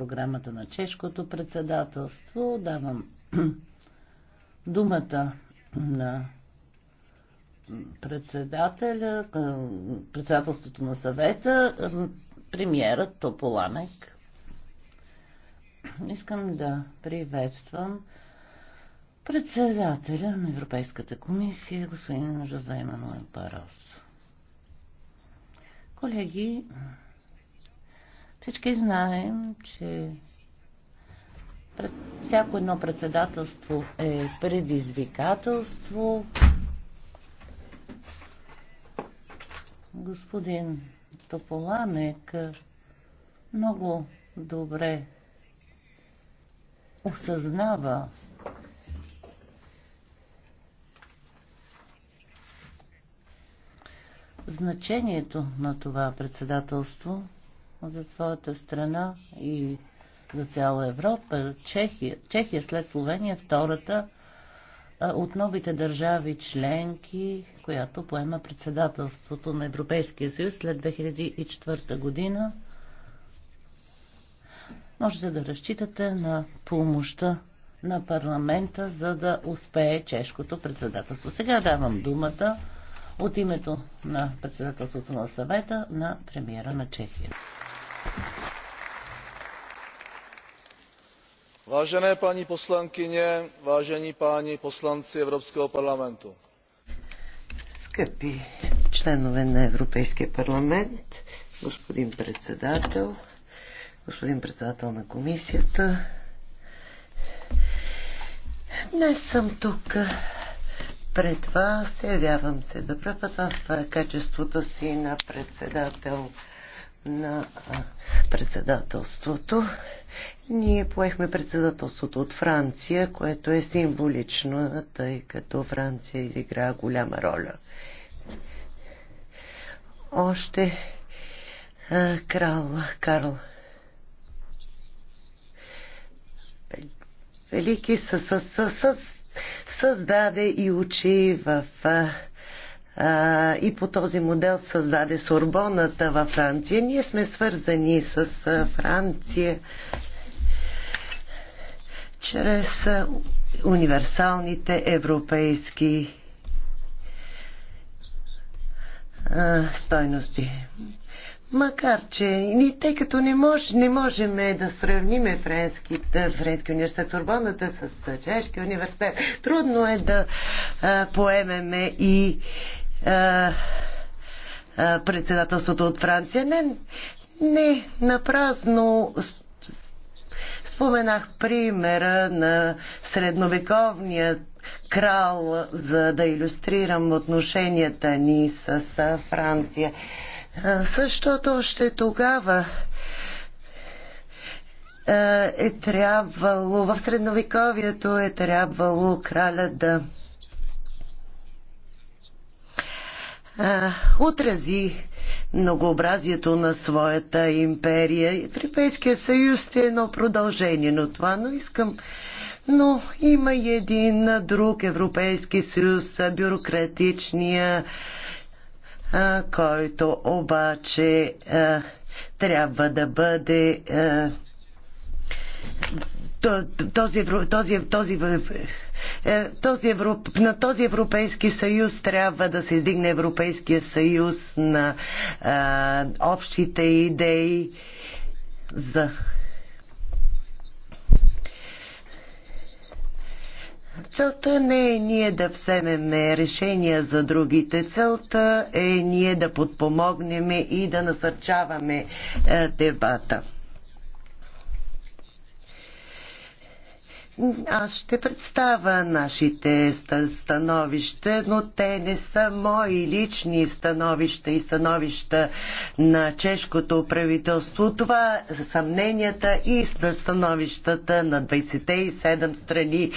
програмата на чешкото председателство. Давам думата на председателя, председателството на съвета, премиерът Тополанек. Искам да приветствам председателя на Европейската комисия, господин Жозе Мануел Парос. Колеги, всички знаем, че пред всяко едно председателство е предизвикателство. Господин Тополанек много добре осъзнава значението на това председателство – за своята страна и за цяла Европа. Чехия, Чехия след Словения е втората от новите държави членки, която поема председателството на Европейския съюз след 2004 година. Можете да разчитате на помощта на парламента, за да успее чешкото председателство. Сега давам думата от името на председателството на съвета на премиера на Чехия vážené paní poslankyně vážení páni poslanci evropského parlamentu скъпи членове на Европейския парламент, господин председател, господин председател на комисията. Днес съм тук пред вас. Явявам се за първ път в качеството си на председател на председателството. Ние поехме председателството от Франция, което е символично, тъй като Франция изигра голяма роля. Още крал Карл Велики със, със, със, създаде и учи в и по този модел създаде Сорбоната във Франция. Ние сме свързани с Франция чрез универсалните европейски стойности. Макар, че и тъй като не, мож, не можем да сравним френски, френски университет урбоната с чешки университет, трудно е да а, поемеме и председателството от Франция. Не, не напразно споменах примера на средновековния крал, за да иллюстрирам отношенията ни с Франция. Защото още тогава е трябвало, в средновековието е трябвало краля да отрази многообразието на своята империя. Европейския съюз е едно продължение на това, но искам но има и един друг Европейски съюз, бюрократичния, който обаче трябва да бъде този, този, този е, този Европ... на този Европейски съюз трябва да се издигне Европейския съюз на а, е, общите идеи за Целта не е ние да вземем решения за другите. Целта е ние да подпомогнем и да насърчаваме е, дебата. Аз ще представя нашите становища, но те не са мои лични становища и становища на чешкото правителство. Това са съмненията и становищата на 27 страни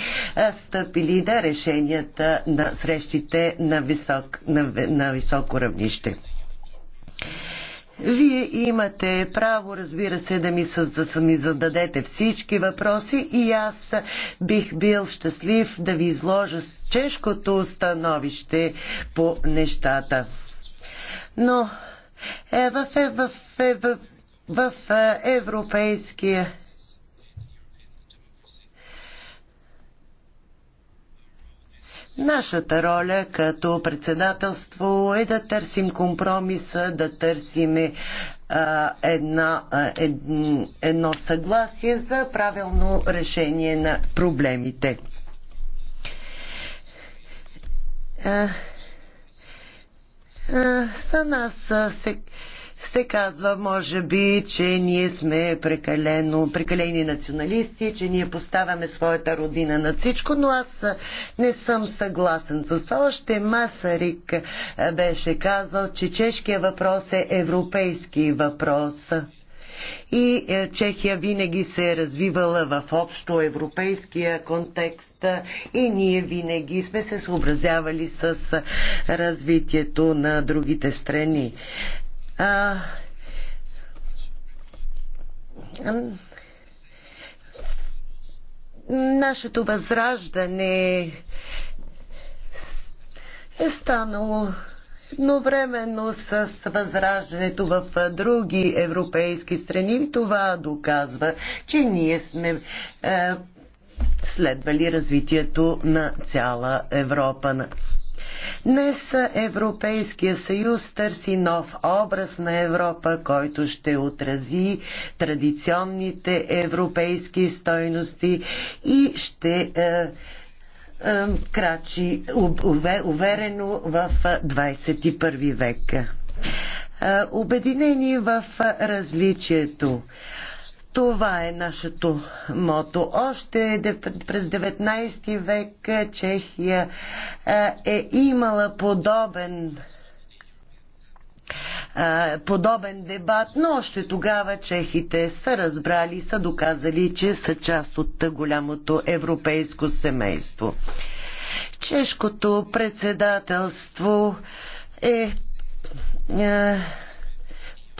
стъпили на решенията на срещите на, висок, на, на високо равнище. Вие имате право, разбира се, да ми, да ми зададете всички въпроси и аз бих бил щастлив да ви изложа чешкото становище по нещата. Но е, в, е, в, е, в, в, е, е, в Европейския Нашата роля като председателство е да търсим компромиса, да търсим една, едно съгласие за правилно решение на проблемите. За нас се се казва, може би, че ние сме прекалено, прекалени националисти, че ние поставяме своята родина на всичко, но аз не съм съгласен с това. Още Масарик е, беше казал, че чешкият въпрос е европейски въпрос и е, Чехия винаги се е развивала в общо европейския контекст е, и ние винаги сме се съобразявали с развитието на другите страни. А, нашето възраждане е станало едновременно с възраждането в други европейски страни. Това доказва, че ние сме е, следвали развитието на цяла Европа. Днес Европейския съюз търси нов образ на Европа, който ще отрази традиционните европейски стойности и ще е, е, крачи уверено в 21 век. Е, обединени в различието това е нашето мото. Още през 19 век Чехия е имала подобен подобен дебат, но още тогава чехите са разбрали, са доказали, че са част от голямото европейско семейство. Чешкото председателство е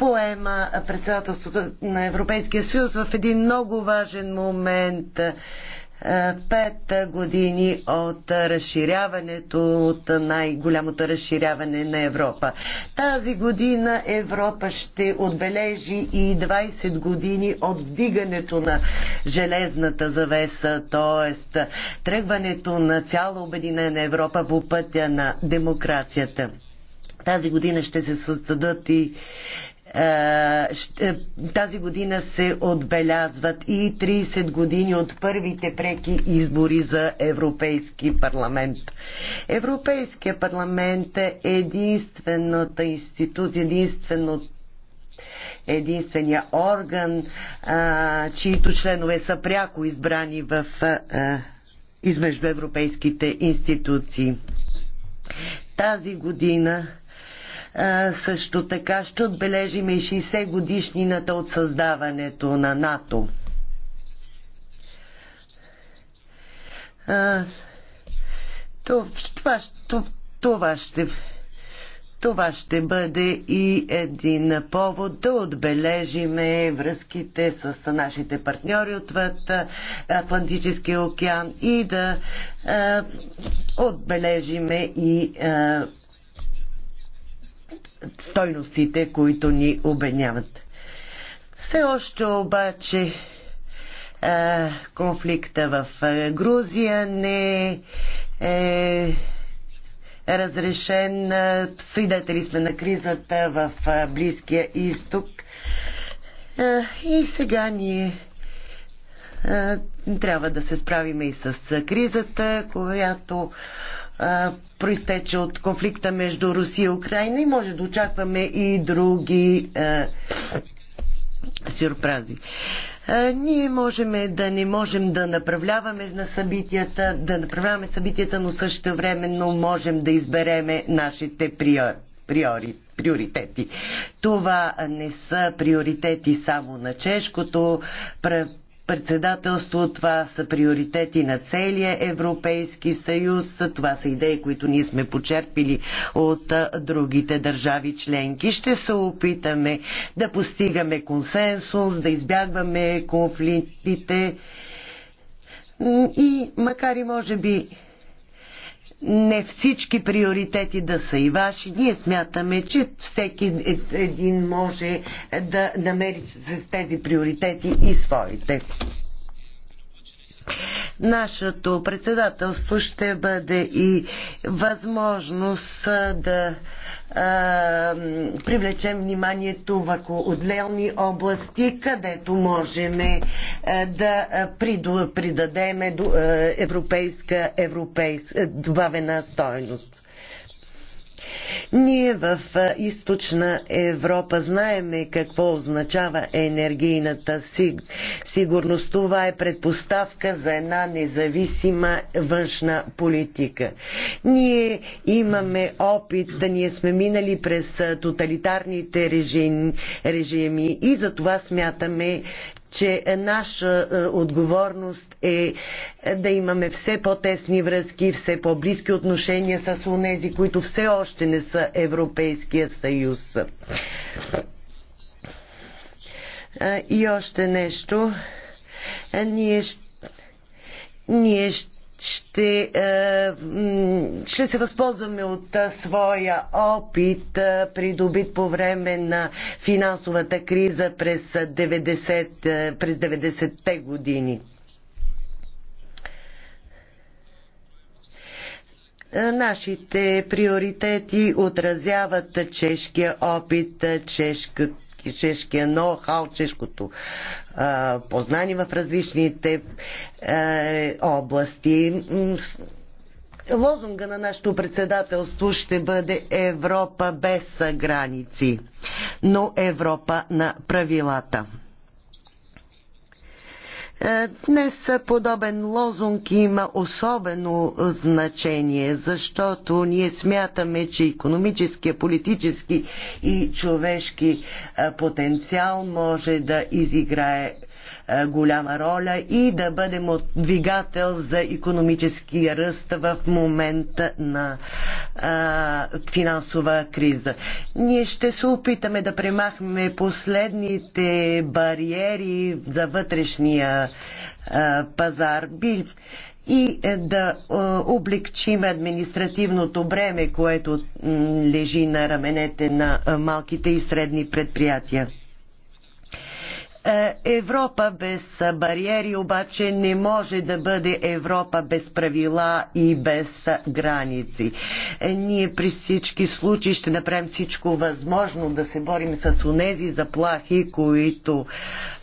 поема председателството на Европейския съюз в един много важен момент е, пет години от разширяването, от най-голямото разширяване на Европа. Тази година Европа ще отбележи и 20 години от вдигането на железната завеса, т.е. тръгването на цяла обединена Европа по пътя на демокрацията. Тази година ще се създадат и е, е, тази година се отбелязват и 30 години от първите преки избори за Европейски парламент. Европейския парламент е единствената институция, единствено единствения орган, а, е, чието членове са пряко избрани в, а, измежду европейските институции. Тази година също така ще отбележим и 60 годишнината от създаването на НАТО. Това, това ще това ще бъде и един повод да отбележиме връзките с нашите партньори отвъд Атлантическия океан и да отбележиме и стойностите, които ни обедняват. Все още обаче е, конфликта в е, Грузия не е, е разрешен. Свидетели сме на кризата в Близкия изток. И сега ние трябва да се справиме и с кризата, която проистече от конфликта между Русия и Украина и може да очакваме и други а, сюрпрази. А, ние можем да не можем да направляваме на събитията, да направляваме събитията, но също времено можем да избереме нашите приори, приори, приоритети. Това не са приоритети само на чешкото председателство. Това са приоритети на целия Европейски съюз. Това са идеи, които ние сме почерпили от другите държави членки. Ще се опитаме да постигаме консенсус, да избягваме конфликтите и макар и може би не всички приоритети да са и ваши. Ние смятаме, че всеки един може да намери с тези приоритети и своите. Нашето председателство ще бъде и възможност да а, привлечем вниманието върху отделни области, където можем да придадем европейска, европейска добавена стойност. Ние в източна Европа знаеме какво означава енергийната сигурност. Това е предпоставка за една независима външна политика. Ние имаме опит, да ние сме минали през тоталитарните режими, режими и за това смятаме, че наша е, отговорност е, е да имаме все по-тесни връзки, все по-близки отношения с онези, които все още не са Европейския съюз. Е, и още нещо. Ние, ние ще ще, е, ще се възползваме от е, своя опит, е, придобит по време на финансовата криза през 90, през 90-те години. Нашите приоритети отразяват чешкия опит, чешкото чешки, чешкия ноу-хау, чешкото а, познание в различните а, области. Лозунга на нашето председателство ще бъде Европа без граници, но Европа на правилата. Е, днес подобен лозунг има особено значение, защото ние смятаме, че економическия, политически и човешки е, потенциал може да изиграе е, голяма роля и да бъдем двигател за економически ръст в момента на е, финансова криза. Ние ще се опитаме да премахнем последните бариери за вътрешния е, пазар и да облегчим административното бреме, което лежи на раменете на малките и средни предприятия. Е, Европа без бариери обаче не може да бъде Европа без правила и без граници. Е, ние при всички случаи ще направим всичко възможно да се борим с онези заплахи които,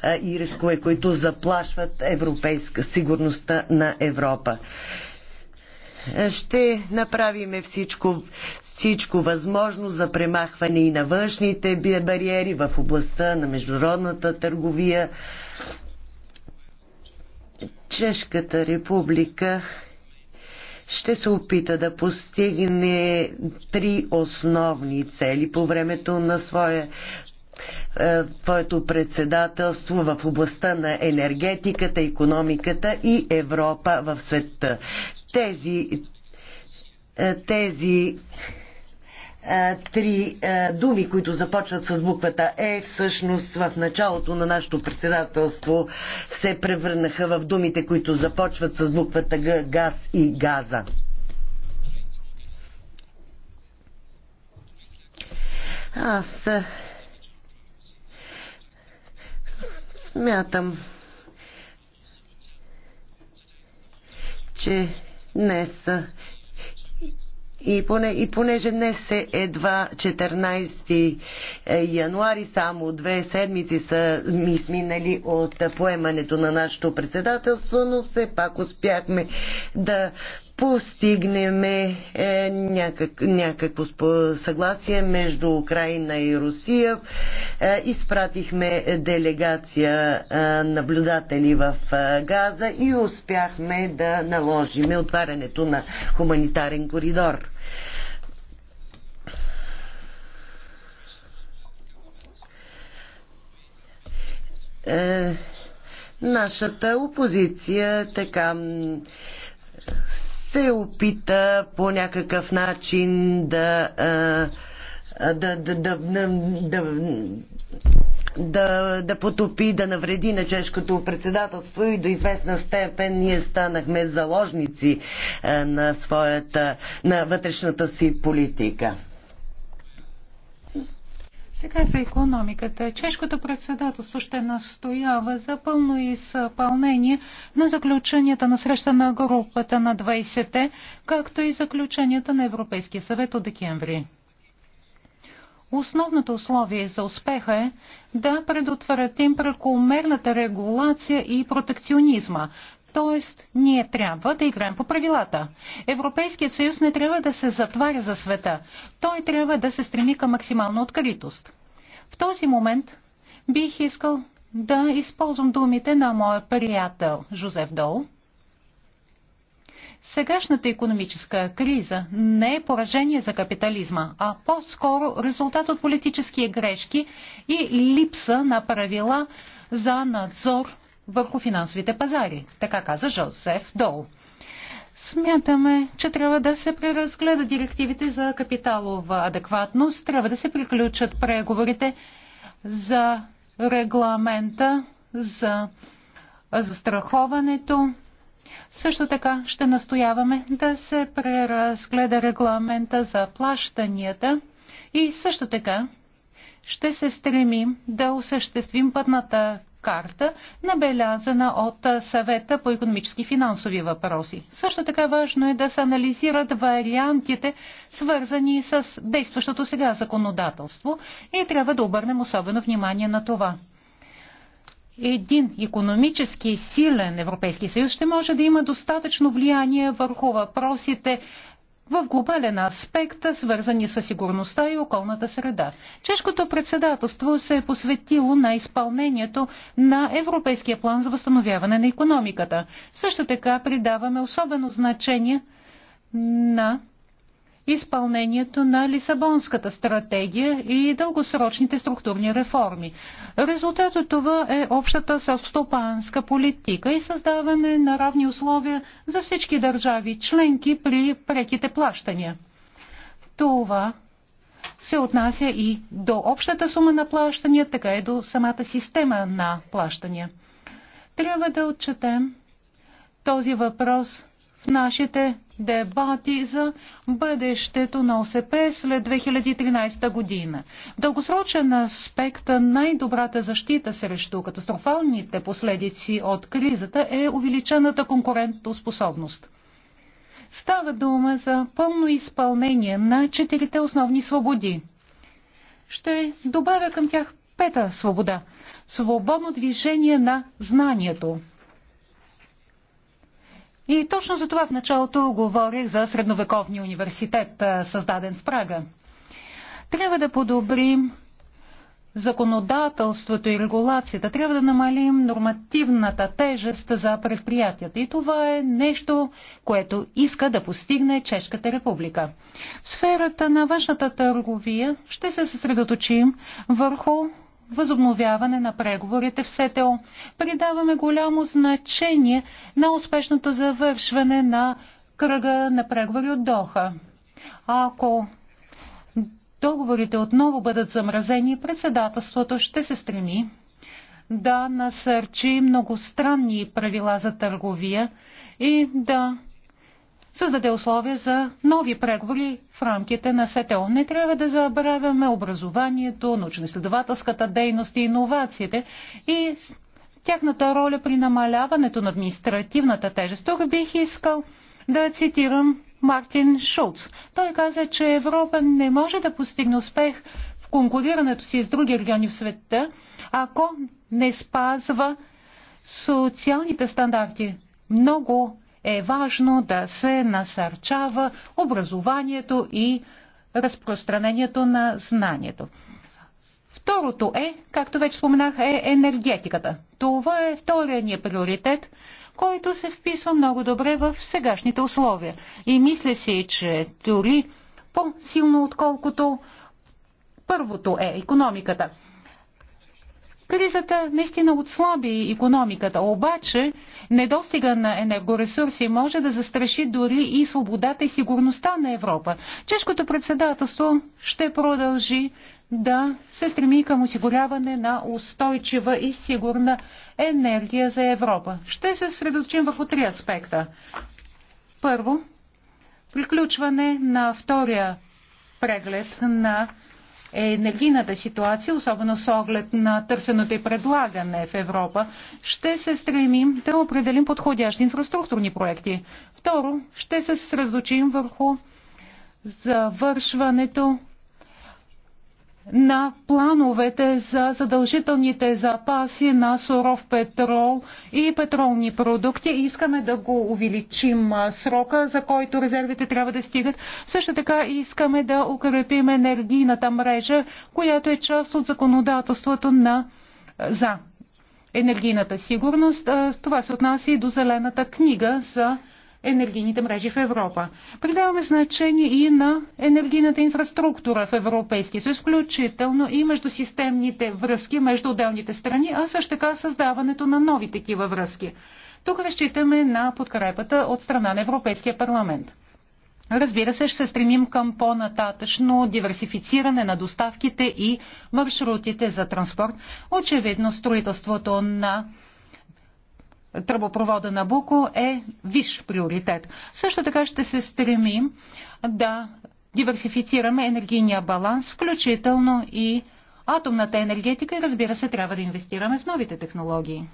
е, и рискове, които заплашват европейска сигурността на Европа ще направиме всичко, всичко възможно за премахване и на външните бариери в областта на международната търговия. Чешката република ще се опита да постигне три основни цели по времето на своя е, твоето председателство в областта на енергетиката, економиката и Европа в света тези, е, тези е, три е, думи, които започват с буквата Е, всъщност в началото на нашето председателство се превърнаха в думите, които започват с буквата Г, газ и газа. Аз смятам, че днес. И, поне, и понеже днес е едва 14 е, януари, само две седмици са ми сминали от поемането на нашето председателство, но все пак успяхме да постигнем е, някак, някакво съгласие между Украина и Русия. Е, изпратихме делегация е, наблюдатели в е, Газа и успяхме да наложиме отварянето на хуманитарен коридор. Е, нашата опозиция така се опита по някакъв начин да, да, да, да, да, да да, да потопи, да навреди на чешкото председателство и до известна степен ние станахме заложници на своята, на вътрешната си политика. Сега за економиката. Чешкото председателство ще настоява за пълно изпълнение на заключенията на среща на групата на 20-те, както и заключенията на Европейския съвет от декември. Основното условие за успеха е да предотвратим прекомерната регулация и протекционизма. Тоест, ние трябва да играем по правилата. Европейският съюз не трябва да се затваря за света. Той трябва да се стреми към максимална откритост. В този момент бих искал да използвам думите на моя приятел Жозеф Дол. Сегашната економическа криза не е поражение за капитализма, а по-скоро резултат от политически грешки и липса на правила за надзор върху финансовите пазари. Така каза Жозеф Дол. Смятаме, че трябва да се преразгледа директивите за капиталова адекватност, трябва да се приключат преговорите за регламента за застраховането. Също така ще настояваме да се преразгледа регламента за плащанията и също така ще се стремим да осъществим пътната карта, набелязана от съвета по економически и финансови въпроси. Също така важно е да се анализират вариантите, свързани с действащото сега законодателство и трябва да обърнем особено внимание на това. Един економически силен Европейски съюз ще може да има достатъчно влияние върху въпросите, в глобален аспект, свързани с сигурността и околната среда. Чешкото председателство се е посветило на изпълнението на Европейския план за възстановяване на економиката. Също така придаваме особено значение на изпълнението на Лисабонската стратегия и дългосрочните структурни реформи. Резултат от това е общата селскостопанска политика и създаване на равни условия за всички държави членки при преките плащания. Това се отнася и до общата сума на плащания, така и до самата система на плащания. Трябва да отчетем този въпрос в нашите дебати за бъдещето на ОСП след 2013 година. В дългосрочен аспект най-добрата защита срещу катастрофалните последици от кризата е увеличената конкурентоспособност. Става дума за пълно изпълнение на четирите основни свободи. Ще добавя към тях пета свобода – свободно движение на знанието – и точно за това в началото говорих за средновековния университет, създаден в Прага. Трябва да подобрим законодателството и регулацията. Трябва да намалим нормативната тежест за предприятията. И това е нещо, което иска да постигне Чешката република. В сферата на външната търговия ще се съсредоточим върху възобновяване на преговорите в СТО. Придаваме голямо значение на успешното завършване на кръга на преговори от Доха. Ако договорите отново бъдат замразени, председателството ще се стреми да насърчи многостранни правила за търговия и да създаде условия за нови преговори в рамките на СТО. Не трябва да забравяме образованието, научно-изследователската дейност и иновациите и тяхната роля при намаляването на административната тежест. Тук бих искал да цитирам Мартин Шулц. Той каза, че Европа не може да постигне успех в конкурирането си с други региони в света, ако не спазва социалните стандарти. Много е важно да се насърчава образованието и разпространението на знанието. Второто е, както вече споменах, е енергетиката. Това е втория ни приоритет, който се вписва много добре в сегашните условия. И мисля си, че дори по-силно отколкото първото е економиката. Кризата наистина отслаби економиката, обаче недостига на енергоресурси може да застраши дори и свободата и сигурността на Европа. Чешкото председателство ще продължи да се стреми към осигуряване на устойчива и сигурна енергия за Европа. Ще се средочим върху три аспекта. Първо, приключване на втория преглед на е енергийната ситуация, особено с оглед на търсеното и предлагане в Европа, ще се стремим да определим подходящи инфраструктурни проекти. Второ, ще се съсредоточим върху завършването на плановете за задължителните запаси на суров петрол и петролни продукти. Искаме да го увеличим срока, за който резервите трябва да стигат. Също така искаме да укрепим енергийната мрежа, която е част от законодателството на за енергийната сигурност. Това се отнася и до зелената книга за енергийните мрежи в Европа. Придаваме значение и на енергийната инфраструктура в Европейския съюз, включително и между системните връзки между отделните страни, а също така създаването на нови такива връзки. Тук разчитаме на подкрепата от страна на Европейския парламент. Разбира се, ще се стремим към по-нататъчно диверсифициране на доставките и маршрутите за транспорт. Очевидно, строителството на тръбопровода на Буко е виш приоритет. Също така ще се стремим да диверсифицираме енергийния баланс, включително и атомната енергетика и разбира се трябва да инвестираме в новите технологии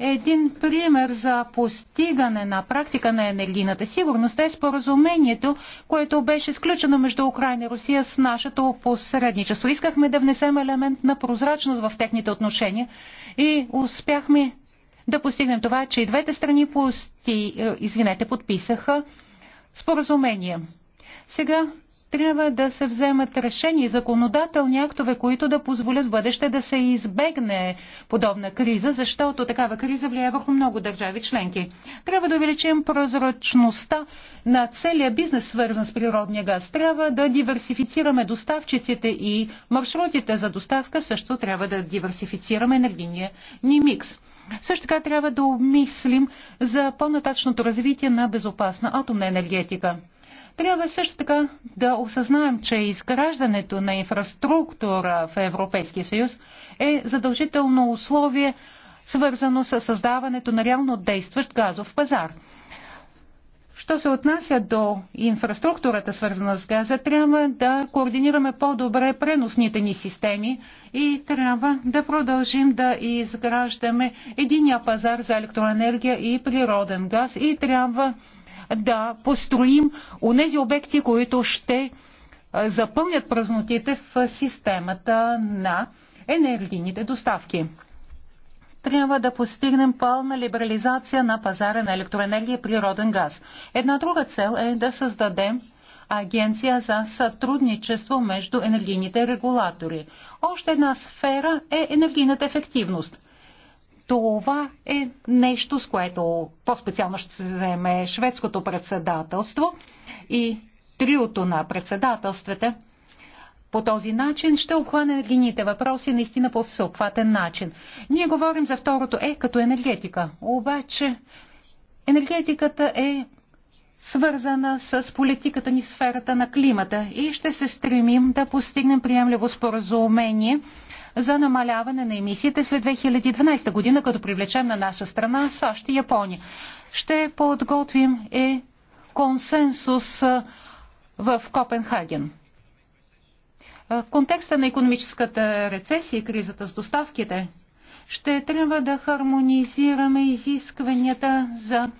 един пример за постигане на практика на енергийната сигурност е споразумението, което беше сключено между Украина и Русия с нашето посредничество. Искахме да внесем елемент на прозрачност в техните отношения и успяхме да постигнем това, че и двете страни пусти, е, извинете, подписаха споразумение. Сега трябва да се вземат решения, законодателни актове, които да позволят в бъдеще да се избегне подобна криза, защото такава криза влияе върху много държави членки. Трябва да увеличим прозрачността на целия бизнес, свързан с природния газ. Трябва да диверсифицираме доставчиците и маршрутите за доставка, също трябва да диверсифицираме енергийния ни микс. Също така трябва да обмислим за по-нататъчното развитие на безопасна атомна енергетика. Трябва също така да осъзнаем, че изграждането на инфраструктура в Европейския съюз е задължително условие, свързано с създаването на реално действащ газов пазар. Що се отнася до инфраструктурата, свързана с газа, трябва да координираме по-добре преносните ни системи и трябва да продължим да изграждаме единия пазар за електроенергия и природен газ и трябва да построим онези обекти, които ще е, запълнят празнотите в системата на енергийните доставки. Трябва да постигнем пълна либерализация на пазара на електроенергия и природен газ. Една друга цел е да създадем агенция за сътрудничество между енергийните регулатори. Още една сфера е енергийната ефективност. Това е нещо, с което по-специално ще се вземе шведското председателство и триото на председателствата. По този начин ще обхване енергийните въпроси наистина по всеобхватен начин. Ние говорим за второто Е като енергетика. Обаче енергетиката е свързана с политиката ни в сферата на климата и ще се стремим да постигнем приемливо споразумение – за намаляване на емисиите след 2012 година, като привлечем на наша страна САЩ и Япония. Ще подготвим и консенсус в Копенхаген. В контекста на економическата рецесия и кризата с доставките ще трябва да хармонизираме изискванията за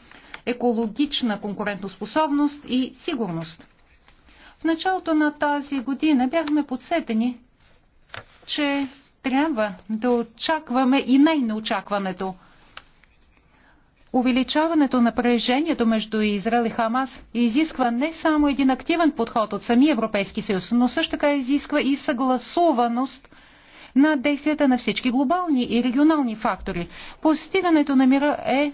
екологична конкурентоспособност и сигурност. В началото на тази година бяхме подсетени, че трябва да очакваме и най-неочакването. Увеличаването на напрежението между Израел и Хамас изисква не само един активен подход от самия Европейски съюз, но също така изисква и съгласуваност на действията на всички глобални и регионални фактори. Постигането на мира е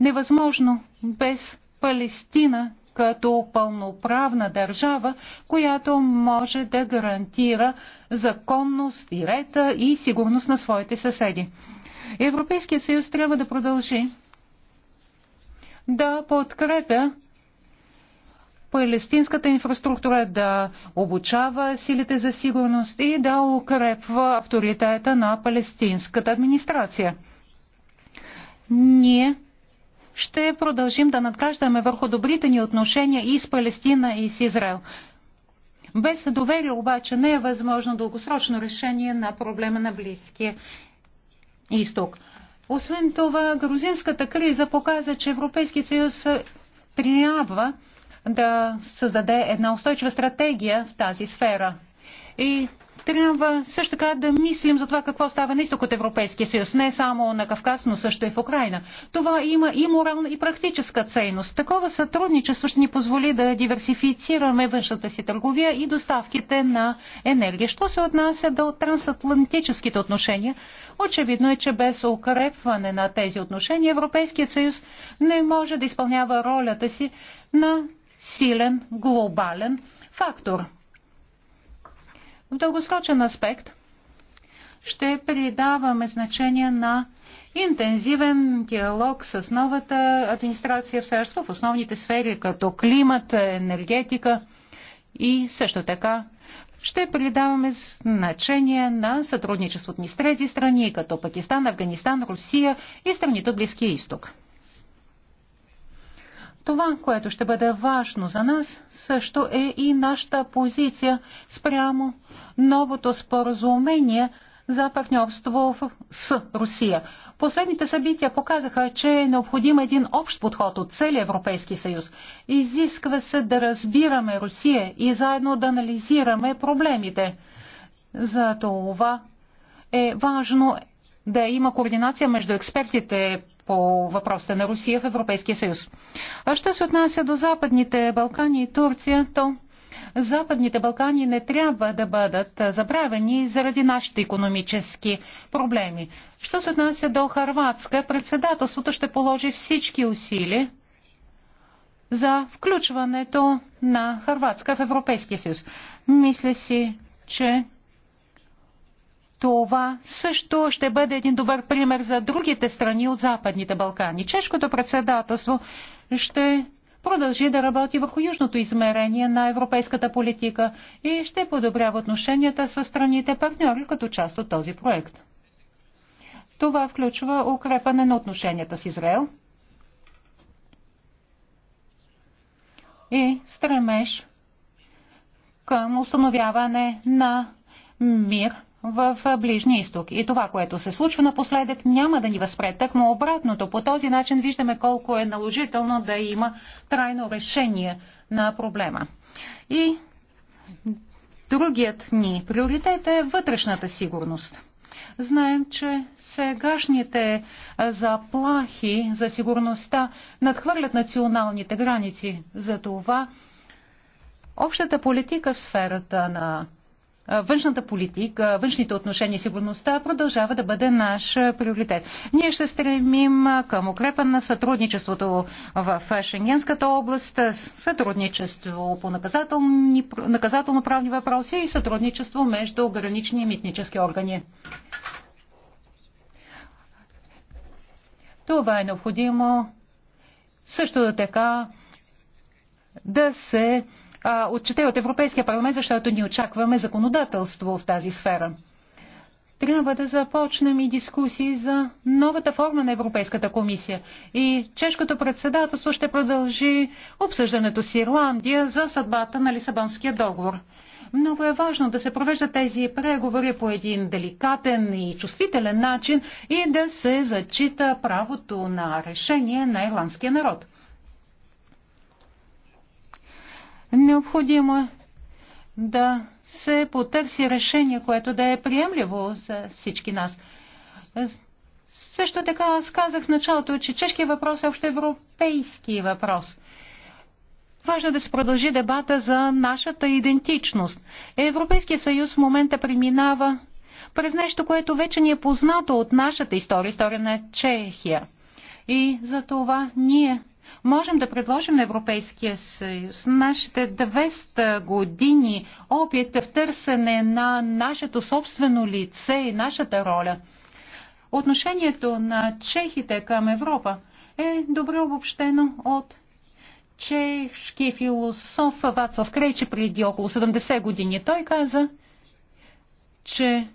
невъзможно без Палестина като пълноправна държава, която може да гарантира законност и рета и сигурност на своите съседи. Европейският съюз трябва да продължи да подкрепя палестинската инфраструктура, да обучава силите за сигурност и да укрепва авторитета на палестинската администрация. Ние ще продължим да надграждаме върху добрите ни отношения и с Палестина, и с Израел. Без доверие обаче не е възможно дългосрочно решение на проблема на Близкия изток. Освен това, грузинската криза показа, че Европейски съюз трябва да създаде една устойчива стратегия в тази сфера. И трябва също така да мислим за това какво става на изток от Европейския съюз, не само на Кавказ, но също и в Украина. Това има и морална и практическа ценност. Такова сътрудничество ще ни позволи да диверсифицираме външната си търговия и доставките на енергия. Що се отнася до трансатлантическите отношения, очевидно е, че без укрепване на тези отношения Европейският съюз не може да изпълнява ролята си на силен глобален фактор. В дългосрочен аспект ще придаваме значение на интензивен диалог с новата администрация в САЩ в основните сфери, като климат, енергетика и също така ще придаваме значение на сътрудничеството ни с трети страни, като Пакистан, Афганистан, Русия и страните от Близкия изток. Това, което ще бъде важно за нас, също е и нашата позиция спрямо новото споразумение за партньорство с Русия. Последните събития показаха, че е необходим един общ подход от целия Европейски съюз. Изисква се да разбираме Русия и заедно да анализираме проблемите. За това е важно да има координация между експертите по въпросите на Русия в Европейския съюз. А що се отнася до Западните Балкани и Турция, то Западните Балкани не трябва да бъдат забравени заради нашите економически проблеми. Що се отнася до Харватска, председателството ще положи всички усилия за включването на Харватска в Европейския съюз. Мисля си, че това също ще бъде един добър пример за другите страни от Западните Балкани. Чешкото председателство ще продължи да работи върху южното измерение на европейската политика и ще подобрява отношенията с страните партньори като част от този проект. Това включва укрепване на отношенията с Израел и стремеж към установяване на мир в Ближния изток. И това, което се случва напоследък, няма да ни възпре. Так му обратното. По този начин виждаме колко е наложително да има трайно решение на проблема. И другият ни приоритет е вътрешната сигурност. Знаем, че сегашните заплахи за сигурността надхвърлят националните граници. За това общата политика в сферата на външната политика, външните отношения и сигурността продължава да бъде наш приоритет. Ние ще стремим към укрепване на сътрудничеството в Шенгенската област, сътрудничество по наказателно-правни въпроси и сътрудничество между гранични и митнически органи. Това е необходимо също така да се отчете от Европейския парламент, защото ни очакваме законодателство в тази сфера. Трябва да започнем и дискусии за новата форма на Европейската комисия. И чешкото председателство ще продължи обсъждането с Ирландия за съдбата на Лисабонския договор. Много е важно да се провеждат тези преговори по един деликатен и чувствителен начин и да се зачита правото на решение на ирландския народ. Необходимо е да се потърси решение, което да е приемливо за всички нас. Също така аз казах в началото, че чешкият въпрос е общо европейски въпрос. Важно е да се продължи дебата за нашата идентичност. Европейския съюз в момента преминава през нещо, което вече ни е познато от нашата история, история на Чехия. И за това ние можем да предложим на Европейския съюз нашите 200 години опит в търсене на нашето собствено лице и нашата роля. Отношението на чехите към Европа е добре обобщено от чешки философ Вацлав Крейчи преди около 70 години. Той каза, че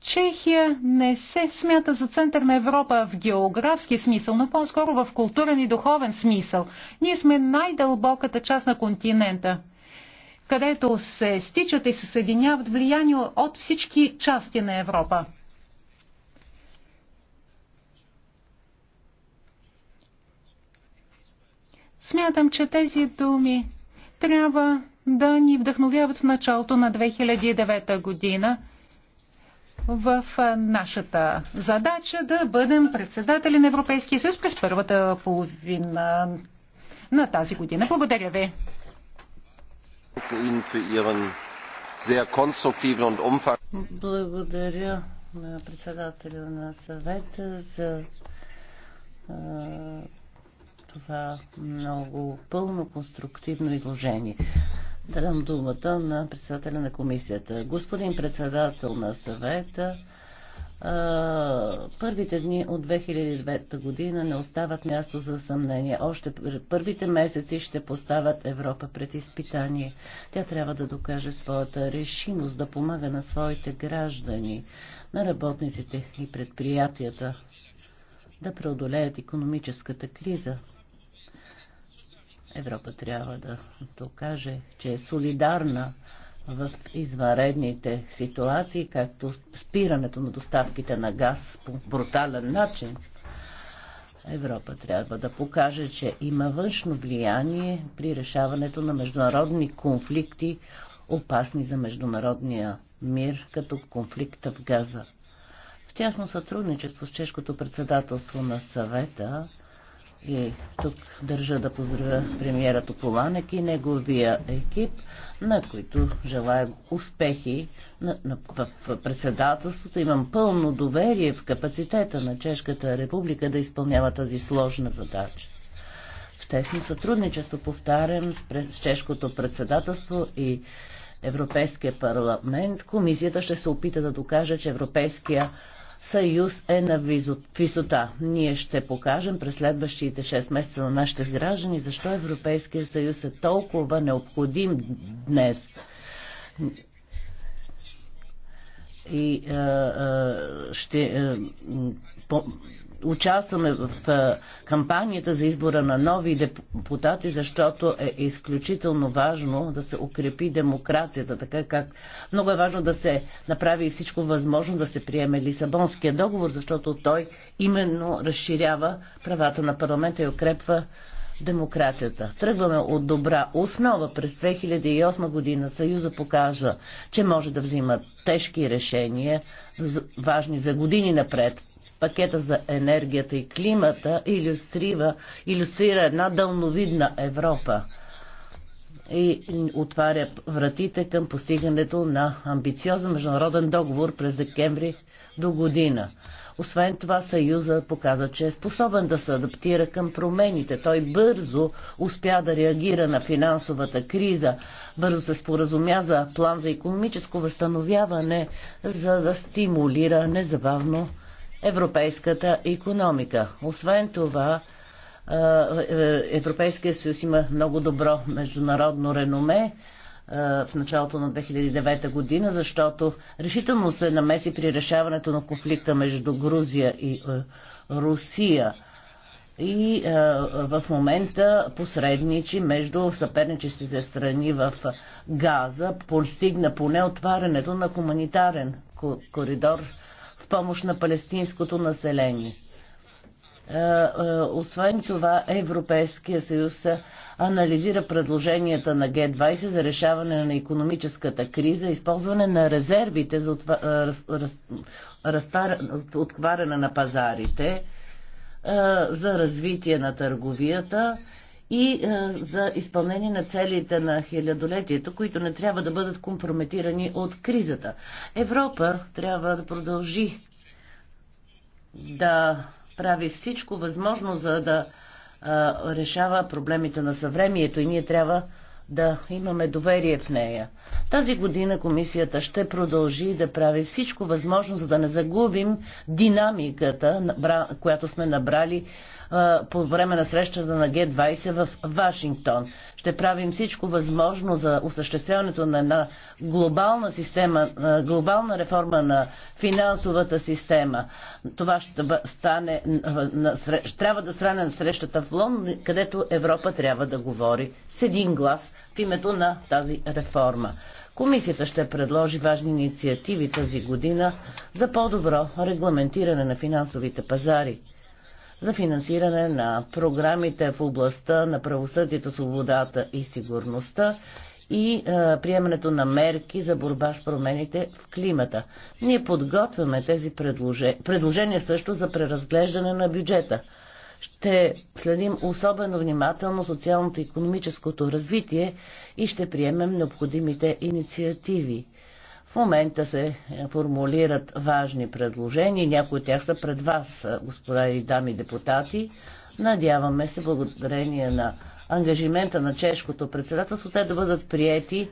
Чехия не се смята за център на Европа в географски смисъл, но по-скоро в културен и духовен смисъл. Ние сме най-дълбоката част на континента, където се стичат и се съединяват влияние от всички части на Европа. Смятам, че тези думи трябва да ни вдъхновяват в началото на 2009 година – в нашата задача да бъдем председатели на Европейския съюз през първата половина на тази година. Благодаря ви. Благодаря на председателя на съвета за това много пълно конструктивно изложение да дам думата на председателя на комисията. Господин председател на съвета, първите дни от 2009 година не остават място за съмнение. Още първите месеци ще поставят Европа пред изпитание. Тя трябва да докаже своята решимост да помага на своите граждани, на работниците и предприятията да преодолеят економическата криза. Европа трябва да докаже, че е солидарна в извънредните ситуации, както спирането на доставките на газ по брутален начин. Европа трябва да покаже, че има външно влияние при решаването на международни конфликти, опасни за международния мир, като конфликта в Газа. В тясно сътрудничество с чешкото председателство на съвета и тук държа да поздравя премиера Тополанек и неговия екип, на които желая успехи в председателството. Имам пълно доверие в капацитета на Чешката република да изпълнява тази сложна задача. В тесно сътрудничество, повтарям, с чешкото председателство и Европейския парламент, комисията ще се опита да докаже, че Европейския съюз е на висота. Ние ще покажем през следващите 6 месеца на нашите граждани защо Европейския съюз е толкова необходим днес. И а, е, а, е, ще А, е, по, участваме в кампанията за избора на нови депутати, защото е изключително важно да се укрепи демокрацията, така как много е важно да се направи всичко възможно да се приеме Лисабонския договор, защото той именно разширява правата на парламента и укрепва демокрацията. Тръгваме от добра основа. През 2008 година Съюза покажа, че може да взима тежки решения, важни за години напред. Пакета за енергията и климата иллюстрира, иллюстрира една дълновидна Европа и отваря вратите към постигането на амбициозен международен договор през декември до година. Освен това, Съюза показа, че е способен да се адаптира към промените. Той бързо успя да реагира на финансовата криза, бързо се споразумя за план за економическо възстановяване, за да стимулира незабавно европейската економика. Освен това, е, Европейския съюз има много добро международно реноме в началото на 2009 година, защото решително се намеси при решаването на конфликта между Грузия и е, Русия. И е, в момента посредничи между съперничестите страни в Газа, постигна поне отварянето на хуманитарен коридор помощ на палестинското население. Е, е, освен това, Европейския съюз анализира предложенията на Г-20 за решаване на економическата криза, използване на резервите за е, отваряне на пазарите, за развитие на търговията и за изпълнение на целите на хилядолетието, които не трябва да бъдат компрометирани от кризата. Европа трябва да продължи да прави всичко възможно, за да а, решава проблемите на съвремието и ние трябва да имаме доверие в нея. Тази година комисията ще продължи да прави всичко възможно, за да не загубим динамиката, която сме набрали по време на срещата на Г-20 в Вашингтон. Ще правим всичко възможно за осъществяването на една глобална система, глобална реформа на финансовата система. Това ще стане, трябва да стане на срещата в Лондон, където Европа трябва да говори с един глас в името на тази реформа. Комисията ще предложи важни инициативи тази година за по-добро регламентиране на финансовите пазари за финансиране на програмите в областта на правосъдието, свободата и сигурността и а, приемането на мерки за борба с промените в климата. Ние подготвяме тези предложения, предложения също за преразглеждане на бюджета. Ще следим особено внимателно социалното и економическото развитие и ще приемем необходимите инициативи момента се е, формулират важни предложения. Някои от тях са пред вас, е, господа и дами депутати. Надяваме се, благодарение на ангажимента на чешкото председателство, те да бъдат приети е,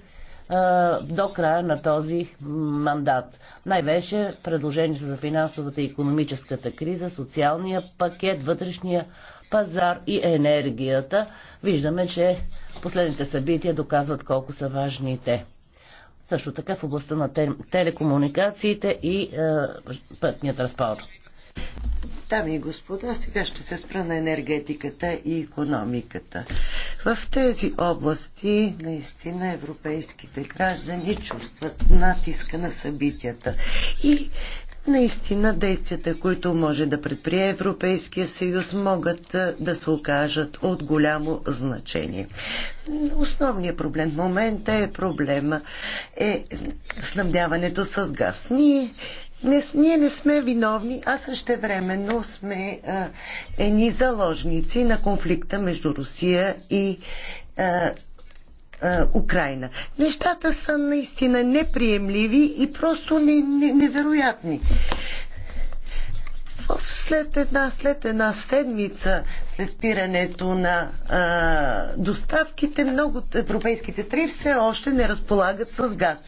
до края на този мандат. Най-вече предложения са за финансовата и економическата криза, социалния пакет, вътрешния пазар и енергията. Виждаме, че последните събития доказват колко са важни те също така в областта на телекомуникациите и е, пътния транспорт. Дами и господа, сега ще се спра на енергетиката и економиката. В тези области наистина европейските граждани чувстват натиска на събитията. И Наистина действията, които може да предприе Европейския съюз, могат да се окажат от голямо значение. Основният проблем в момента е проблема е снабдяването с газ. Ние не, ние не сме виновни, а същевременно сме а, едни заложници на конфликта между Русия и а, Украина. Нещата са наистина неприемливи и просто не, не, невероятни. След една, след една седмица спирането на а, доставките, много от европейските страни все още не разполагат с газ.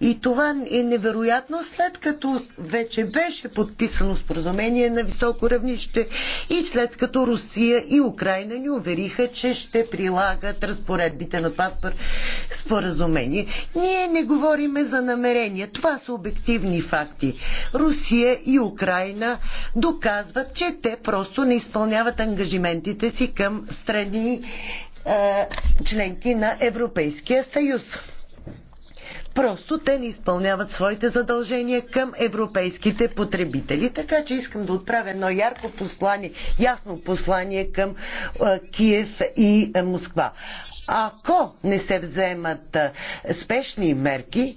И това е невероятно, след като вече беше подписано споразумение на високо равнище и след като Русия и Украина ни увериха, че ще прилагат разпоредбите на това споразумение. Ние не говориме за намерения. Това са обективни факти. Русия и Украина доказват, че те просто не изпълняват ангажимент документите си към страни членки на Европейския съюз. Просто те не изпълняват своите задължения към европейските потребители. Така че искам да отправя едно ярко послание, ясно послание към Киев и Москва. Ако не се вземат спешни мерки,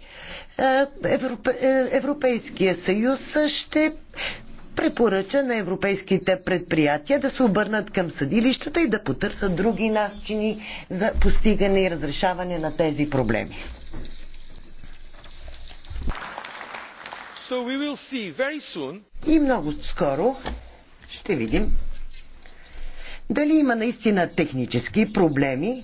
Европейския съюз ще препоръча на европейските предприятия да се обърнат към съдилищата и да потърсят други начини за постигане и разрешаване на тези проблеми. So we will see very soon. И много скоро ще видим дали има наистина технически проблеми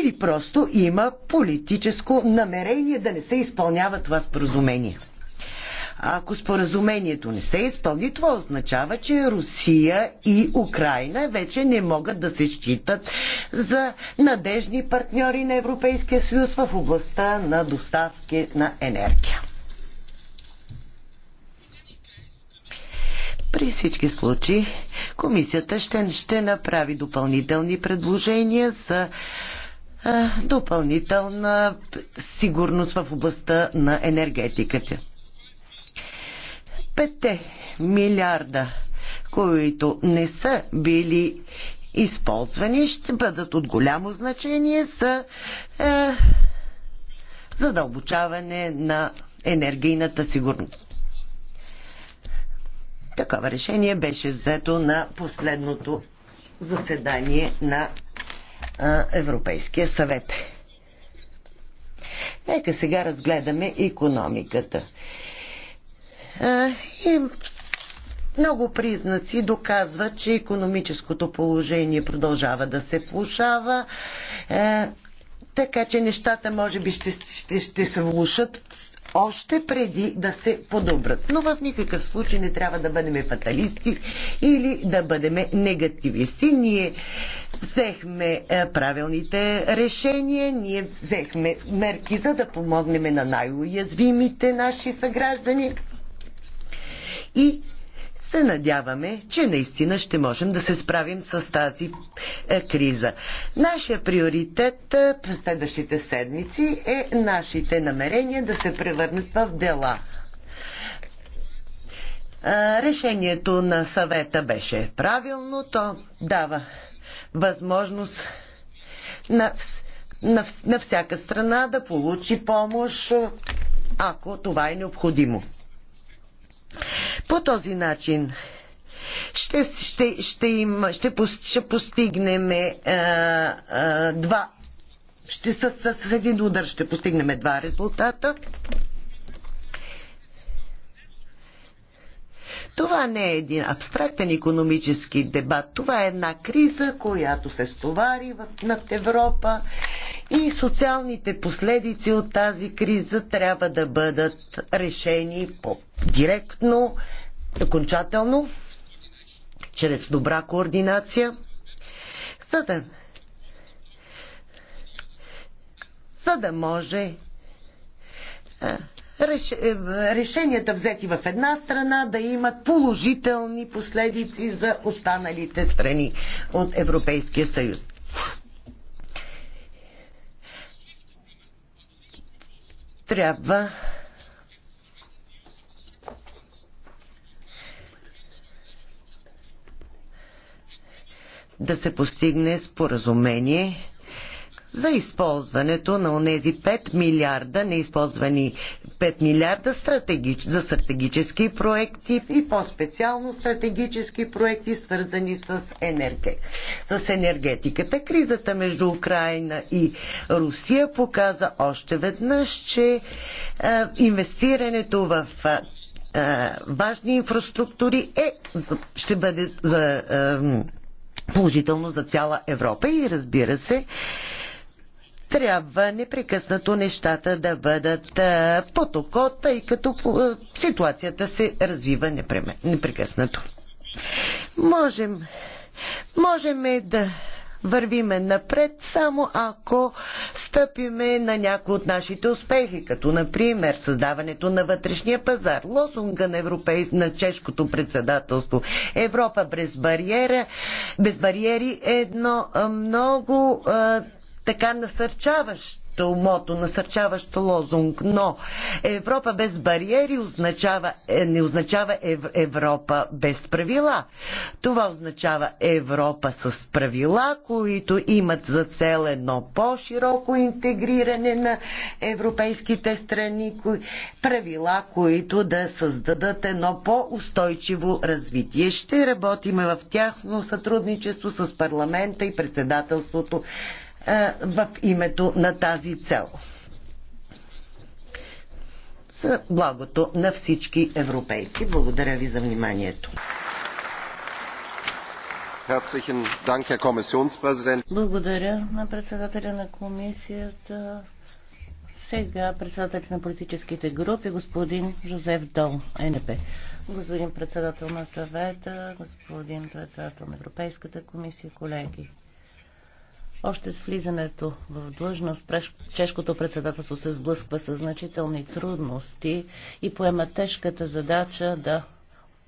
или просто има политическо намерение да не се изпълнява това споразумение. Ако споразумението не се изпълни, това означава, че Русия и Украина вече не могат да се считат за надежни партньори на Европейския съюз в областта на доставки на енергия. При всички случаи комисията ще, ще направи допълнителни предложения за допълнителна сигурност в областта на енергетиката пете милиарда, които не са били използвани, ще бъдат от голямо значение за е, задълбочаване на енергийната сигурност. Такова решение беше взето на последното заседание на е, Европейския съвет. Нека сега разгледаме економиката. И много признаци доказва, че економическото положение продължава да се влушава. Така че нещата може би ще, ще, ще се влушат още преди да се подобрат. Но в никакъв случай не трябва да бъдем фаталисти или да бъдем негативисти. Ние взехме правилните решения, ние взехме мерки за да помогнем на най-уязвимите наши съграждани и се надяваме, че наистина ще можем да се справим с тази е, криза. Нашия приоритет е, през следващите седмици е нашите намерения да се превърнат в дела. Е, решението на съвета беше правилно, то дава възможност на, на, на всяка страна да получи помощ, ако това е необходимо. По този начин ще, ще, ще, им, ще, ще постигнем а, а, два. Ще с, с, с един удар ще постигнем два резултата. Това не е един абстрактен економически дебат. Това е една криза, която се стовари в, над Европа и социалните последици от тази криза трябва да бъдат решени по директно, окончателно, чрез добра координация, за да, за да може е, решенията взети в една страна да имат положителни последици за останалите страни от Европейския съюз. трябва да се постигне споразумение за използването на тези 5 милиарда, неизползвани 5 милиарда стратегич, за стратегически проекти и по-специално стратегически проекти, свързани с, енерге, с енергетиката. Кризата между Украина и Русия показа още веднъж, че е, инвестирането в е, важни инфраструктури е, ще бъде за. Е, положително за цяла Европа и разбира се трябва непрекъснато нещата да бъдат под око, тъй като ситуацията се развива непрекъснато. Можем, можем да вървиме напред, само ако стъпиме на някои от нашите успехи, като например създаването на вътрешния пазар, лозунга на, европей... на чешкото председателство Европа без бариера, без бариери е едно много така насърчаващо мото, насърчаващо лозунг, но Европа без бариери означава, е, не означава Европа без правила. Това означава Европа с правила, които имат за цел едно по-широко интегриране на европейските страни, правила, които да създадат едно по-устойчиво развитие. Ще работим в тяхно сътрудничество с парламента и председателството е, в името на тази цел. За благото на всички европейци. Благодаря ви за вниманието. Благодаря на председателя на комисията. Сега председателят на политическите групи, господин Жозеф Дол, НП. Е. Господин председател на съвета, господин председател на Европейската комисия, колеги. Още с влизането в длъжност чешкото председателство се сблъсква с значителни трудности и поема тежката задача да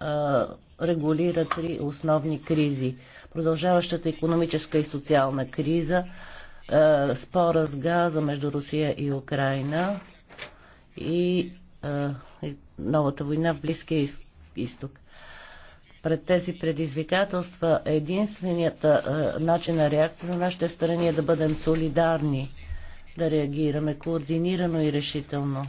а, регулира три основни кризи. Продължаващата економическа и социална криза, а, спора с газа между Русия и Украина и, а, и новата война в Близкия изток пред тези предизвикателства, единственият а, начин на реакция за нашите страни е да бъдем солидарни, да реагираме координирано и решително.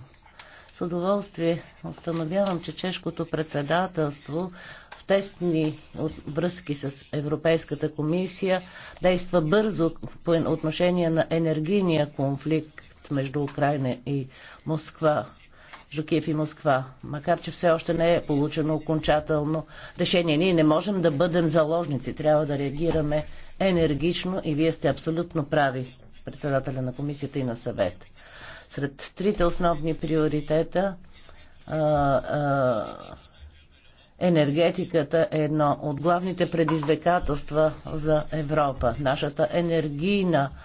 С удоволствие установявам, че чешкото председателство в тесни връзки с Европейската комисия действа бързо по отношение на енергийния конфликт между Украина и Москва. Жукиев и Москва, макар че все още не е получено окончателно решение. Ние не можем да бъдем заложници, трябва да реагираме енергично и вие сте абсолютно прави, председателя на комисията и на съвет. Сред трите основни приоритета а, а, енергетиката е едно от главните предизвикателства за Европа. Нашата енергийна а,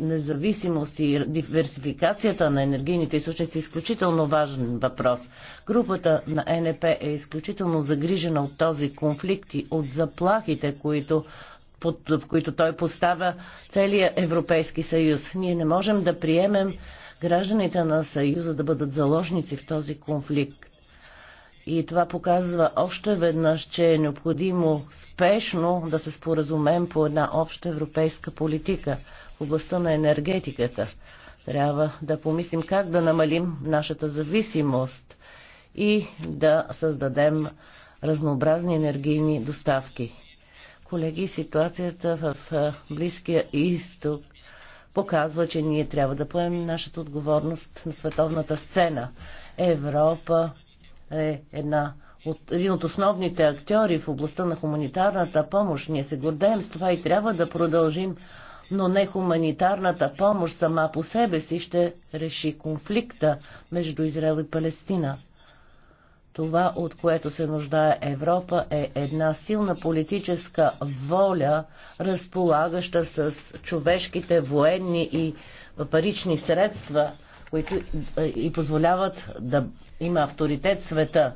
независимост и диверсификацията на енергийните източници е изключително важен въпрос. Групата на е НП е изключително загрижена от този конфликт и от заплахите, които под, в които той поставя целия Европейски съюз. Ние не можем да приемем гражданите на съюза да бъдат заложници в този конфликт. И това показва още веднъж, че е необходимо спешно да се споразумем по една обща европейска политика – в областта на енергетиката. Трябва да помислим как да намалим нашата зависимост и да създадем разнообразни енергийни доставки. Колеги, ситуацията в Близкия изток показва, че ние трябва да поемем нашата отговорност на световната сцена. Европа е една от, един от основните актьори в областта на хуманитарната помощ. Ние се гордеем с това и трябва да продължим но не хуманитарната помощ сама по себе си ще реши конфликта между Израел и Палестина. Това, от което се нуждае Европа, е една силна политическа воля, разполагаща с човешките, военни и парични средства, които и позволяват да има авторитет в света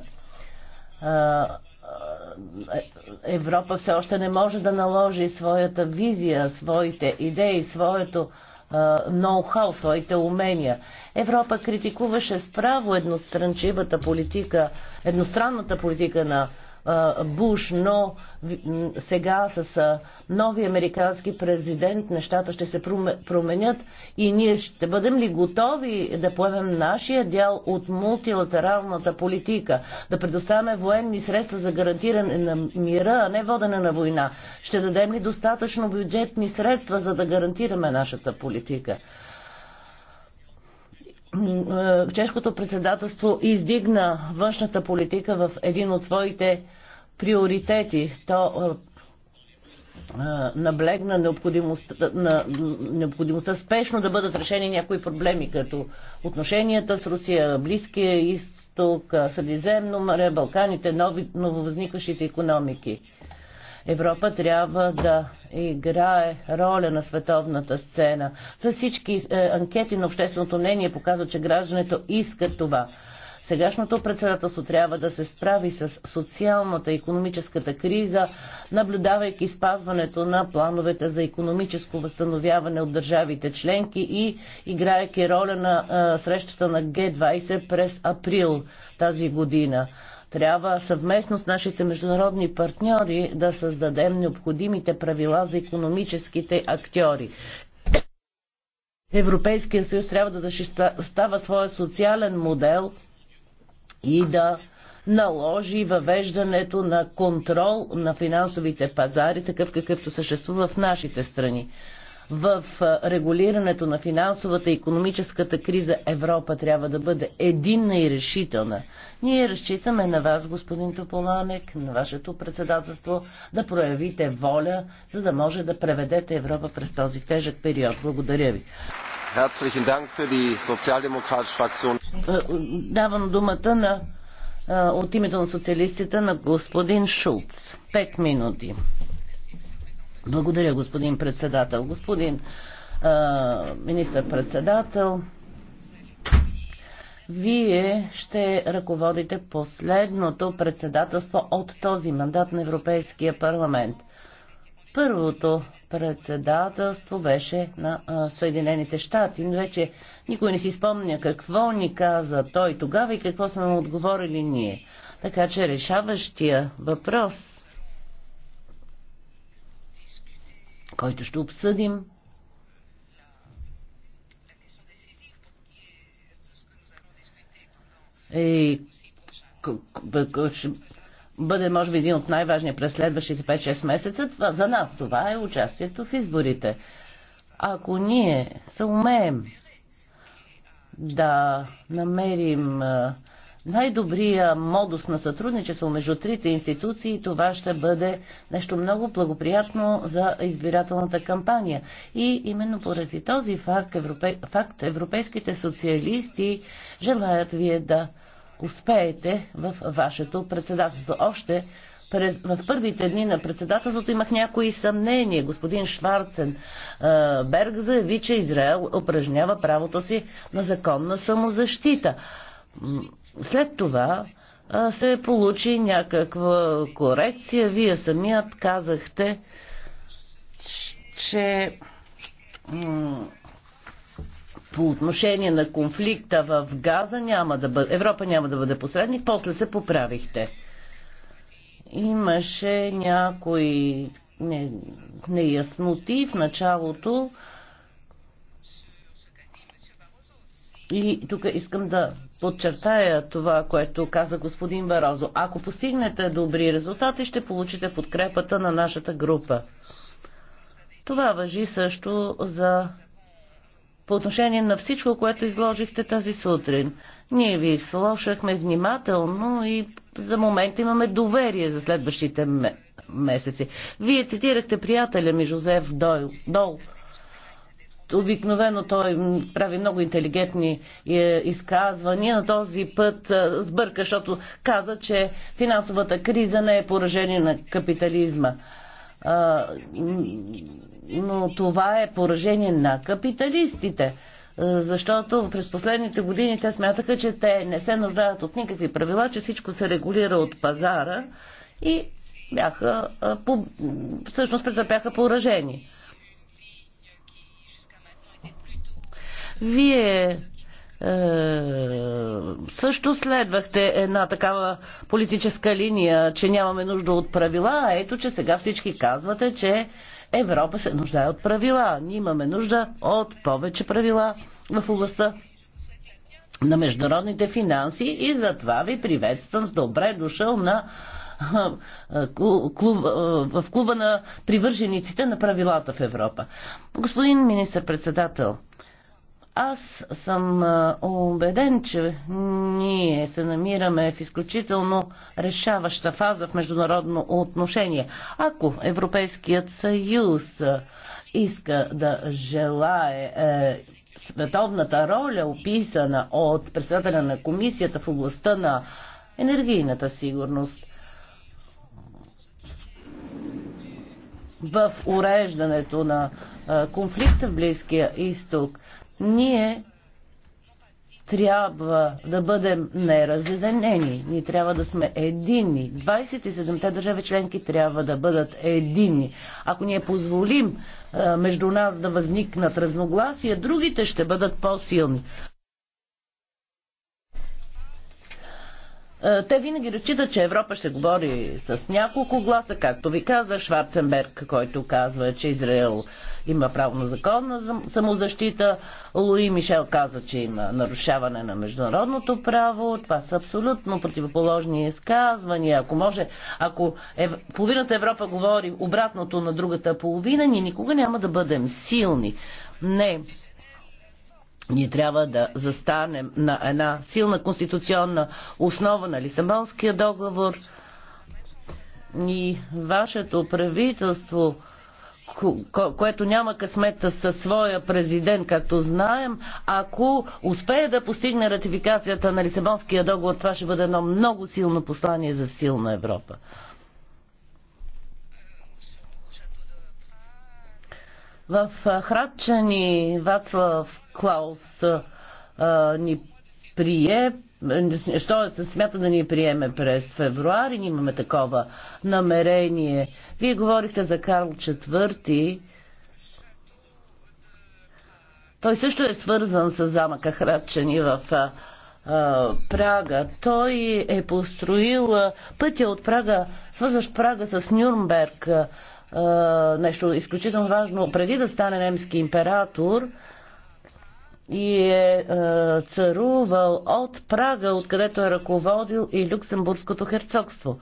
Европа все още не може да наложи своята визия, своите идеи, своето ноу-хау, своите умения. Европа критикуваше справо едностранчивата политика, едностранната политика на Буш, но сега с нови американски президент нещата ще се променят и ние ще бъдем ли готови да поемем нашия дял от мултилатералната политика, да предоставяме военни средства за гарантиране на мира, а не водене на война? Ще дадем ли достатъчно бюджетни средства, за да гарантираме нашата политика? Е, чешкото председателство издигна външната политика в един от своите приоритети. То е, е, наблегна необходимостта, на необходимостта спешно да бъдат решени някои проблеми, като отношенията с Русия, Близкия изток, Средиземно море, Балканите, нови, нововъзникващите економики. Европа трябва да играе роля на световната сцена. За всички е, анкети на общественото мнение показват, че гражданите искат това. Сегашното председателство трябва да се справи с социалната и економическата криза, наблюдавайки спазването на плановете за економическо възстановяване от държавите членки и играйки роля на а, е, срещата на Г-20 през април тази година. Трябва съвместно с нашите международни партньори да създадем необходимите правила за економическите актьори. Европейския съюз трябва да защитава своя социален модел и да наложи въвеждането на контрол на финансовите пазари, такъв какъвто съществува в нашите страни в регулирането на финансовата и економическата криза Европа трябва да бъде единна и решителна. Ние разчитаме на вас, господин Тополанек, на вашето председателство, да проявите воля, за да може да преведете Европа през този тежък период. Благодаря ви. Давам думата на, от името на социалистите на господин Шулц. Пет минути. Благодаря, господин председател. Господин министър-председател, вие ще ръководите последното председателство от този мандат на Европейския парламент. Първото председателство беше на Съединените щати. Вече никой не си спомня какво ни каза той тогава и какво сме му отговорили ние. Така че решаващия въпрос който ще обсъдим. И ще бъде, може би, един от най важни през следващите 5-6 месеца. Това, за нас това е участието в изборите. Ако ние се умеем да намерим най-добрия модус на сътрудничество между трите институции това ще бъде нещо много благоприятно за избирателната кампания. И именно поради този факт, европе... факт европейските социалисти желаят вие да успеете в вашето председателство. Още през, в първите дни на председателството имах някои съмнения. Господин Шварцен е, Берг заяви, че Израел упражнява правото си на законна самозащита. След това се получи някаква корекция. Вие самият казахте, че по отношение на конфликта в Газа няма да бъде, Европа няма да бъде посредник, после се поправихте. Имаше някои не, неясноти в началото. И тук искам да подчертая това, което каза господин Барозо. Ако постигнете добри резултати, ще получите подкрепата на нашата група. Това въжи също за по отношение на всичко, което изложихте тази сутрин. Ние ви слушахме внимателно и за момент имаме доверие за следващите месеци. Вие цитирахте приятеля ми Жозеф Дойл. Дол Обикновено той прави много интелигентни е, изказвания. На този път е, сбърка, защото каза, че финансовата криза не е поражение на капитализма. Но това е поражение на капиталистите е, защото през последните години те смятаха, че те не се нуждаят от никакви правила, че всичко се регулира от пазара и бяха, всъщност претърпяха поражение. Вие е, също следвахте една такава политическа линия, че нямаме нужда от правила, а ето, че сега всички казвате, че Европа се нуждае от правила. Ние имаме нужда от повече правила в областта на международните финанси и затова ви приветствам с добре дошъл на клуб, в клуба на привържениците на правилата в Европа. Господин министър-председател, аз съм убеден, че ние се намираме в изключително решаваща фаза в международно отношение. Ако Европейският съюз иска да желае е, световната роля, описана от председателя на комисията в областта на енергийната сигурност, в уреждането на конфликта в Близкия изток – ние трябва да бъдем неразединени. Ние трябва да сме единни. 27-те държави членки трябва да бъдат единни. Ако ние позволим а, между нас да възникнат разногласия, другите ще бъдат по-силни. Е, те винаги разчитат, че Европа ще говори с няколко гласа, както ви каза Шварценберг, който казва, че Израел има право на законна самозащита. Луи Мишел каза, че има нарушаване на международното право. Това са абсолютно противоположни изказвания. Ако може, ако ев... половината Европа говори обратното на другата половина, ние никога няма да бъдем силни. Не, ние трябва да застанем на една силна конституционна основа на Лисабонския договор и вашето правителство, което няма късмета със своя президент, както знаем, ако успее да постигне ратификацията на Лисабонския договор, това ще бъде едно много силно послание за силна Европа. В Храча ни Вацлав Клаус а, ни прие, що е, се смята да ни приеме през февруари, ние имаме такова намерение. Вие говорихте за Карл IV. Той също е свързан с замъка Храчани в а, Прага. Той е построил пътя от Прага, свързващ Прага с Нюрнберг. Е, нещо изключително важно. Преди да стане немски император, и е, е царувал от Прага, откъдето е ръководил и Люксембургското херцогство.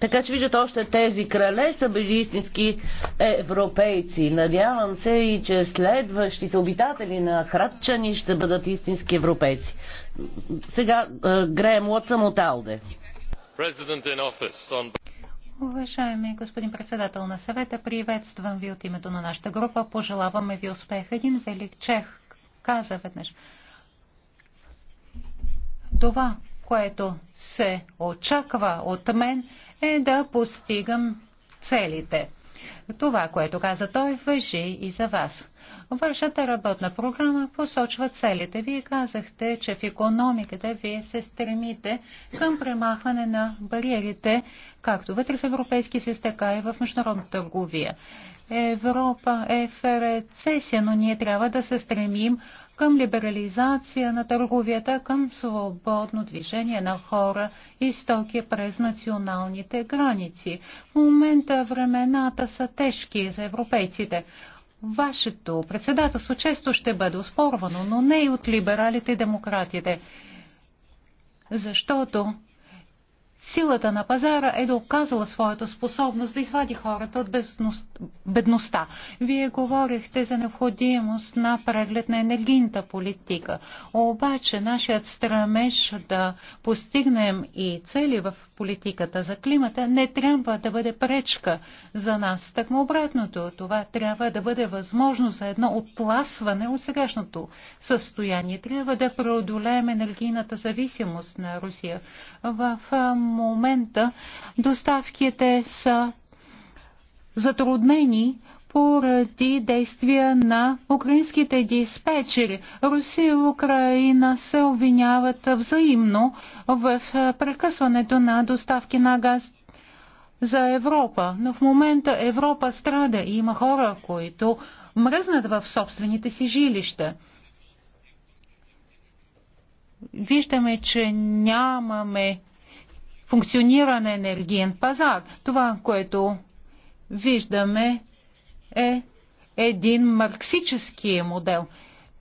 Така че виждате, още тези крале са били истински европейци. Надявам се и, че следващите обитатели на Хратчани ще бъдат истински европейци. Сега Греем Уотсъм от Алде. Уважаеми господин председател на съвета, приветствам ви от името на нашата група. Пожелаваме ви успех. Един велик чех каза веднъж. Това, което се очаква от мен, е да постигам целите. Това, което каза той, въжи и за вас. Вашата работна програма посочва целите. Вие казахте, че в економиката вие се стремите към премахване на бариерите, както вътре в Европейски съюз, така и в международната търговия. Европа е в рецесия, но ние трябва да се стремим към либерализация на търговията, към свободно движение на хора и стоки през националните граници. В момента времената са тежки за европейците. Вашето председателство често ще бъде оспорвано, но не и от либералите и демократите, защото силата на пазара е доказала своята способност да извади хората от бедността. Вие говорихте за необходимост на преглед на енергийната политика. Обаче нашият стремеж да постигнем и цели в политиката за климата не трябва да бъде пречка за нас. Такмо обратното, това трябва да бъде възможно за едно отласване от сегашното състояние. Трябва да преодолеем енергийната зависимост на Русия. В момента доставките са затруднени поради действия на украинските диспетчери. Русия и Украина се обвиняват взаимно в е, прекъсването на доставки на газ за Европа. Но в момента Европа страда и има хора, които мръзнат в собствените си жилища. Виждаме, че нямаме функционира на енергиен пазар. Това, което виждаме е един марксически модел.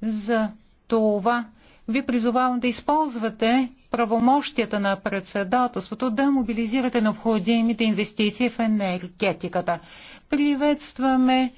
За това ви призовавам да използвате правомощията на председателството да мобилизирате необходимите инвестиции в енергетиката. Приветстваме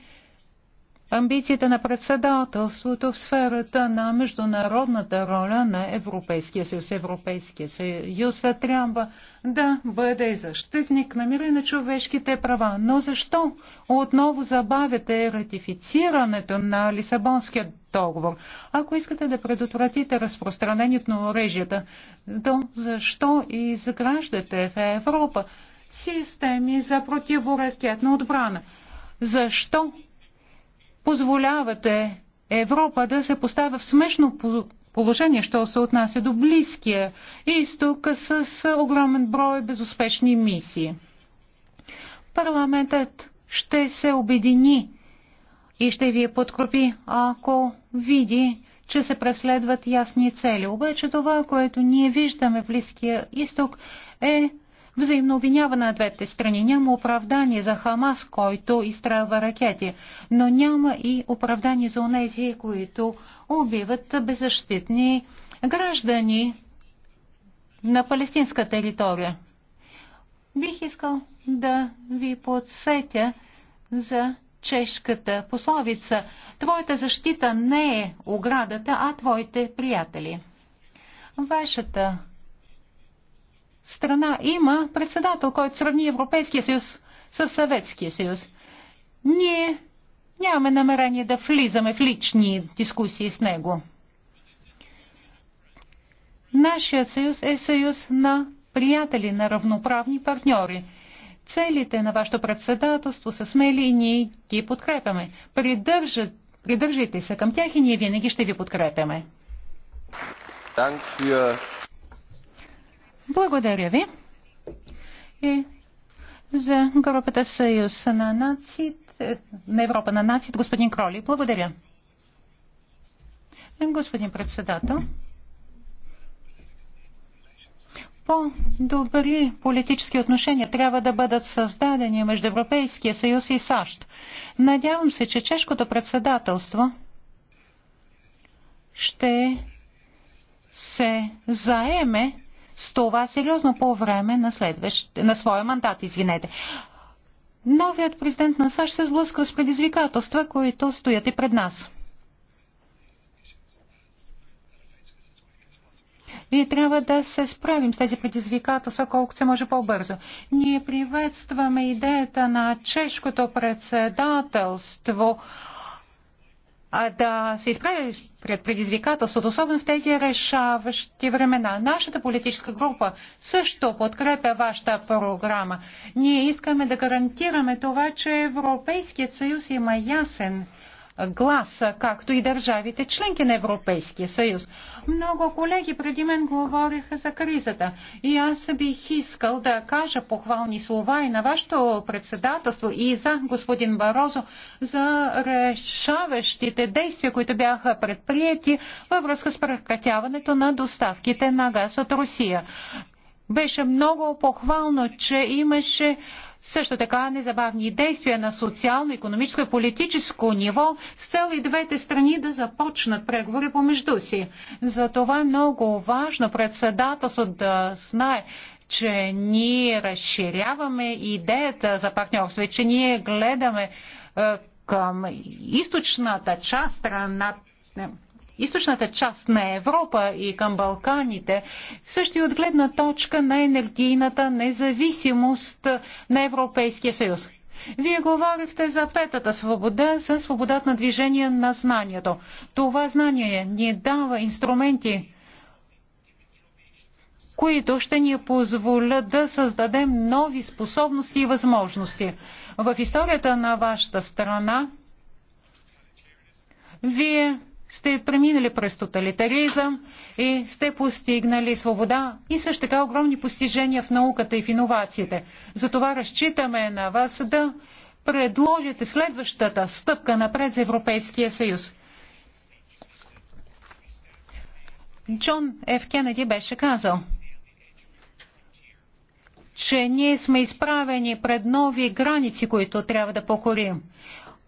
амбицията на председателството в сферата на международната роля на Европейския съюз. Европейския съюз трябва да бъде защитник на мира и на човешките права. Но защо отново забавяте ратифицирането на Лисабонския договор? Ако искате да предотвратите разпространението на оръжията, то защо изграждате в Европа системи за противоракетна отбрана? Защо позволявате Европа да се поставя в смешно положение, що се отнася до Близкия изток с огромен брой безуспешни мисии. Парламентът ще се обедини и ще ви подкрепи, ако види, че се преследват ясни цели. Обаче това, което ние виждаме в Близкия изток, е взаимно обвиняване на двете страни. Няма оправдание за Хамас, който изстрелва ракети, но няма и оправдание за онези, които убиват беззащитни граждани на палестинска територия. Бих искал да ви подсетя за чешката пословица «Твоята защита не е оградата, а твоите приятели». Вашата страна има председател, който сравни Европейския съюз с Съветския съюз. Ние нямаме намерение да влизаме в лични дискусии с него. Нашият съюз е съюз на приятели, на равноправни партньори. Целите на вашето председателство са смели и ние ги подкрепяме. Придържат, придържайте се към тях и ние винаги ще ви подкрепяме. Благодаря ви. И за групата Съюз на нациите, на Европа на нациите, господин Кроли. Благодаря. Господин председател, по-добри политически отношения трябва да бъдат създадени между Европейския съюз и САЩ. Надявам се, че чешкото председателство ще се заеме с това сериозно по време на, следващ, на своя мандат. Извинете. Новият президент на САЩ се сблъсква с предизвикателства, които стоят и пред нас. И трябва да се справим с тези предизвикателства колкото се може по-бързо. Ние приветстваме идеята на чешкото председателство а да се изправи пред предизвикателството, особено в тези решаващи времена. Нашата политическа група също подкрепя вашата програма. Ние искаме да гарантираме това, че Европейският съюз има ясен глас, както и държавите членки на Европейския съюз. Много колеги преди мен говориха за кризата и аз бих искал да кажа похвални слова и на вашето председателство и за господин Барозо за решаващите действия, които бяха предприяти във връзка с прекратяването на доставките на газ от Русия. Беше много похвално, че имаше също така незабавни действия на социално, економическо и политическо ниво с цел и двете страни да започнат преговори помежду си. Затова е много важно председателството да знае, че ние разширяваме идеята за партньорство и че ние гледаме е, към източната част страната източната част на Европа и към Балканите, също и от гледна точка на енергийната независимост на Европейския съюз. Вие говорихте за петата свобода, за свободата на движение на знанието. Това знание ни дава инструменти, които ще ни позволят да създадем нови способности и възможности. В историята на вашата страна вие сте преминали през тоталитаризъм и сте постигнали свобода и също така огромни постижения в науката и в иновациите. Затова разчитаме на вас да предложите следващата стъпка напред за Европейския съюз. Джон Ф. Кенеди беше казал, че ние сме изправени пред нови граници, които трябва да покорим.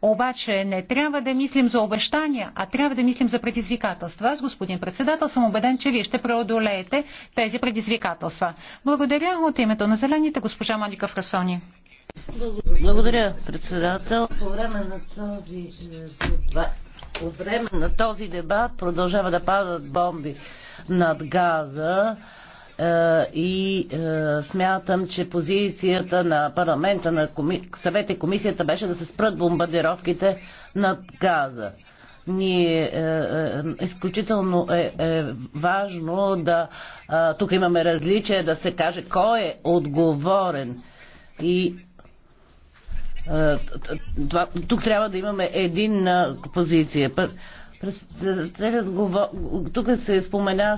Обаче не трябва да мислим за обещания, а трябва да мислим за предизвикателства. Аз, господин председател, съм убеден, че вие ще преодолеете тези предизвикателства. Благодаря от името на зелените госпожа Моника Фрасони. Благодаря, председател. По време на този е, по време на този дебат продължава да падат бомби над газа. Е, и е, смятам, че позицията на парламента, на съвета и комисията беше да се спрат бомбардировките над Газа ние е, е, изключително е, е важно да тук имаме различие да се каже кой е отговорен и е, това, тук трябва да имаме един позиция. Тук се спомена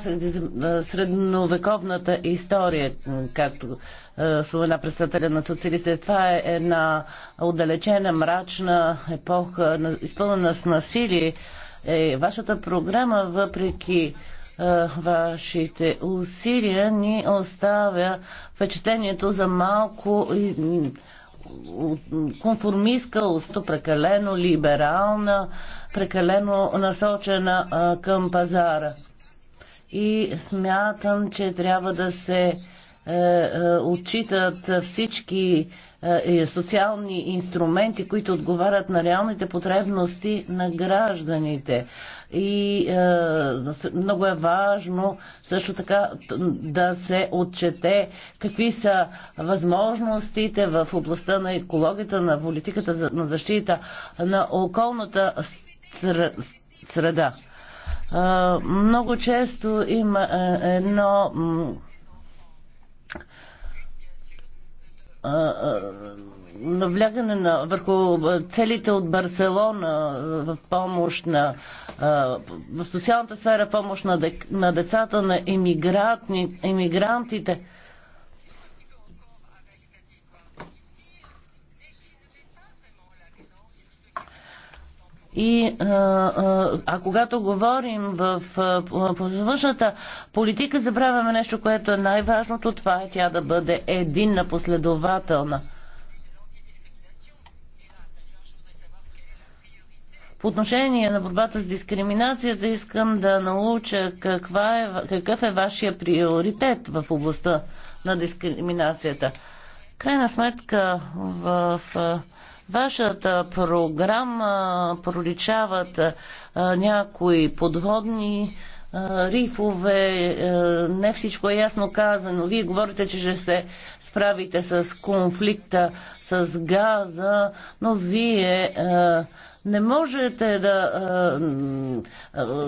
средновековната история, както е, спомена председателя на социалистите. Това е една отдалечена, мрачна епоха, изпълнена с насилие. Е, вашата програма, въпреки е, вашите усилия ни оставя впечатлението за малко конформистка, прекалено либерална, прекалено насочена а, към пазара. И смятам, че трябва да се е, е, отчитат всички е, е социални инструменти, които отговарят на реалните потребности на гражданите и е, много е важно също така да се отчете какви са възможностите в областта на екологията, на политиката на защита на околната среда. Е, много често има е, едно е, е, навлягане на, върху целите от Барселона в помощ на в социалната сфера помощ на, дек, на децата, на иммигрантите. И а, а, а когато говорим в, външната политика, забравяме нещо, което е най-важното. Това е тя да бъде единна, последователна. По отношение на борбата с дискриминацията искам да науча каква е, какъв е вашия приоритет в областта на дискриминацията. Крайна сметка в вашата програма проличават някои подводни рифове, не всичко е ясно казано. Вие говорите, че ще се справите с конфликта, с газа, но вие не можете да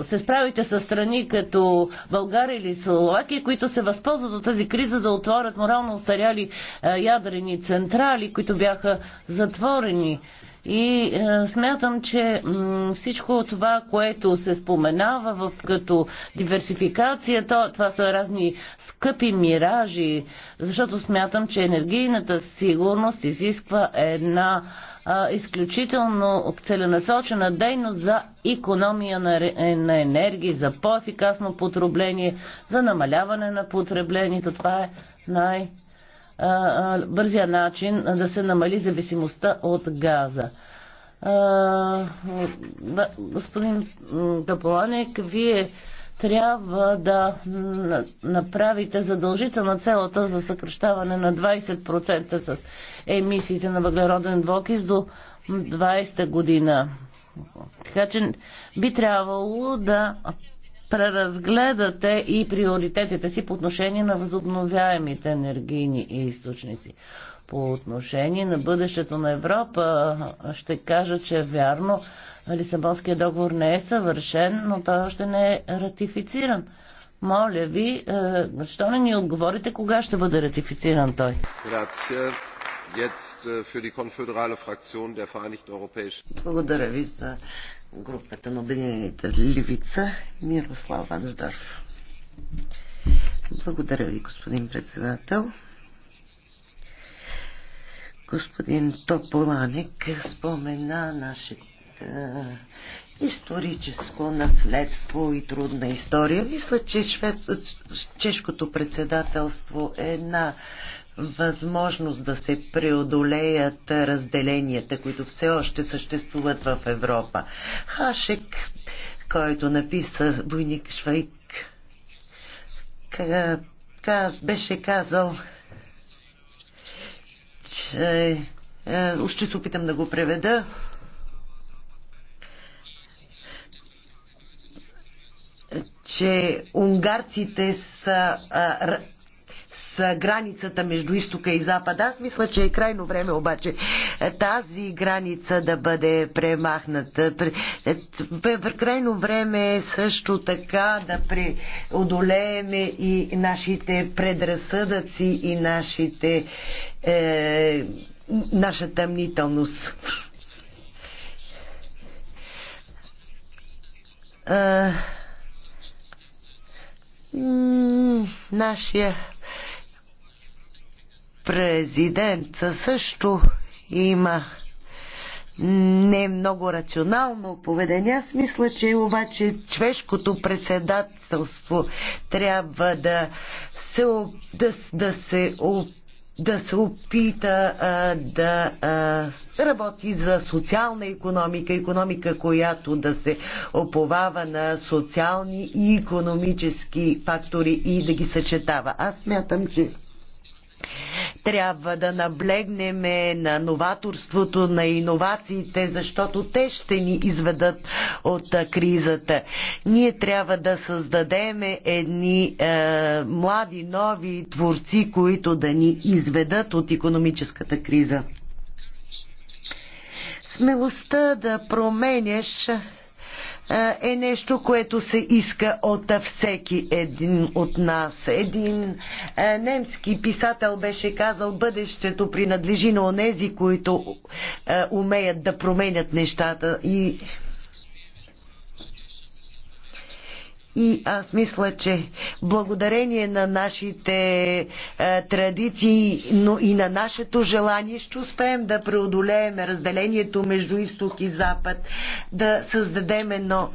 се справите с страни като България или Словакия, които се възползват от тази криза да отворят морално устаряли ядрени централи, които бяха затворени. И смятам, че м- всичко това, което се споменава в, като диверсификация, то, това са разни скъпи миражи, защото смятам, че енергийната сигурност изисква една а, изключително целенасочена дейност за економия на, е, на енергия, за по-ефикасно потребление, за намаляване на потреблението. Това е най- бързия начин да се намали зависимостта от газа. Господин Капеланик, вие трябва да направите задължителна целата за съкръщаване на 20% с емисиите на въглероден двокис до 20 та година. Така че би трябвало да преразгледате и приоритетите си по отношение на възобновяемите енергийни източници. По отношение на бъдещето на Европа ще кажа, че е вярно, Лисабонския договор не е съвършен, но той още не е ратифициран. Моля ви, е, защо не ни отговорите кога ще бъде ратифициран той? Е, Благодаря ви за групата на Обединените ливица Мирослав Вансдорф. Благодаря ви, господин председател. Господин Тополанек спомена нашите е, историческо наследство и трудна история. Мисля, че чешкото председателство е една възможност да се преодолеят разделенията, които все още съществуват в Европа. Хашек, който написа Буйник Швайк, каз, беше казал, че... Още е, се опитам да го преведа. че унгарците са, а, са границата между изтока и запада. Аз мисля, че е крайно време обаче е, тази граница да бъде премахната. Е, крайно време е също така да преодолееме и нашите предразсъдъци и нашите, е, наша тъмнителност. Uh нашия президент също има не много рационално поведение. Аз мисля, че обаче човешкото председателство трябва да се, да, да се опитва да се опита а, да а, работи за социална економика, економика, която да се оповава на социални и економически фактори и да ги съчетава. Аз смятам, че трябва да наблегнем на новаторството, на иновациите, защото те ще ни изведат от кризата. Ние трябва да създадем едни е, млади, нови творци, които да ни изведат от економическата криза. Смелостта да променяш е, е нещо, което се иска от всеки един от нас. Един е, немски писател беше казал, бъдещето принадлежи на онези, които е, умеят да променят нещата и И аз мисля, че благодарение на нашите е, традиции, но и на нашето желание ще успеем да преодолеем разделението между изток и запад, да създадем едно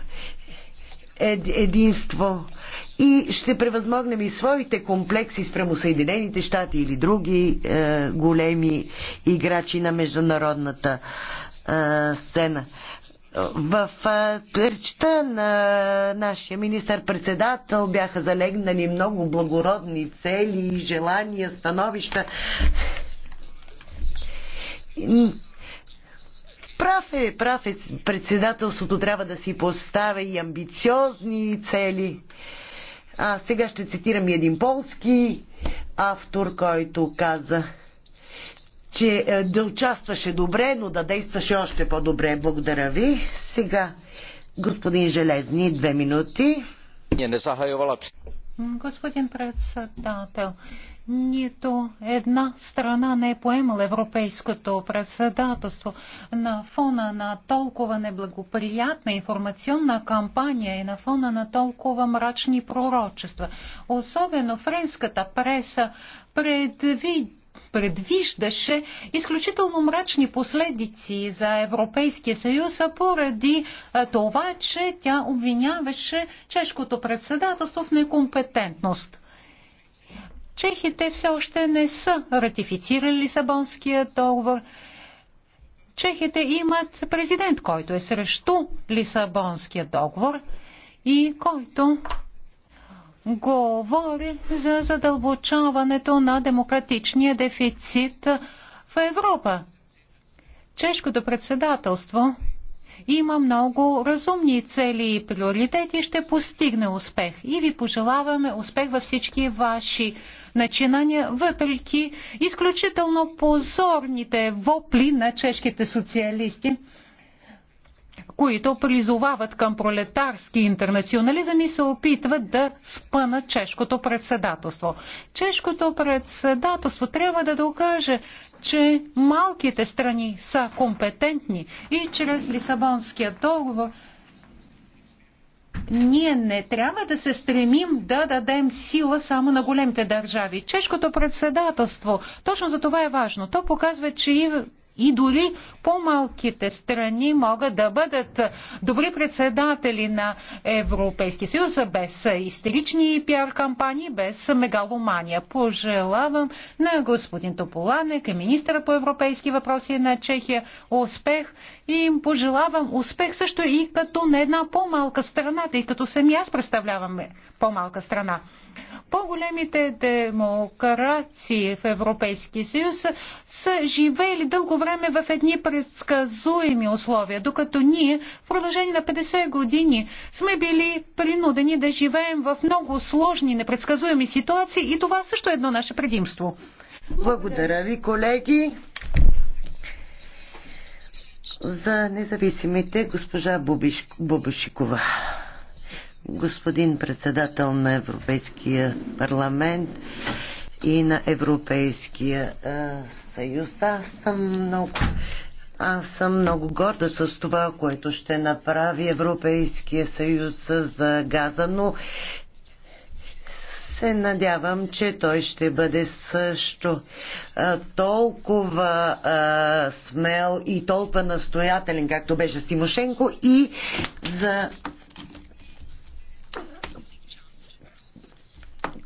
единство и ще превъзмогнем и своите комплекси спрямо Съединените щати или други е, големи играчи на международната е, сцена. В речта на нашия министър-председател бяха залегнали много благородни цели, желания, становища. Прав е, прав е. Председателството трябва да си поставя и амбициозни цели. А сега ще цитирам един полски автор, който каза – че е, да участваше добре, но да действаше още по-добре. Благодаря ви. Сега господин Железни, две минути. Господин председател, нито една страна не е поемала европейското председателство на фона на толкова неблагоприятна информационна кампания и на фона на толкова мрачни пророчества. Особено френската преса предвид предвиждаше изключително мрачни последици за Европейския съюз, поради това, че тя обвиняваше чешкото председателство в некомпетентност. Чехите все още не са ратифицирали Лисабонския договор. Чехите имат президент, който е срещу Лисабонския договор и който говори за задълбочаването на демократичния дефицит в Европа. Чешкото председателство има много разумни цели и приоритети и ще постигне успех. И ви пожелаваме успех във всички ваши начинания, въпреки изключително позорните вопли на чешките социалисти които призовават към пролетарски интернационализъм и се опитват да спънат чешкото председателство. Чешкото председателство трябва да докаже, че малките страни са компетентни и чрез Лисабонския договор ние не трябва да се стремим да дадем сила само на големите държави. Чешкото председателство, точно за това е важно. То показва, че и и дори по-малките страни могат да бъдат добри председатели на Европейския съюз без истерични пиар кампании, без мегаломания. Пожелавам на господин Тополанек, министра по европейски въпроси на Чехия, успех и им пожелавам успех също и като на една по-малка страна, тъй като сами аз представлявам по-малка страна. По-големите демокрации в Европейския съюз са живеели дълго време време в едни предсказуеми условия, докато ние в продължение на 50 години сме били принудени да живеем в много сложни, непредсказуеми ситуации и това също е едно наше предимство. Благодаря ви, колеги. За независимите госпожа Бубиш, Бубишикова. Господин председател на Европейския парламент, и на Европейския съюз. Аз съм много аз съм много горда с това, което ще направи Европейския съюз за газа, но се надявам, че той ще бъде също а, толкова а, смел и толкова настоятелен, както беше Стимошенко и за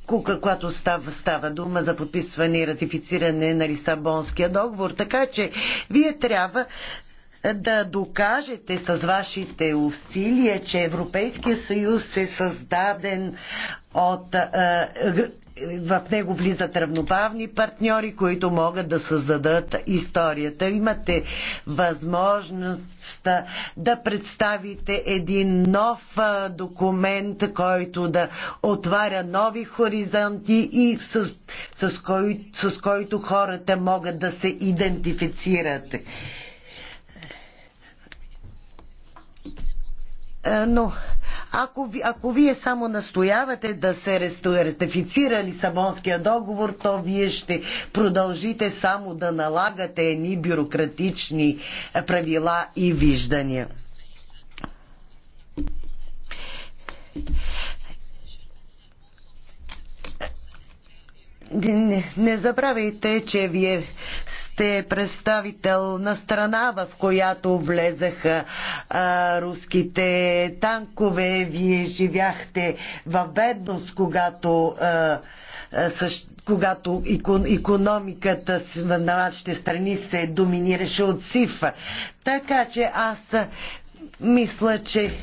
когато става, става дума за подписване и ратифициране на Лисабонския договор. Така че вие трябва да докажете с вашите усилия, че Европейския съюз е създаден от е, в него влизат равноправни партньори, които могат да създадат историята. Имате възможност да представите един нов документ, който да отваря нови хоризонти и с, с, кой, с който хората могат да се идентифицират. Но ако, ви, ако вие само настоявате да се ретифицира Лисабонския договор, то вие ще продължите само да налагате едни бюрократични е, правила и виждания. Не, не забравяйте, че вие сте е представител на страна, в която влезаха а, руските танкове. Вие живяхте в бедност, когато. А, същ, когато економиката на вашите страни се доминираше от СИФ. Така че аз мисля, че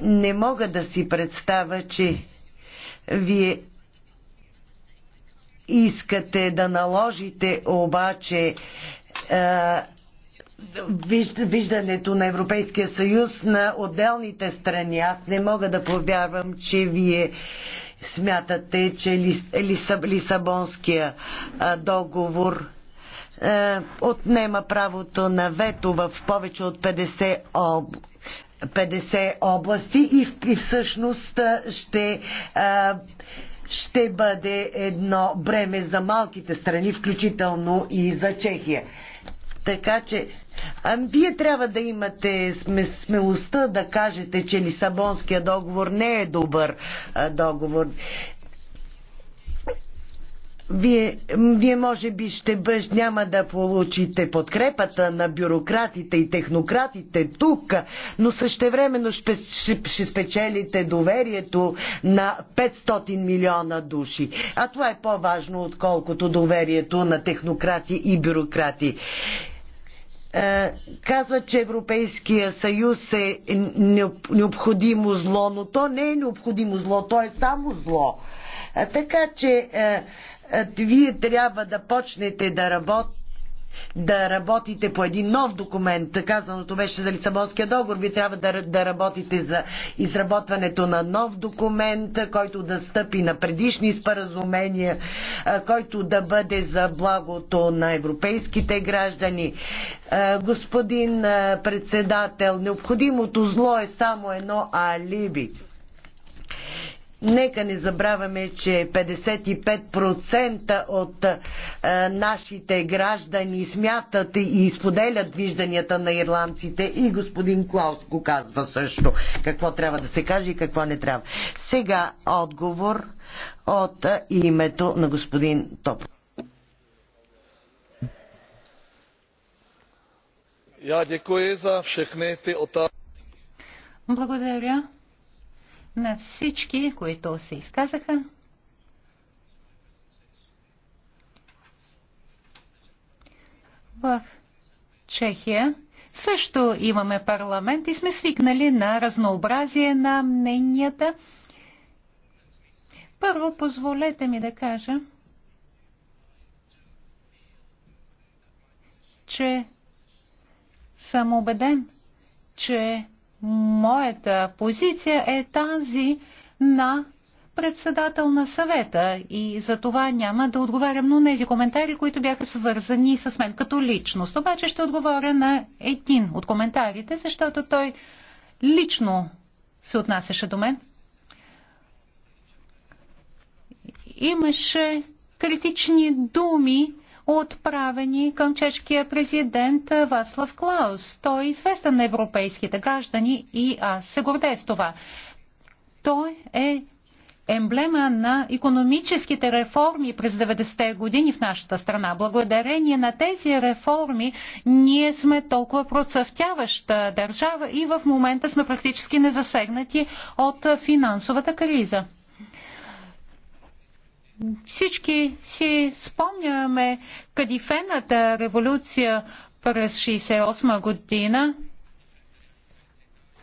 не мога да си представя, че вие искате да наложите обаче е, виждането на Европейския съюз на отделните страни. Аз не мога да повярвам, че вие смятате, че Лис, Лисаб, Лисабонския е, договор е, отнема правото на вето в повече от 50 об... 50 области и, и всъщност ще а, ще бъде едно бреме за малките страни, включително и за Чехия. Така че вие трябва да имате смелостта да кажете, че Лисабонския договор не е добър договор. Вие, вие може би ще бъж, няма да получите подкрепата на бюрократите и технократите тук, но същевременно ще, ще, ще спечелите доверието на 500 милиона души. А това е по-важно, отколкото доверието на технократи и бюрократи е, казва, че Европейския съюз е необходимо зло, но то не е необходимо зло, то е само зло. Е, така че е, е, вие трябва да почнете да работите да работите по един нов документ, казаното беше за Лисабонския договор, вие трябва да, да работите за изработването на нов документ, който да стъпи на предишни споразумения, е, който да бъде за благото на европейските граждани. Е, господин председател, необходимото зло е само едно алиби. Нека не забравяме, че 55% от а, е, нашите граждани смятат и споделят вижданията на ирландците и господин Клаус го казва също какво трябва да се каже и какво не трябва. Сега отговор от а, е, името на господин Топ. Я за всички ти Благодаря на всички, които се изказаха. В Чехия също имаме парламент и сме свикнали на разнообразие на мненията. Първо, позволете ми да кажа, че съм убеден, че моята позиция е тази на председател на съвета и за това няма да отговарям на тези коментари, които бяха свързани с мен като личност. Обаче ще отговоря на един от коментарите, защото той лично се отнасяше до мен. Имаше критични думи отправени към чешкия президент Васлав Клаус. Той е известен на европейските граждани и аз се гордея с това. Той е емблема на економическите реформи през 90-те години в нашата страна. Благодарение на тези реформи ние сме толкова процъфтяваща държава и в момента сме практически незасегнати от финансовата криза. Всички си спомняме Кадифената революция през 68 година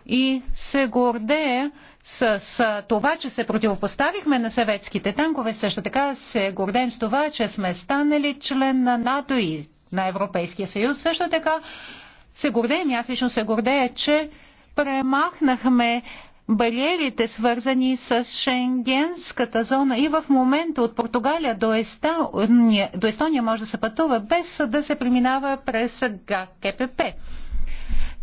и се гордея с, с това, че се противопоставихме на съветските танкове. Също така се гордеем с това, че сме станали член на НАТО и на Европейския съюз. Също така се гордеем, аз лично се гордея, че премахнахме бариерите, свързани с Шенгенската зона. И в момента от Португалия до Естония, до Естония може да се пътува без да се преминава през ГКПП.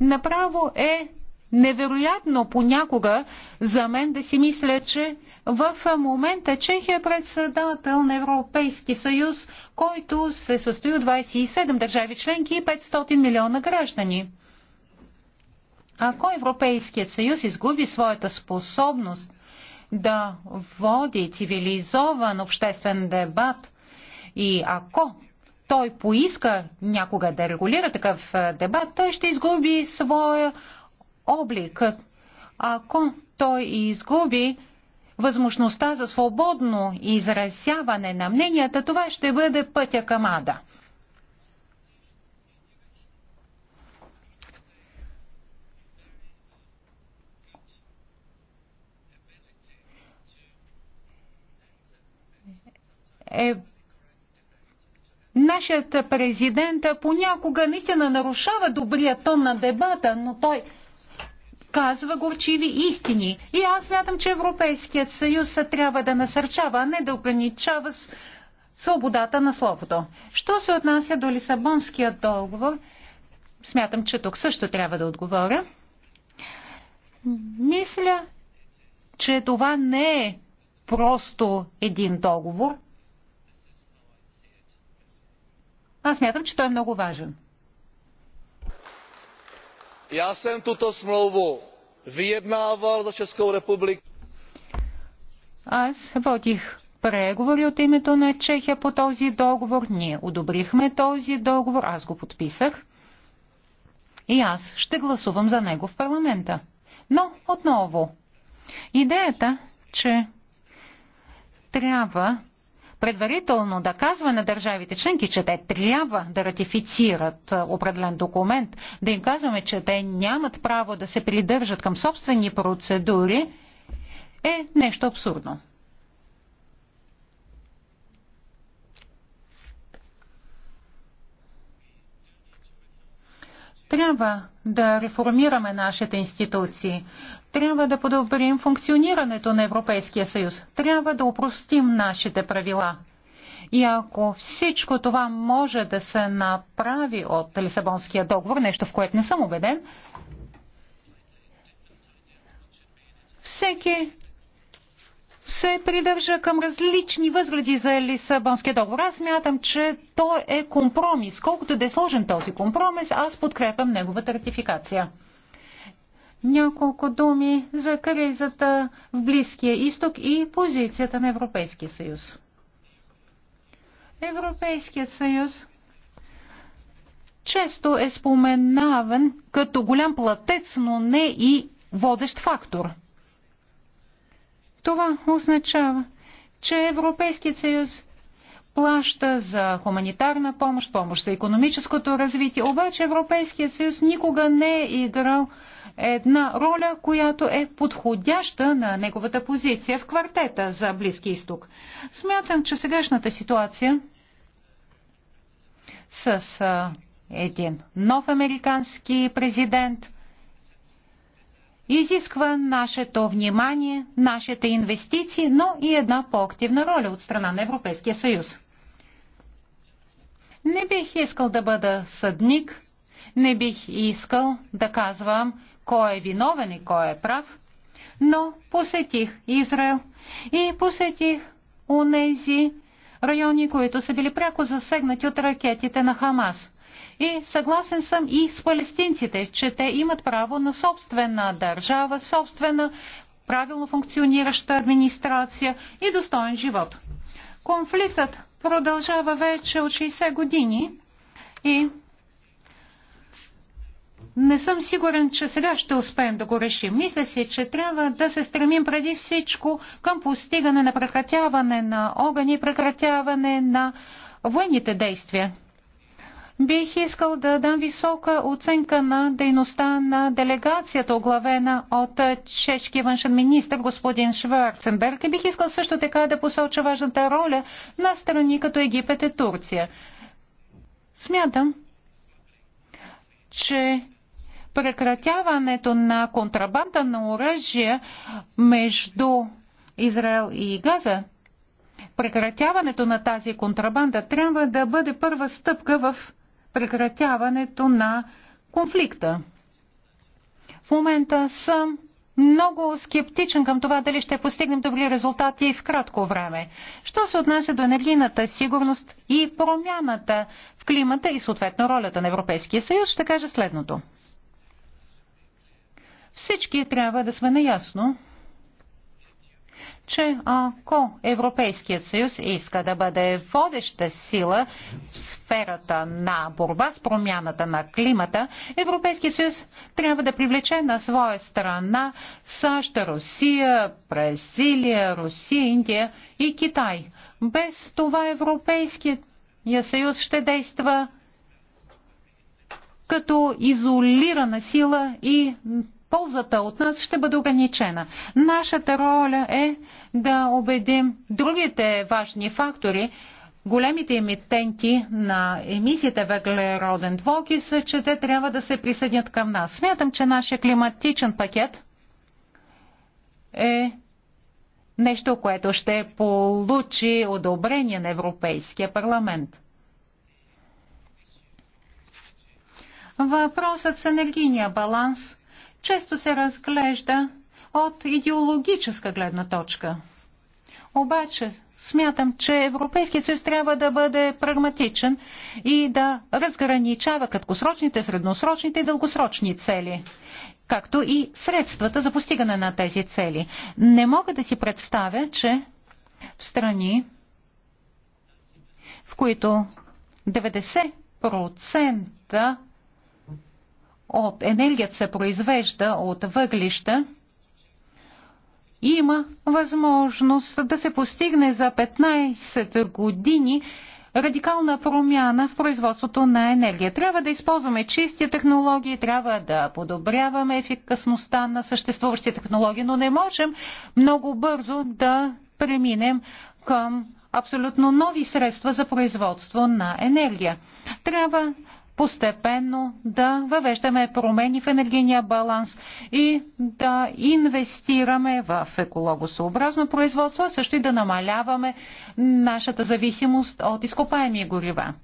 Направо е невероятно понякога за мен да си мисля, че в момента Чехия е председател на Европейски съюз, който се състои от 27 държави членки и 500 милиона граждани. Ако Европейският съюз изгуби своята способност да води цивилизован обществен дебат и ако той поиска някога да регулира такъв дебат, той ще изгуби своя облик. Ако той изгуби възможността за свободно изразяване на мненията, това ще бъде пътя към ада. е Нашият президент понякога наистина нарушава добрия тон на дебата, но той казва горчиви истини. И аз мятам, че Европейският съюз трябва да насърчава, а не да ограничава свободата на словото. Що се отнася до Лисабонския договор, смятам, че тук също трябва да отговоря. Мисля, че това не е просто един договор, Аз мятам, че той е много важен. Já съм tuto smlouvu виеднавал за Ческа република. Аз водих преговори от името на Чехия по този договор. Ние одобрихме този договор. Аз го подписах. И аз ще гласувам за него в парламента. Но отново, идеята, че трябва предварително да казва на държавите членки, че те трябва да ратифицират определен документ, да им казваме, че те нямат право да се придържат към собствени процедури, е нещо абсурдно. Трябва да реформираме нашите институции. Трябва да подобрим функционирането на Европейския съюз. Трябва да упростим нашите правила. И ако всичко това може да се направи от Лисабонския договор, нещо в което не съм убеден, всеки се придържа към различни възгледи за Лисабонския договор. Аз мятам, че той е компромис. Колкото да е сложен този компромис, аз подкрепям неговата ратификация. Няколко думи за кризата в Близкия изток и позицията на Европейския съюз. Европейският съюз често е споменаван като голям платец, но не и водещ фактор – това означава, че Европейският съюз плаща за хуманитарна помощ, помощ за економическото развитие. Обаче Европейският съюз никога не е играл една роля, която е подходяща на неговата позиция в квартета за Близки изток. Смятам, че сегашната ситуация с един нов американски президент – изисква нашето внимание, нашите инвестиции, но и една по-активна роля от страна на Европейския съюз. Не бих искал да бъда съдник, не бих искал да казвам кой е виновен и кой е прав, но посетих Израел и посетих унези райони, които са били пряко засегнати от ракетите на Хамас. И съгласен съм и с палестинците, че те имат право на собствена държава, собствена правилно функционираща администрация и достоен живот. Конфликтът продължава вече от 60 години и не съм сигурен, че сега ще успеем да го решим. Мисля си, че трябва да се стремим преди всичко към постигане на прекратяване на огън и прекратяване на военните действия. Бих искал да дам висока оценка на дейността на делегацията, оглавена от чешки външен министр господин Шварценберг. И бих искал също така да посоча важната роля на страни като Египет и Турция. Смятам, че прекратяването на контрабанда на оръжие между Израел и Газа, прекратяването на тази контрабанда трябва да бъде първа стъпка в прекратяването на конфликта. В момента съм много скептичен към това дали ще постигнем добри резултати в кратко време. Що се отнася до енергийната сигурност и промяната в климата и съответно ролята на Европейския съюз, ще кажа следното. Всички трябва да сме наясно, че ако Европейският съюз иска да бъде водеща сила в сферата на борба с промяната на климата, Европейският съюз трябва да привлече на своя страна САЩ, Русия, Бразилия, Русия, Индия и Китай. Без това Европейският съюз ще действа като изолирана сила и ползата от нас ще бъде ограничена. Нашата роля е да убедим другите важни фактори, големите емитенти на емисията въглероден са, че те трябва да се присъединят към нас. Смятам, че нашия климатичен пакет е нещо, което ще получи одобрение на Европейския парламент. Въпросът с енергийния баланс често се разглежда от идеологическа гледна точка. Обаче смятам, че Европейският съюз трябва да бъде прагматичен и да разграничава краткосрочните, средносрочните и дългосрочни цели както и средствата за постигане на тези цели. Не мога да си представя, че в страни, в които 90% от енергията се произвежда от въглища, има възможност да се постигне за 15 години радикална промяна в производството на енергия. Трябва да използваме чисти технологии, трябва да подобряваме ефикасността на съществуващи технологии, но не можем много бързо да преминем към абсолютно нови средства за производство на енергия. Трябва постепенно да въвеждаме промени в енергийния баланс и да инвестираме в екологосъобразно производство, а също и да намаляваме нашата зависимост от изкопаеми горива.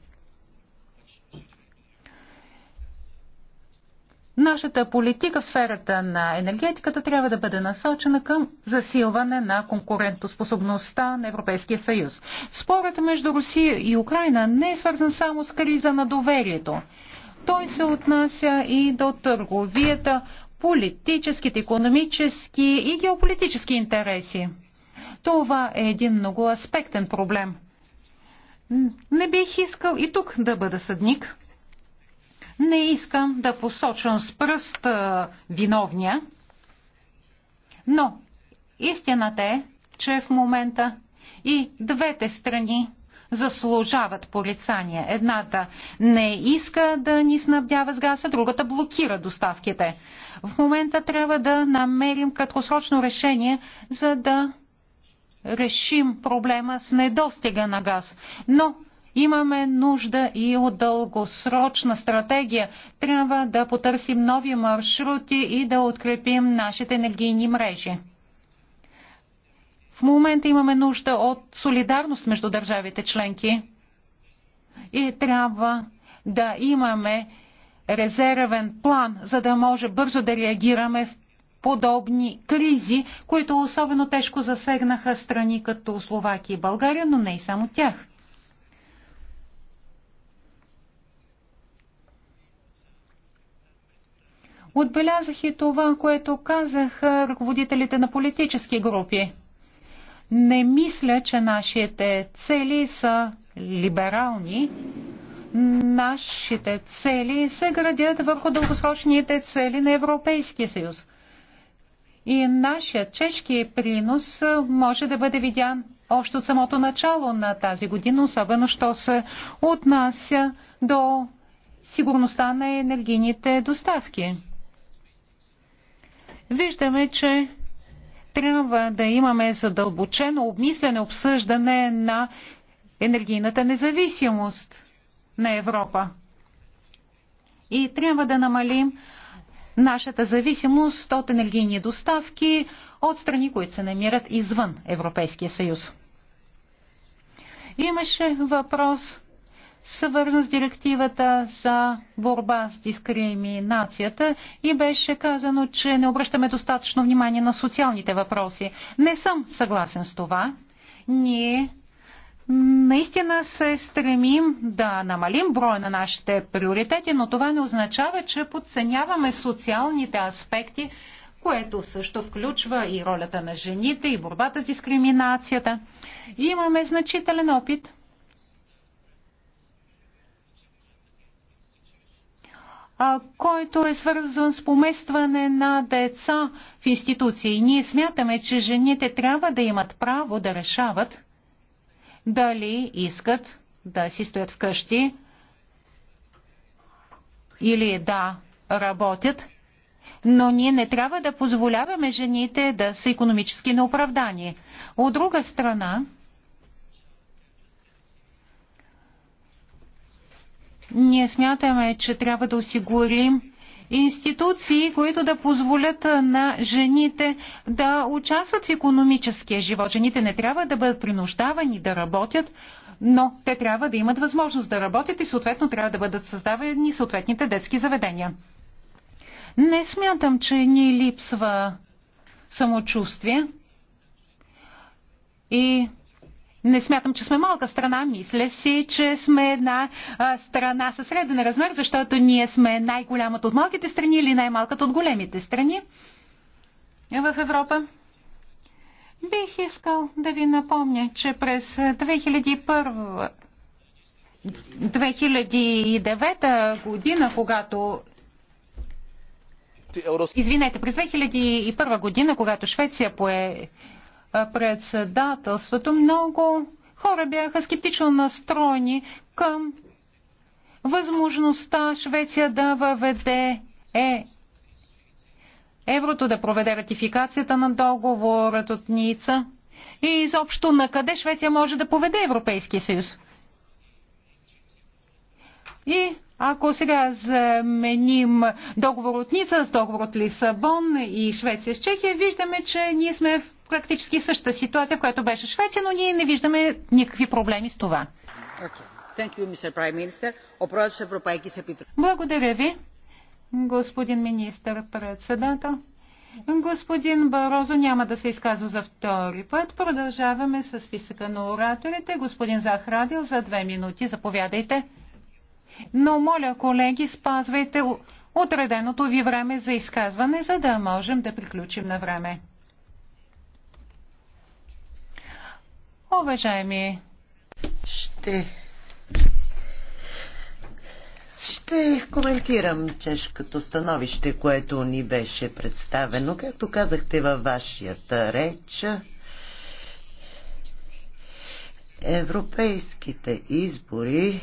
Нашата политика в сферата на енергетиката трябва да бъде насочена към засилване на конкурентоспособността на Европейския съюз. Спорът между Русия и Украина не е свързан само с криза на доверието. Той се отнася и до търговията, политическите, економически и геополитически интереси. Това е един многоаспектен проблем. Не бих искал и тук да бъда съдник не искам да посочвам с пръст виновния, но истината е, че в момента и двете страни заслужават порицание. Едната не иска да ни снабдява с газ, а другата блокира доставките. В момента трябва да намерим краткосрочно решение, за да решим проблема с недостига на газ. Но Имаме нужда и от дългосрочна стратегия. Трябва да потърсим нови маршрути и да открепим нашите енергийни мрежи. В момента имаме нужда от солидарност между държавите членки и трябва да имаме резервен план, за да може бързо да реагираме в подобни кризи, които особено тежко засегнаха страни като Словакия и България, но не и само тях. Отбелязах и това, което казах ръководителите на политически групи. Не мисля, че нашите цели са либерални. Нашите цели се градят върху дългосрочните цели на Европейския съюз. И нашия чешки принос може да бъде видян още от самото начало на тази година, особено що се отнася до сигурността на енергийните доставки виждаме, че трябва да имаме задълбочено обмислене, обсъждане на енергийната независимост на Европа. И трябва да намалим нашата зависимост от енергийни доставки от страни, които се намират извън Европейския съюз. Имаше въпрос свързан с директивата за борба с дискриминацията и беше казано, че не обръщаме достатъчно внимание на социалните въпроси. Не съм съгласен с това. Ние наистина се стремим да намалим броя на нашите приоритети, но това не означава, че подценяваме социалните аспекти, което също включва и ролята на жените, и борбата с дискриминацията. И имаме значителен опит – който е свързан с поместване на деца в институции. Ние смятаме, че жените трябва да имат право да решават дали искат да си стоят вкъщи или да работят, но ние не трябва да позволяваме жените да са економически неоправдани. От друга страна, Ние смятаме, че трябва да осигурим институции, които да позволят на жените да участват в економическия живот. Жените не трябва да бъдат принуждавани да работят, но те трябва да имат възможност да работят и съответно трябва да бъдат създавани съответните детски заведения. Не смятам, че ни липсва самочувствие и не смятам, че сме малка страна. Мисля си, че сме една а, страна със среден размер, защото ние сме най-голямата от малките страни или най-малката от големите страни в Европа. Бих искал да ви напомня, че през 2001 2009 година, когато Извинете, през 2001 година, когато Швеция пое председателството, много хора бяха скептично настроени към възможността Швеция да въведе е еврото, да проведе ратификацията на договорът от Ница и изобщо на къде Швеция може да поведе Европейския съюз. И ако сега заменим договор от Ница с договор от Лисабон и Швеция с Чехия, виждаме, че ние сме в практически същата ситуация, в която беше Швеция, но ние не виждаме никакви проблеми с това. Благодаря ви, господин министър-председател. Господин Барозо няма да се изказва за втори път. Продължаваме с списъка на ораторите. Господин Захрадил за две минути. Заповядайте. Но моля, колеги, спазвайте отреденото ви време за изказване, за да можем да приключим на време. Уважаеми, ще ще коментирам чешкото становище, което ни беше представено. Както казахте във вашията реч, европейските избори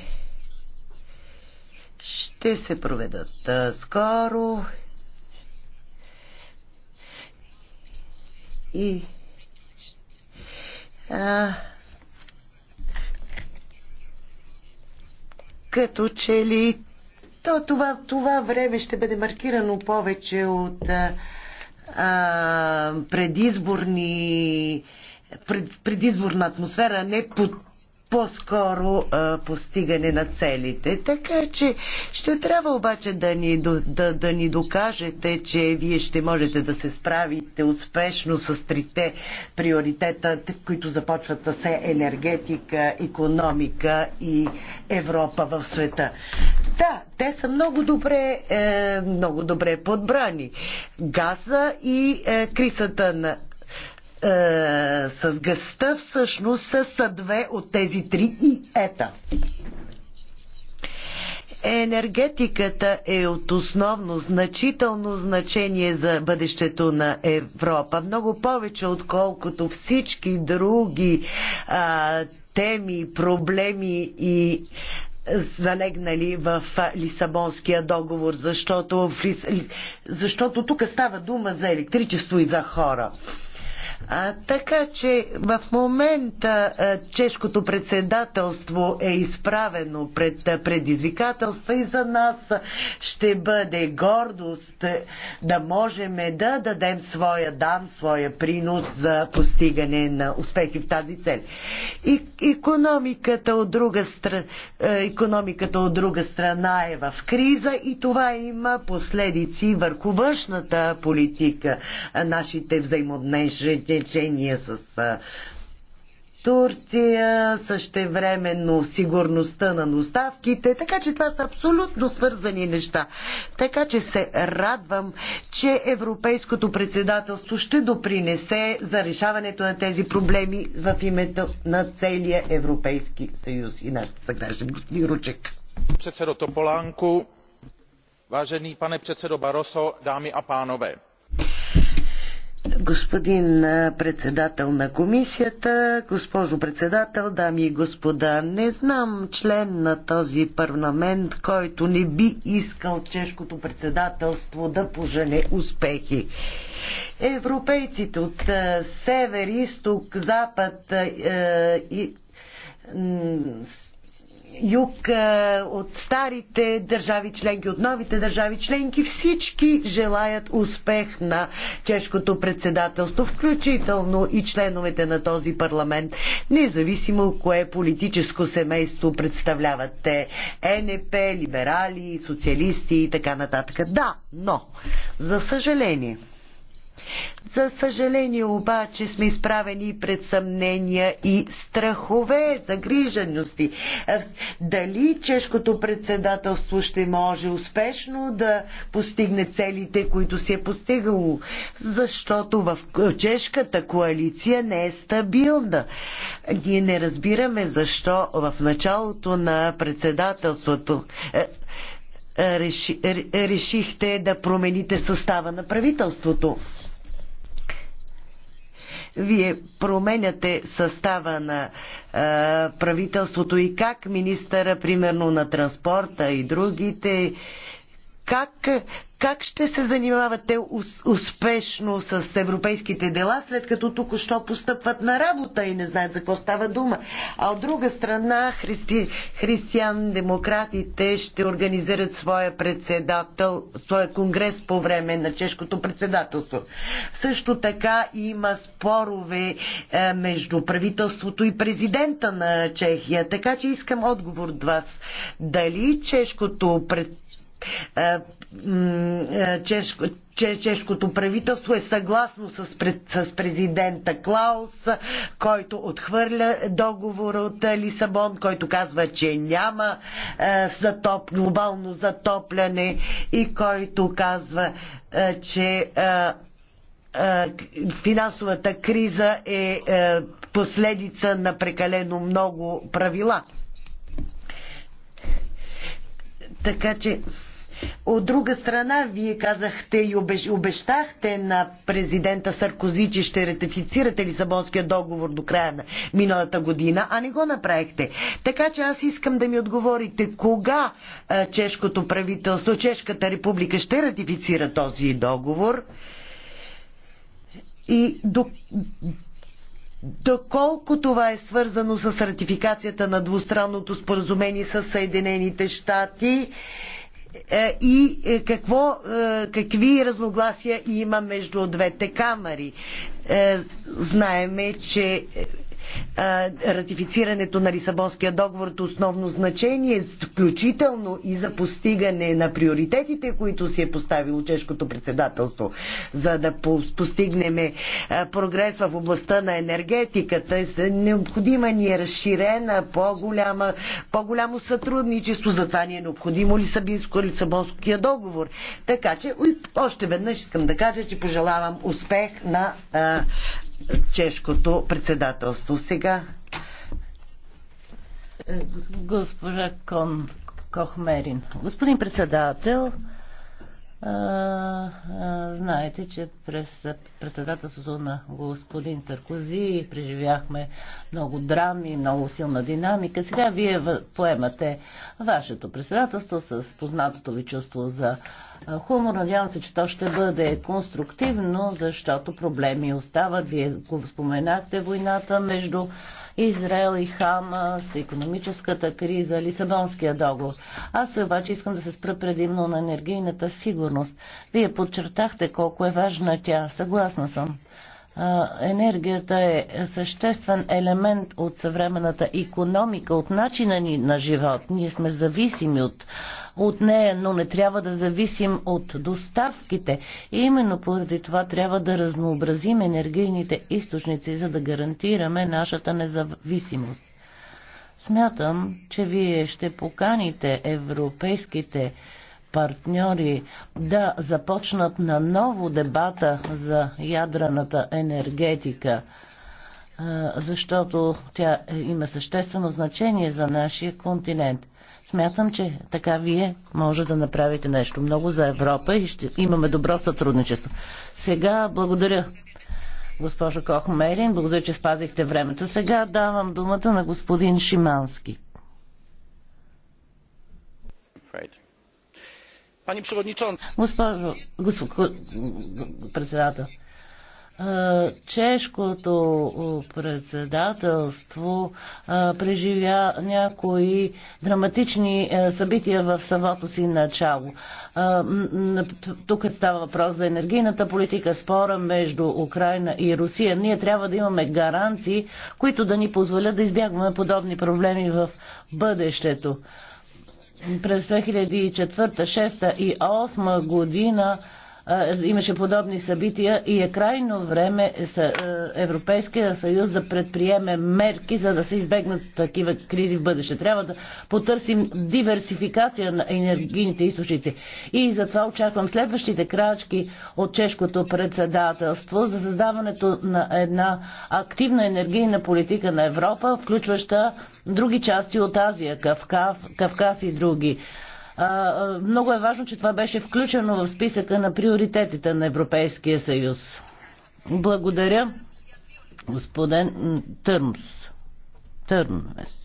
ще се проведат скоро и като че ли то, това, това време ще бъде маркирано повече от а, а, предизборни пред, предизборна атмосфера, не под по-скоро постигане на целите. Така че ще трябва обаче да ни, да, да ни докажете, че вие ще можете да се справите успешно с трите приоритета, които започват да се енергетика, економика и Европа в света. Да, те са много добре, е, много добре подбрани. Газа и е, кризата на е, с гъста всъщност са две от тези три и ета. Енергетиката е от основно значително значение за бъдещето на Европа. Много повече, отколкото всички други а, теми, проблеми и залегнали в Лисабонския договор, защото, в Лис... защото тук става дума за електричество и за хора. А, така че в момента а, чешкото председателство е изправено пред а, предизвикателства и за нас ще бъде гордост да можем да дадем своя дан, своя принос за постигане на успехи в тази цел. И, економиката от друга страна економиката от друга страна е в криза и това има последици върху външната политика. Нашите взаимоднешните течения с Турция, същевременно сигурността на доставките, така че това са абсолютно свързани неща. Така че се радвам, че Европейското председателство ще допринесе за решаването на тези проблеми в името на целия Европейски съюз и на съграждани. Господин Ручек. Председо Тополанко, важени пане председо Баросо, дами а панове Господин председател на комисията, госпожо председател, дами и господа, не знам член на този парламент, който не би искал чешкото председателство да пожене успехи. Европейците от север, изток, запад и юг, е, от старите държави членки, от новите държави членки. Всички желаят успех на чешкото председателство, включително и членовете на този парламент, независимо кое политическо семейство представляват те. Е НП, либерали, социалисти и така нататък. Да, но, за съжаление, за съжаление обаче сме изправени пред съмнения и страхове, загрижености. Дали чешкото председателство ще може успешно да постигне целите, които си е постигало? Защото в чешката коалиция не е стабилна. Ние не разбираме защо в началото на председателството е, е, е, решихте да промените състава на правителството вие променяте състава на е, правителството и как министъра, примерно на транспорта и другите как, как ще се занимавате успешно с европейските дела, след като тук що постъпват на работа и не знаят за какво става дума? А от друга страна, христи, християн-демократите ще организират своя председател, своя конгрес по време на чешкото председателство. Също така има спорове е, между правителството и президента на Чехия, така че искам отговор от вас. Дали чешкото председателство е, е, чешко, чешкото правителство е съгласно с, с президента Клаус, който отхвърля договора от е, Лисабон, който казва, че няма е, затоп, глобално затопляне и който казва, е, че е, е, финансовата криза е, е последица на прекалено много правила. Така че. От друга страна, вие казахте и обещахте на президента Саркози, че ще ратифицирате Лисабонския договор до края на миналата година, а не го направихте. Така че аз искам да ми отговорите кога чешкото правителство, Чешката република ще ратифицира този договор и до, Доколко това е свързано с ратификацията на двустранното споразумение с Съединените щати е, и е, какво, е, какви разногласия има между двете камари. Знаеме, че ратифицирането на Лисабонския договор от основно значение, включително и за постигане на приоритетите, които си е поставило чешкото председателство, за да постигнем прогрес в областта на енергетиката. Необходима ни е разширена, по-голяма, по-голямо сътрудничество, затова ни е необходимо Лисабонския договор. Така че, още веднъж искам да кажа, че пожелавам успех на чешкото председателство. Сега госпожа Кон Кохмерин. Господин председател, а, а, знаете, че през председателството на господин Саркози преживяхме много драми, много силна динамика. Сега вие поемате вашето председателство с познатото ви чувство за Хумор, надявам се, че то ще бъде конструктивно, защото проблеми остават. Вие го споменахте войната между Израел и Хамас, економическата криза, Лисабонския договор. Аз обаче искам да се спра предимно на енергийната сигурност. Вие подчертахте колко е важна тя. Съгласна съм енергията е съществен елемент от съвременната економика, от начина ни на живот. Ние сме зависими от, от нея, но не трябва да зависим от доставките. И именно поради това трябва да разнообразим енергийните източници, за да гарантираме нашата независимост. Смятам, че вие ще поканите европейските партньори да започнат на ново дебата за ядрената енергетика, защото тя е, има съществено значение за нашия континент. Смятам, че така вие може да направите нещо много за Европа и ще имаме добро сътрудничество. Сега благодаря госпожо Кохмерин, благодаря, че спазихте времето. Сега давам думата на господин Шимански. Right. Пани Госпожо, председател. Чешкото председателство преживя някои драматични е, събития в самото си начало. Тук става въпрос за енергийната политика, спора между Украина и Русия. Ние трябва да имаме гаранции, които да ни позволят да избягваме подобни проблеми в бъдещето през 2004, 2006 и 2008 година имаше подобни събития и е крайно време е, Европейския съюз да предприеме мерки, за да се избегнат такива кризи в бъдеще. Трябва да потърсим диверсификация на енергийните източници. И затова очаквам следващите крачки от чешкото председателство за създаването на една активна енергийна политика на Европа, включваща други части от Азия, Кавказ, Кавказ и други. Много е важно, че това беше включено в списъка на приоритетите на Европейския съюз. Благодаря, господин Търмс. Търмс.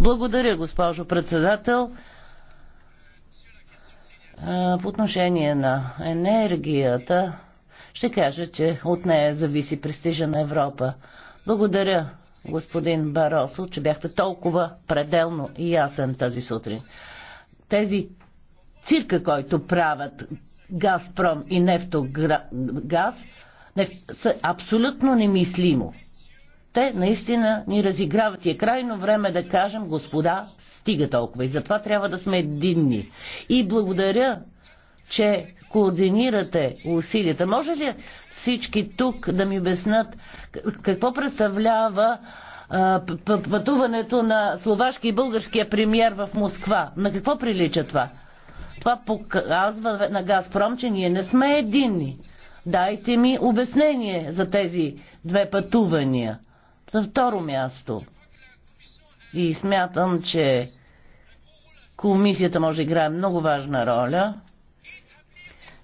Благодаря, госпожо председател. По отношение на енергията, ще кажа, че от нея зависи престижа на Европа. Благодаря господин Баросо, че бяхте толкова пределно ясен тази сутрин. Тези цирка, който правят Газпром и Нефтогаз, са абсолютно немислимо. Те наистина ни разиграват и е крайно време да кажем, господа, стига толкова. И затова трябва да сме единни. И благодаря че координирате усилията. Може ли всички тук да ми обяснат какво представлява пътуването на словашки и българския премьер в Москва? На какво прилича това? Това показва на Газпром, че ние не сме единни. Дайте ми обяснение за тези две пътувания. На второ място. И смятам, че комисията може да играе много важна роля –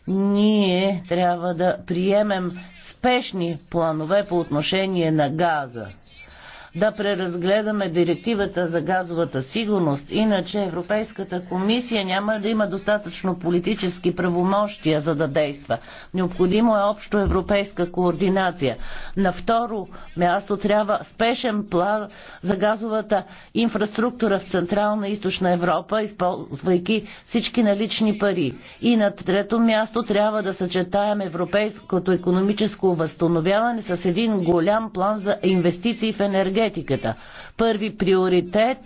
ние трябва да приемем спешни планове по отношение на газа да преразгледаме директивата за газовата сигурност, иначе Европейската комисия няма да има достатъчно политически правомощия за да действа. Необходимо е общо европейска координация. На второ място трябва спешен план за газовата инфраструктура в Централна и Източна Европа, използвайки всички налични пари. И на трето място трябва да съчетаем европейското економическо възстановяване с един голям план за инвестиции в енергетика енергетиката. Първи приоритет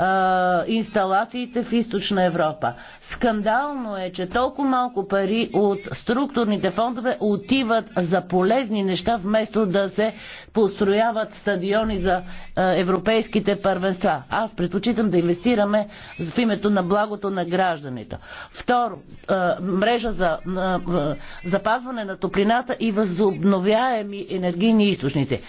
а, инсталациите в източна Европа. Скандално е, че толкова малко пари от структурните фондове отиват за полезни неща, вместо да се построяват стадиони за а, европейските първенства. Аз предпочитам да инвестираме в името на благото на гражданите. Второ, а, мрежа за а, запазване на топлината и възобновяеми енергийни източници.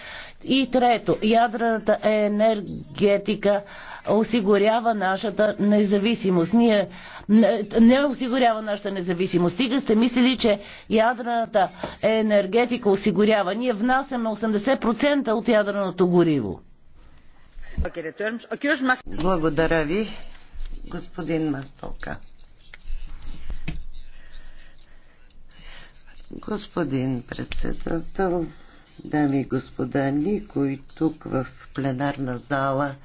И трето, ядрената енергетика осигурява нашата независимост. Ние не, осигурява нашата независимост. Стига сте мислили, че ядрената енергетика осигурява. Ние внасяме 80% от ядреното гориво. Благодаря ви, господин Мастолка. Господин председател, дами и господа, никой тук в пленарна зала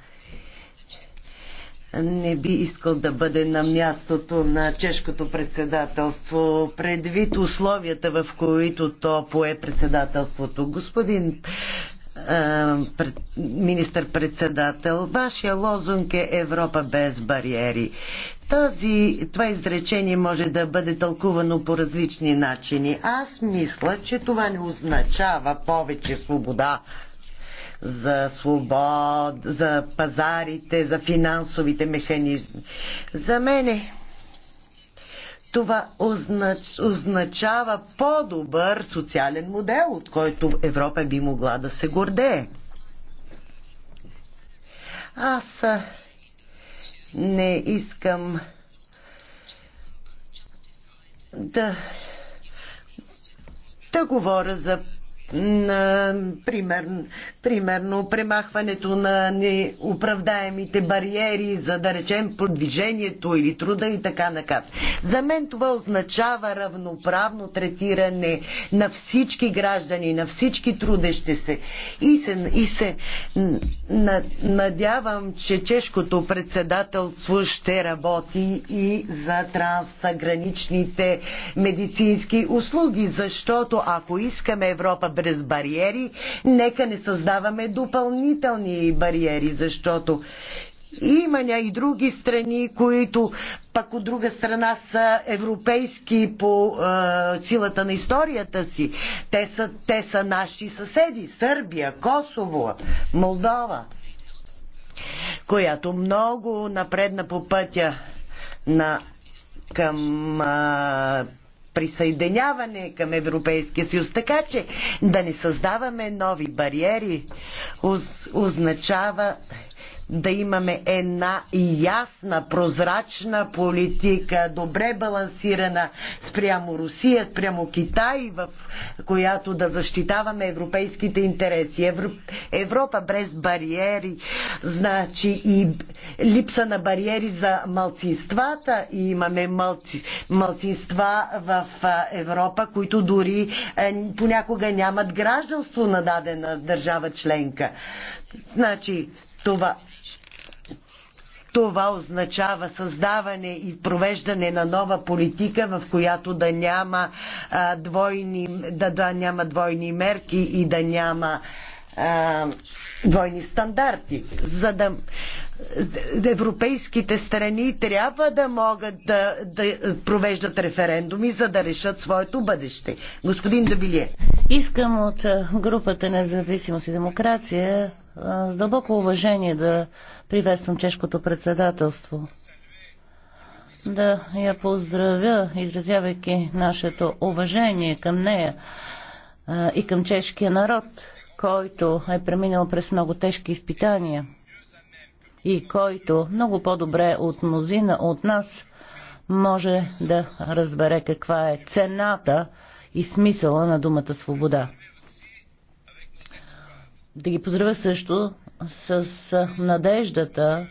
не би искал да бъде на мястото на чешкото председателство, предвид условията, в които то пое председателството. Господин е, министър-председател. Вашия лозунг е Европа без бариери. Този, това изречение може да бъде тълкувано по различни начини. Аз мисля, че това не означава повече свобода за свобод, за пазарите, за финансовите механизми. За мене това означ, означава по-добър социален модел, от който Европа би могла да се гордее. Аз не искам да да говоря за на пример, примерно премахването на неуправдаемите бариери за да речем продвижението или труда и така накат. За мен това означава равноправно третиране на всички граждани, на всички трудещи се. И се, и се надявам, че чешкото председателство ще работи и за трансграничните медицински услуги, защото ако искаме Европа през бариери, нека не създаваме допълнителни бариери, защото има ня и други страни, които пък от друга страна са европейски по е, силата на историята си. Те са, те са наши съседи Сърбия, Косово, Молдова, която много напредна по пътя на към е, присъединяване към Европейския съюз. Така че да не създаваме нови бариери означава да имаме една ясна, прозрачна политика, добре балансирана спрямо Русия, спрямо Китай, в която да защитаваме европейските интереси. Европа без бариери, значи и липса на бариери за малцинствата и имаме малцинства в Европа, които дори понякога нямат гражданство на дадена държава членка. Значи, това, това означава създаване и провеждане на нова политика, в която да няма, а, двойни, да, да няма двойни мерки и да няма а, двойни стандарти. За да европейските страни трябва да могат да, да провеждат референдуми, за да решат своето бъдеще. Господин Давилие. Искам от групата на зависимост и демокрация с дълбоко уважение да приветствам чешкото председателство. Да я поздравя, изразявайки нашето уважение към нея и към чешкия народ, който е преминал през много тежки изпитания и който много по-добре от мнозина от нас може да разбере каква е цената и смисъла на думата свобода да ги поздравя също с надеждата,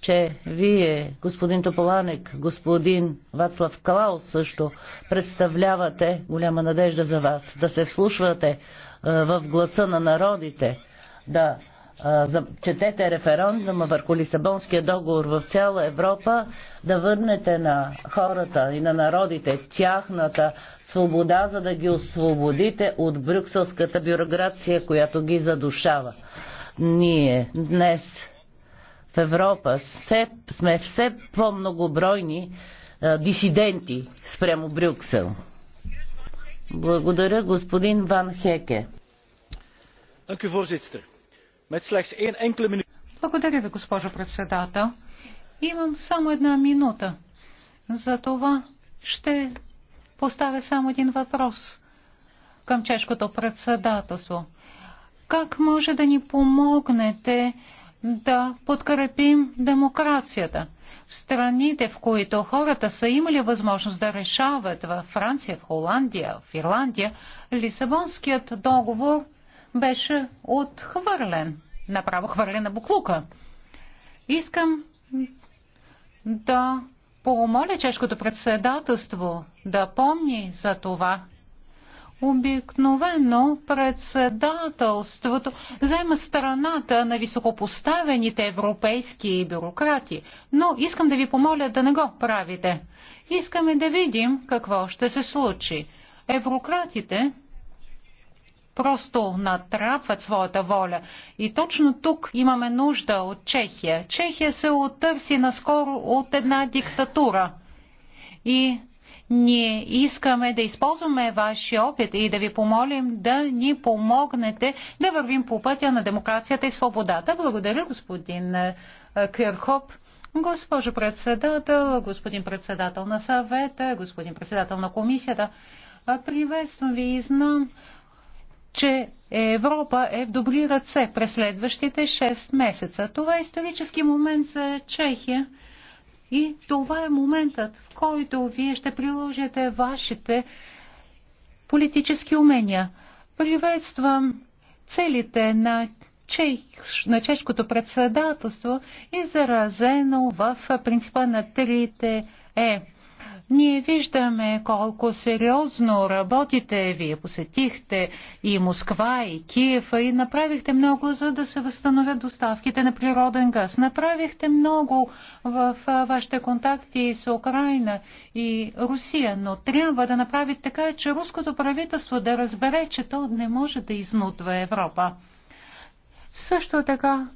че вие, господин Тополанек, господин Вацлав Клаус също представлявате голяма надежда за вас, да се вслушвате в гласа на народите, да четете референдума върху Лисабонския договор в цяла Европа, да върнете на хората и на народите тяхната свобода, за да ги освободите от брюкселската бюрокрация, която ги задушава. Ние днес в Европа все, сме все по-многобройни дисиденти спрямо Брюксел. Благодаря господин Ван Хеке. Dank u voorzitter. Благодаря ви, госпожо председател. Имам само една минута. За това ще поставя само един въпрос към чешкото председателство. Как може да ни помогнете да подкрепим демокрацията? В страните, в които хората са имали възможност да решават във Франция, в Холандия, в Ирландия, Лисабонският договор – беше отхвърлен, направо хвърлен на буклука. Искам да помоля чешкото председателство да помни за това. Обикновено председателството взема страната на високопоставените европейски бюрократи, но искам да ви помоля да не го правите. Искаме да видим какво ще се случи. Еврократите просто натрапват своята воля. И точно тук имаме нужда от Чехия. Чехия се отърси наскоро от една диктатура. И ние искаме да използваме вашия опит и да ви помолим да ни помогнете да вървим по пътя на демокрацията и свободата. Благодаря, господин е, Кирхоп. Госпожо председател, господин председател на съвета, господин председател на комисията, приветствам ви и знам, че Европа е в добри ръце през следващите 6 месеца. Това е исторически момент за Чехия и това е моментът, в който вие ще приложите вашите политически умения. Приветствам целите на, чех, на чешкото председателство и заразено в принципа на трите е. Ние виждаме колко сериозно работите. Вие посетихте и Москва, и Киев, и направихте много, за да се възстановят доставките на природен газ. Направихте много в вашите контакти с Украина и Русия, но трябва да направите така, че руското правителство да разбере, че то не може да изнудва Европа. Също така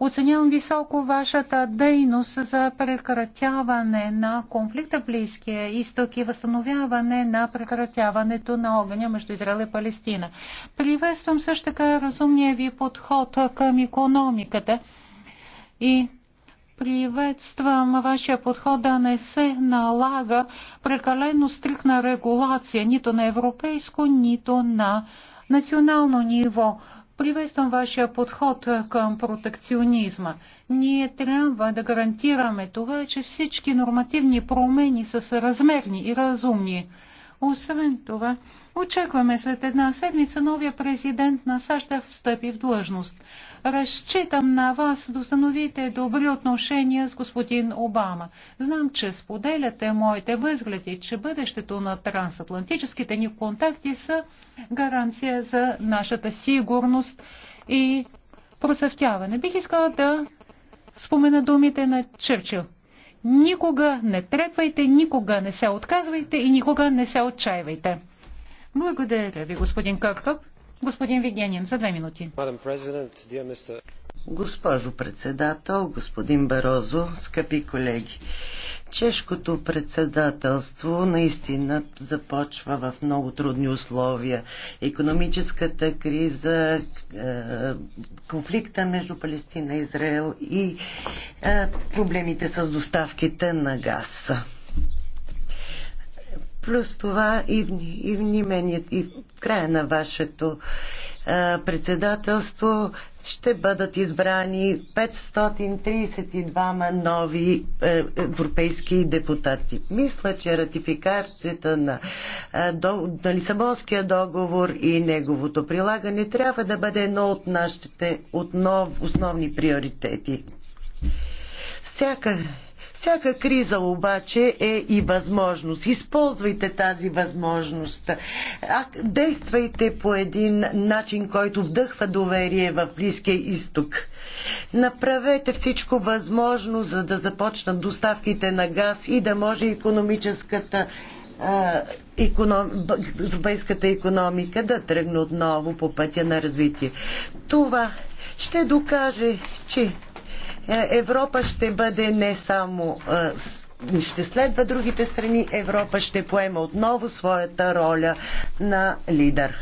Оценявам високо вашата дейност за прекратяване на конфликта в Близкия изток и възстановяване на прекратяването на огъня между Израел и Палестина. Приветствам също така разумния ви подход към економиката и приветствам вашия подход да не се налага прекалено стрикна регулация нито на европейско, нито на национално ниво. Приветствам вашия подход към протекционизма. Ние трябва да гарантираме това, че всички нормативни промени са съразмерни и разумни. Освен това, очакваме след една седмица новия президент на САЩ да встъпи в длъжност. Разчитам на вас да установите добри отношения с господин Обама. Знам, че споделяте моите възгледи, че бъдещето на трансатлантическите ни контакти са гаранция за нашата сигурност и процъфтяване. Бих искала да спомена думите на Чърчил. Никога не трепвайте, никога не се отказвайте и никога не се отчаивайте. Благодаря ви, господин Къркъп. Господин Вигенин, за две минути. Госпожо председател, господин Барозо, скъпи колеги. Чешкото председателство наистина започва в много трудни условия. Економическата криза, е, конфликта между Палестина и Израел и е, проблемите с доставките на газ. Плюс това и, и внимание, и в края на вашето а, председателство ще бъдат избрани 532 нови е, европейски депутати. Мисля, че ратификацията на, е, до, на Лисабонския договор и неговото прилагане трябва да бъде едно от нашите отнов, основни приоритети. Всяка всяка криза обаче е и възможност. Използвайте тази възможност. А, действайте по един начин, който вдъхва доверие в Близкия изток. Направете всичко възможно, за да започнат доставките на газ и да може економическата Економ... европейската економика да тръгне отново по пътя на развитие. Това ще докаже, че е, Европа ще бъде не само е, ще следва другите страни, Европа ще поема отново своята роля на лидер.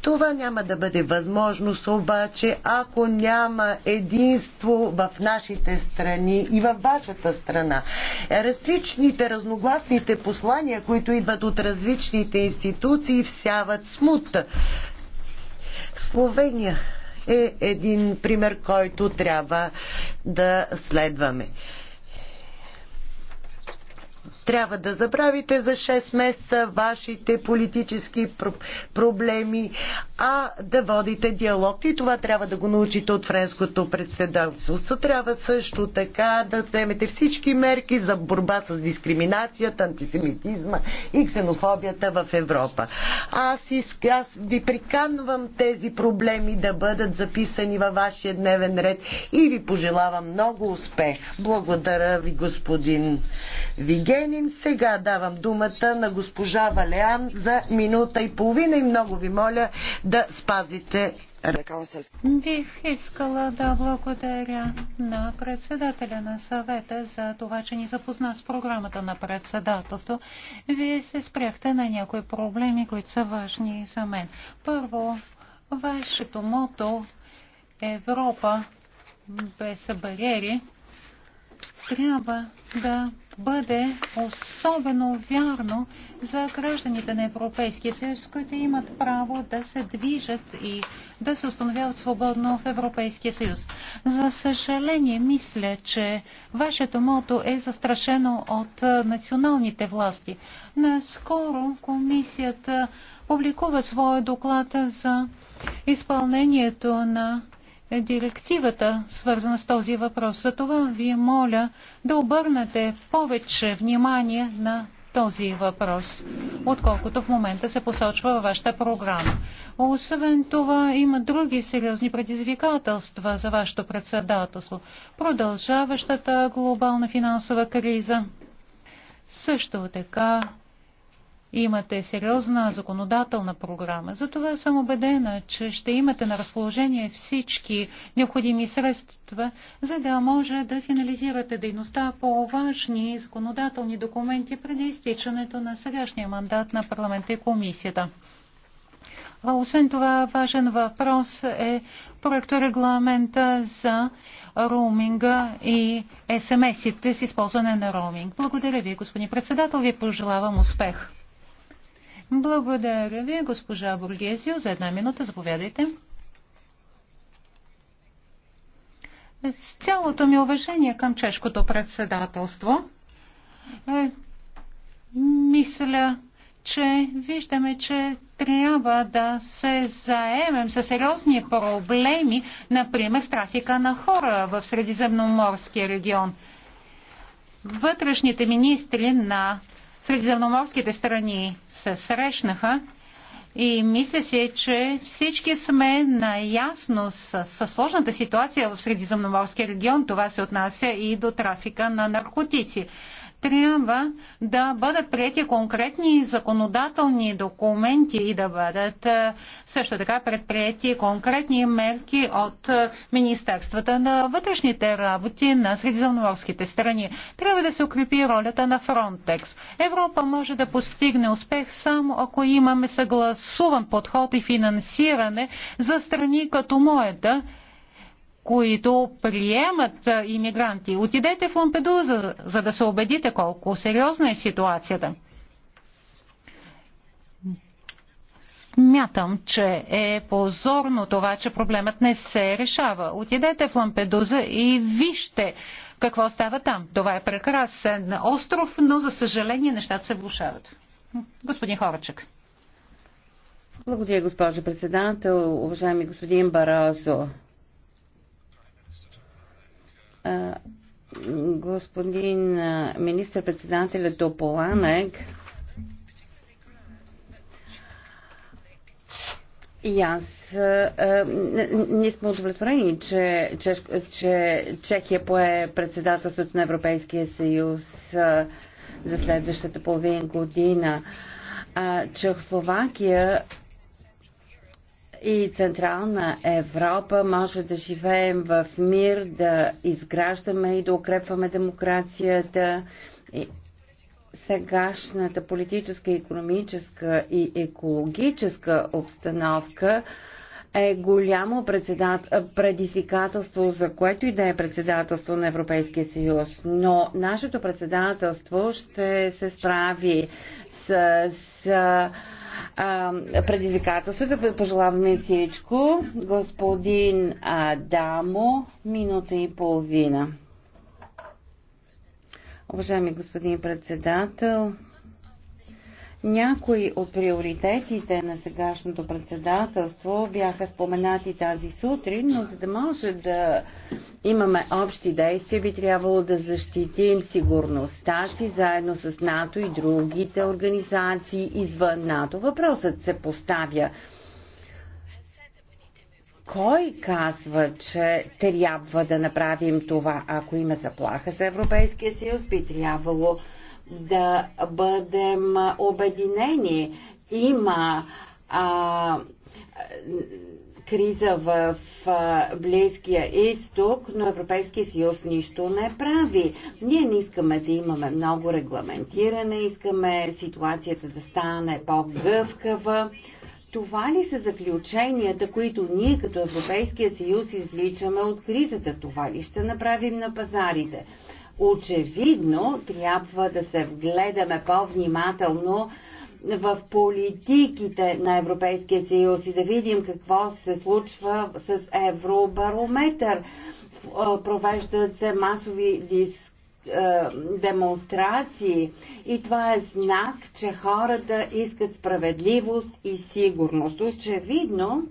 Това няма да бъде възможност обаче, ако няма единство в нашите страни и във вашата страна. Различните, разногласните послания, които идват от различните институции, всяват смут. Словения е един пример, който трябва да следваме. Трябва да забравите за 6 месеца вашите политически проблеми, а да водите диалог. И това трябва да го научите от френското председателство. Трябва също така да вземете всички мерки за борба с дискриминацията, антисемитизма и ксенофобията в Европа. Аз, иск, аз ви приканвам тези проблеми да бъдат записани във вашия дневен ред и ви пожелавам много успех. Благодаря ви, господин Виген. Ленин. Сега давам думата на госпожа Валеан за минута и половина и много ви моля да спазите Бих искала да благодаря на председателя на съвета за това, че ни запозна с програмата на председателство. Вие се спряхте на някои проблеми, които са важни за мен. Първо, вашето мото Европа без бариери трябва да бъде особено вярно за гражданите на Европейския съюз, които имат право да се движат и да се установяват свободно в Европейския съюз. За съжаление, мисля, че вашето мото е застрашено от националните власти. Наскоро комисията публикува своя доклад за изпълнението на е директивата, свързана с този въпрос. За това ви моля да обърнете повече внимание на този въпрос, отколкото в момента се посочва във вашата програма. Освен това, има други сериозни предизвикателства за вашето председателство. Продължаващата глобална финансова криза, също така имате сериозна законодателна програма. Затова съм убедена, че ще имате на разположение всички необходими средства, за да може да финализирате дейността по важни законодателни документи преди изтичането на сегашния мандат на парламента и комисията. Освен това, важен въпрос е проекторегламента за роуминга и СМС-ите с използване на роуминг. Благодаря ви, господин председател. Ви пожелавам успех. Благодаря ви, госпожа Бургезио. За една минута заповядайте. С цялото ми уважение към чешкото председателство, е, мисля, че виждаме, че трябва да се заемем с сериозни проблеми, например с трафика на хора в Средиземноморския регион. Вътрешните министри на средиземноморските страни се срещнаха и мисля си, че всички сме наясно с, с сложната ситуация в Средиземноморския регион. Това се отнася и до трафика на наркотици трябва да бъдат прияти конкретни законодателни документи и да бъдат е, също така предприяти конкретни мерки от е, Министерствата на вътрешните работи на средиземноморските страни. Трябва да се укрепи ролята на Фронтекс. Европа може да постигне успех само ако имаме съгласуван подход и финансиране за страни като моята, които приемат иммигранти. Отидете в Лампедуза, за да се убедите колко сериозна е ситуацията. Мятам, че е позорно това, че проблемът не се решава. Отидете в Лампедуза и вижте какво става там. Това е прекрасен остров, но за съжаление нещата се влушават. Господин Хорачък. Благодаря, госпожо председател. Уважаеми господин Барозо, господин министр-председателя Тополанек И аз не сме удовлетворени, че, че, че Чехия пое председателството на Европейския съюз а, за следващата половин година. А, Чехословакия и Централна Европа може да живеем в мир, да изграждаме и да укрепваме демокрацията. Сегашната политическа, економическа и екологическа обстановка е голямо предизвикателство, за което и да е председателство на Европейския съюз. Но нашето председателство ще се справи с, с а, предизвикателствата. Пожелаваме всичко. Господин Адамо, минута и половина. Уважаеми господин председател, някои от приоритетите на сегашното председателство бяха споменати тази сутрин, но за да може да имаме общи действия, би трябвало да защитим сигурността си заедно с НАТО и другите организации извън НАТО. Въпросът се поставя. Кой казва, че трябва да направим това, ако има заплаха за Европейския съюз, би трябвало да бъдем обединени. Има а, криза в Близкия изток, но Европейския съюз нищо не прави. Ние не искаме да имаме много регламентиране, искаме ситуацията да стане по-гъвкава. Това ли са заключенията, които ние като Европейския съюз извличаме от кризата? Това ли ще направим на пазарите? Очевидно трябва да се вгледаме по-внимателно в политиките на Европейския съюз и да видим какво се случва с Евробарометър. Провеждат се масови дискусии демонстрации и това е знак, че хората искат справедливост и сигурност. Очевидно,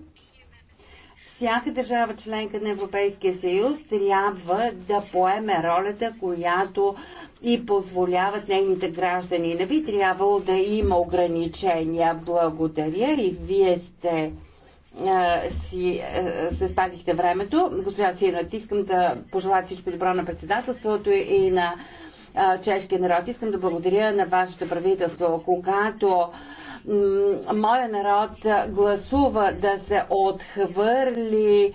всяка държава членка на Европейския съюз трябва да поеме ролята, която и позволяват нейните граждани. Не би трябвало да има ограничения. Благодаря и вие сте си, се спазихте времето. Госпожа Синат, искам да пожелая всичко добро на председателството и на чешкия народ. Искам да благодаря на вашето правителство. Когато моя народ гласува да се отхвърли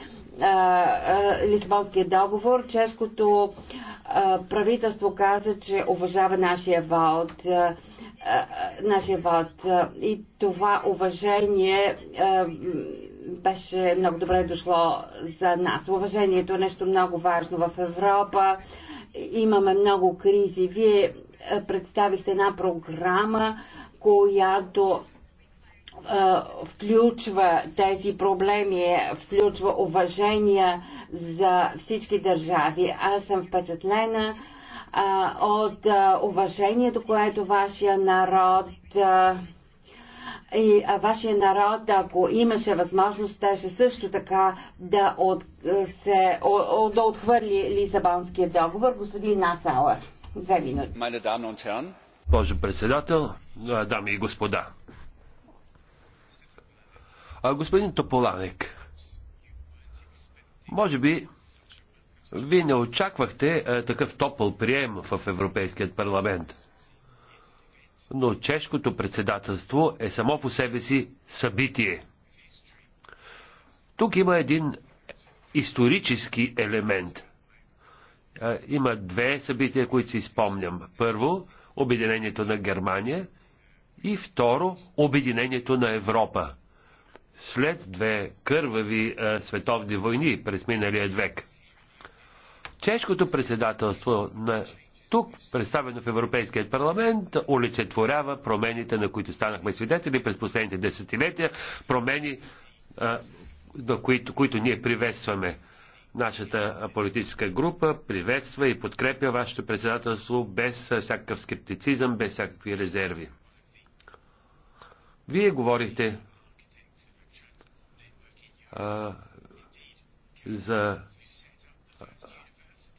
Лисабонския договор. Чешкото правителство каза, че уважава нашия вод, нашия вод. И това уважение беше много добре дошло за нас. Уважението е нещо много важно в Европа. Имаме много кризи. Вие представихте една програма, която включва тези проблеми, включва уважение за всички държави. Аз съм впечатлена от уважението, което вашия народ и вашия народ, ако имаше възможност, ще също така да, от, се, о, да отхвърли Лисабонския договор. Господин Насауър, две минути. Боже председател, дами и господа. А господин Тополанек, може би вие не очаквахте а, такъв топъл прием в Европейският парламент. Но чешкото председателство е само по себе си събитие. Тук има един исторически елемент. А, има две събития, които си спомням. Първо, обединението на Германия и второ, обединението на Европа. След две кървави а, е, световни войни през миналия век. Чешкото председателство на тук, представено в Европейският парламент, олицетворява промените, на които станахме свидетели през последните десетилетия, промени, а, е, до които, които ние приветстваме. Нашата е, политическа група приветства и подкрепя вашето председателство без всякакъв скептицизъм, без всякакви резерви. Вие говорихте а, за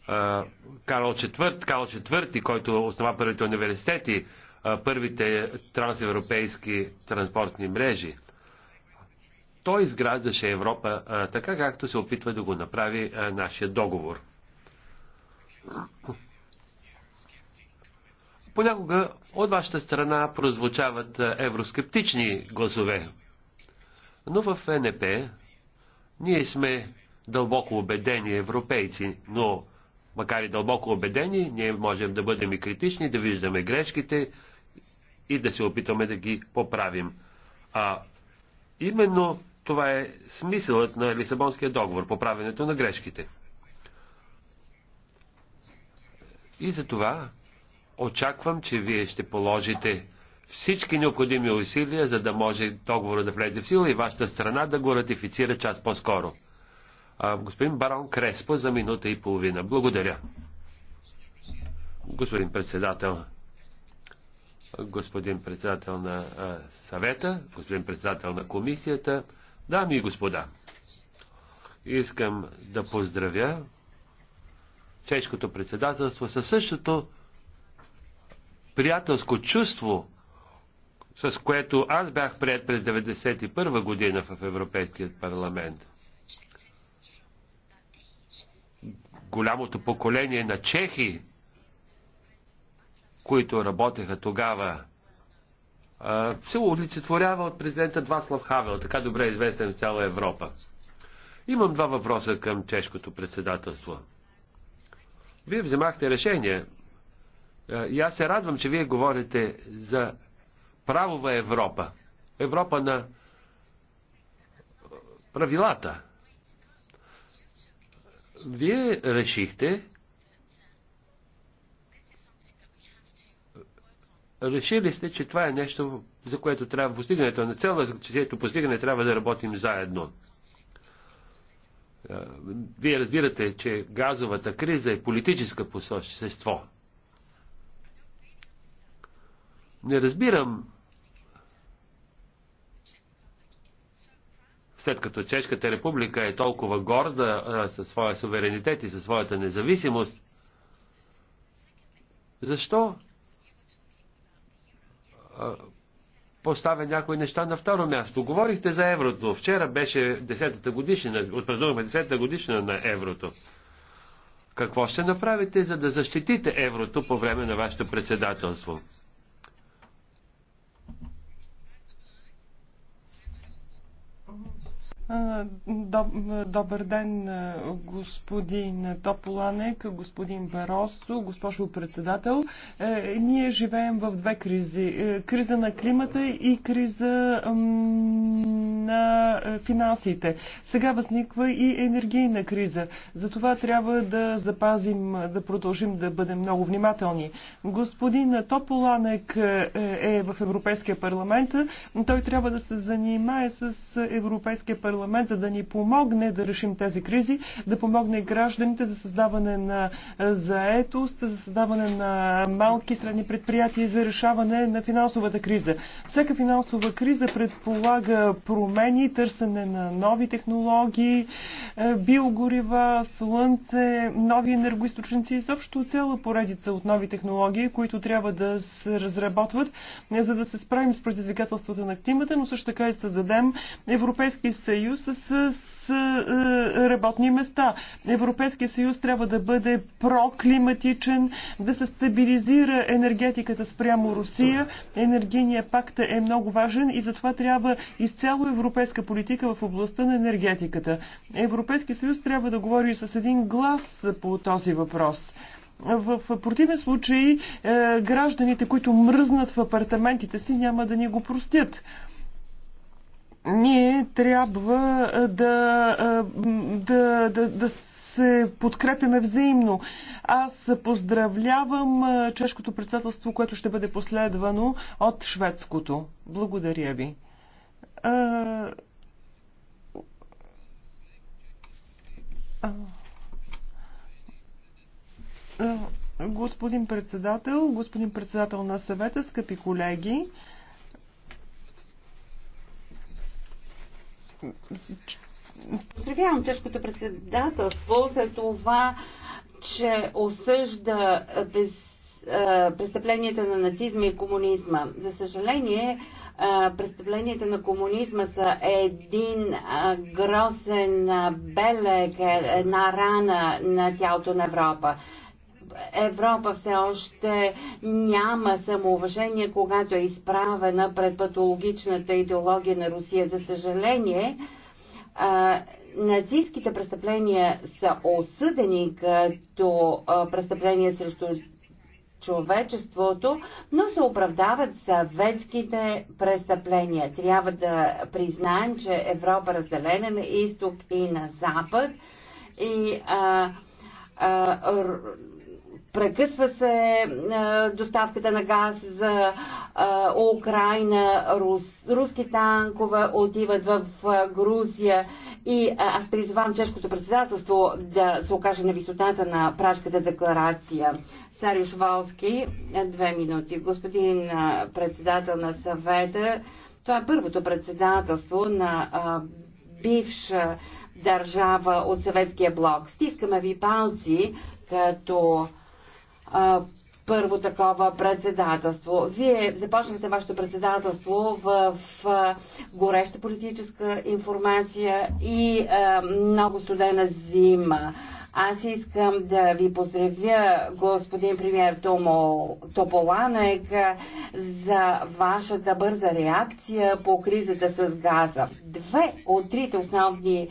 а, Карл IV, Карл IV, който основа първите университети, а, първите трансевропейски транспортни мрежи. Той изграждаше Европа а, така, както се опитва да го направи а, нашия договор. Понякога от вашата страна прозвучават е, евроскептични гласове. Но в е НП ние сме дълбоко убедени европейци, но макар и дълбоко убедени, ние можем да бъдем и критични, да виждаме грешките и да се опитаме да ги поправим. А именно това е смисълът на Лисабонския договор, поправенето на грешките. И за това очаквам, че вие ще положите всички необходими усилия, за да може договорът да влезе в сила и вашата страна да го ратифицира час по-скоро. господин Барон Креспо за минута и половина. Благодаря. Господин председател, господин председател на съвета, господин председател на комисията, дами и господа, искам да поздравя чешкото председателство със същото приятелско чувство, с което аз бях прият през 1991 година в Европейският парламент. Голямото поколение на чехи, които работеха тогава, се олицетворява от президента Васлав Хавел, така добре известен в цяла Европа. Имам два въпроса към чешкото председателство. Вие вземахте решение е, и аз се радвам, че вие говорите за правова Европа. Европа на правилата. Вие решихте, решили сте, че това е нещо, за което трябва постигането на цел, за което постигане трябва да работим заедно. Е, вие разбирате, че газовата криза е политическа по същество. Не разбирам, след като Чешката република е толкова горда а, със своя суверенитет и със своята независимост, защо а, поставя някои неща на второ място? Говорихте за еврото. Вчера беше 10-та годишна, отпразнувахме 10-та годишна на еврото. Какво ще направите, за да защитите еврото по време на вашето председателство? Добър ден, господин Тополанек, господин Баросо, госпожо председател. Е, ние живеем в две кризи. Е, криза на климата и криза на е, финансите. Сега възниква и енергийна криза. Затова трябва да запазим, да продължим да бъдем много внимателни. Господин Тополанек е, е в Европейския парламент. Той трябва да се занимае с Европейския парламент, за да ни помогне да решим тези кризи, да помогне гражданите за създаване на е, заетост, за създаване на малки и средни предприятия и за решаване на финансовата криза. Всяка финансова криза предполага промен промени, търсене на нови технологии, е, биогорива, слънце, нови енергоисточници, И съобщо цяла поредица от нови технологии, които трябва да се разработват, е, за да се справим с предизвикателствата на климата, но също така и създадем Европейски съюз с работни места. Европейския съюз трябва да бъде проклиматичен, да се стабилизира енергетиката спрямо Русия. Енергийният пакт е много важен и затова трябва изцяло европейска политика в областта на енергетиката. Европейския съюз трябва да говори с един глас по този въпрос. В противен случай е, гражданите, които мръзнат в апартаментите си, няма да ни го простят ние трябва да, да, да, да се подкрепяме взаимно. Аз поздравлявам чешкото председателство, което ще бъде последвано от шведското. Благодаря ви. Господин председател, господин председател на съвета, скъпи колеги, Поздравявам тежкото председателство за това, че осъжда без, а, престъпленията на нацизма и комунизма. За съжаление, а, престъпленията на комунизма са един а, грозен белег, е, една рана на тялото на Европа. Европа все още няма самоуважение, когато е изправена пред патологичната идеология на Русия. За съжаление, нацистските престъпления са осъдени като престъпления срещу човечеството, но се оправдават съветските престъпления. Трябва да признаем, че Европа е разделена на изток и на запад и а, а, Прекъсва се доставката на газ за Украина, рус, руски танкове отиват в Грузия и аз призовам чешкото председателство да се окаже на висотата на прашката декларация. Сариуш Валски, две минути. Господин председател на съвета, това е първото председателство на бивша държава от съветския блок. Стискаме ви палци като а, първо такова председателство. Вие започнахте вашето председателство в, в гореща политическа информация и а, много студена зима. Аз искам да ви поздравя, господин премьер Томо Тополанек, за вашата бърза реакция по кризата с газа. Две от трите основни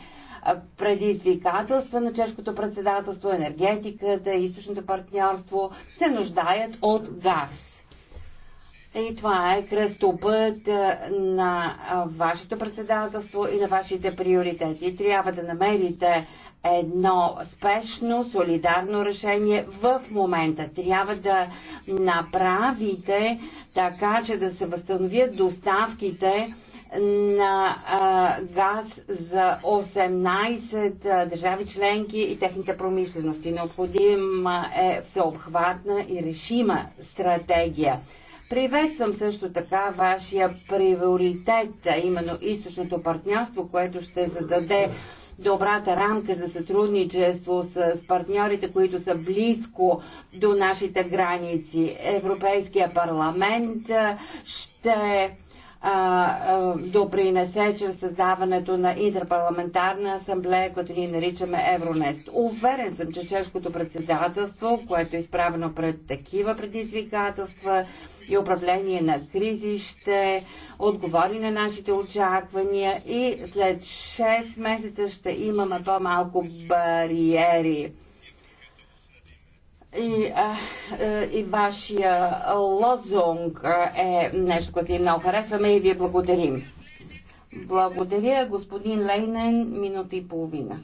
предизвикателства на чешкото председателство, енергетиката, източното партньорство се нуждаят от газ. И това е кръстопът на вашето председателство и на вашите приоритети. Трябва да намерите едно спешно, солидарно решение в момента. Трябва да направите така, че да се възстановят доставките на а, газ за 18 държави членки и техните промишлености. Необходима е всеобхватна и решима стратегия. Приветствам също така вашия приоритет, а именно източното партньорство, което ще зададе добрата рамка за сътрудничество с партньорите, които са близко до нашите граници. Европейския парламент ще допринесе чрез създаването на Интерпарламентарна асамблея, която ние наричаме Евронест. Уверен съм, че чешкото председателство, което е изправено пред такива предизвикателства и управление на кризи, ще отговори на нашите очаквания и след 6 месеца ще имаме по-малко бариери. И, а, е, и вашия лозунг е нещо, което ние много харесваме и ви благодарим. Благодаря, господин Лейнен, минута и половина.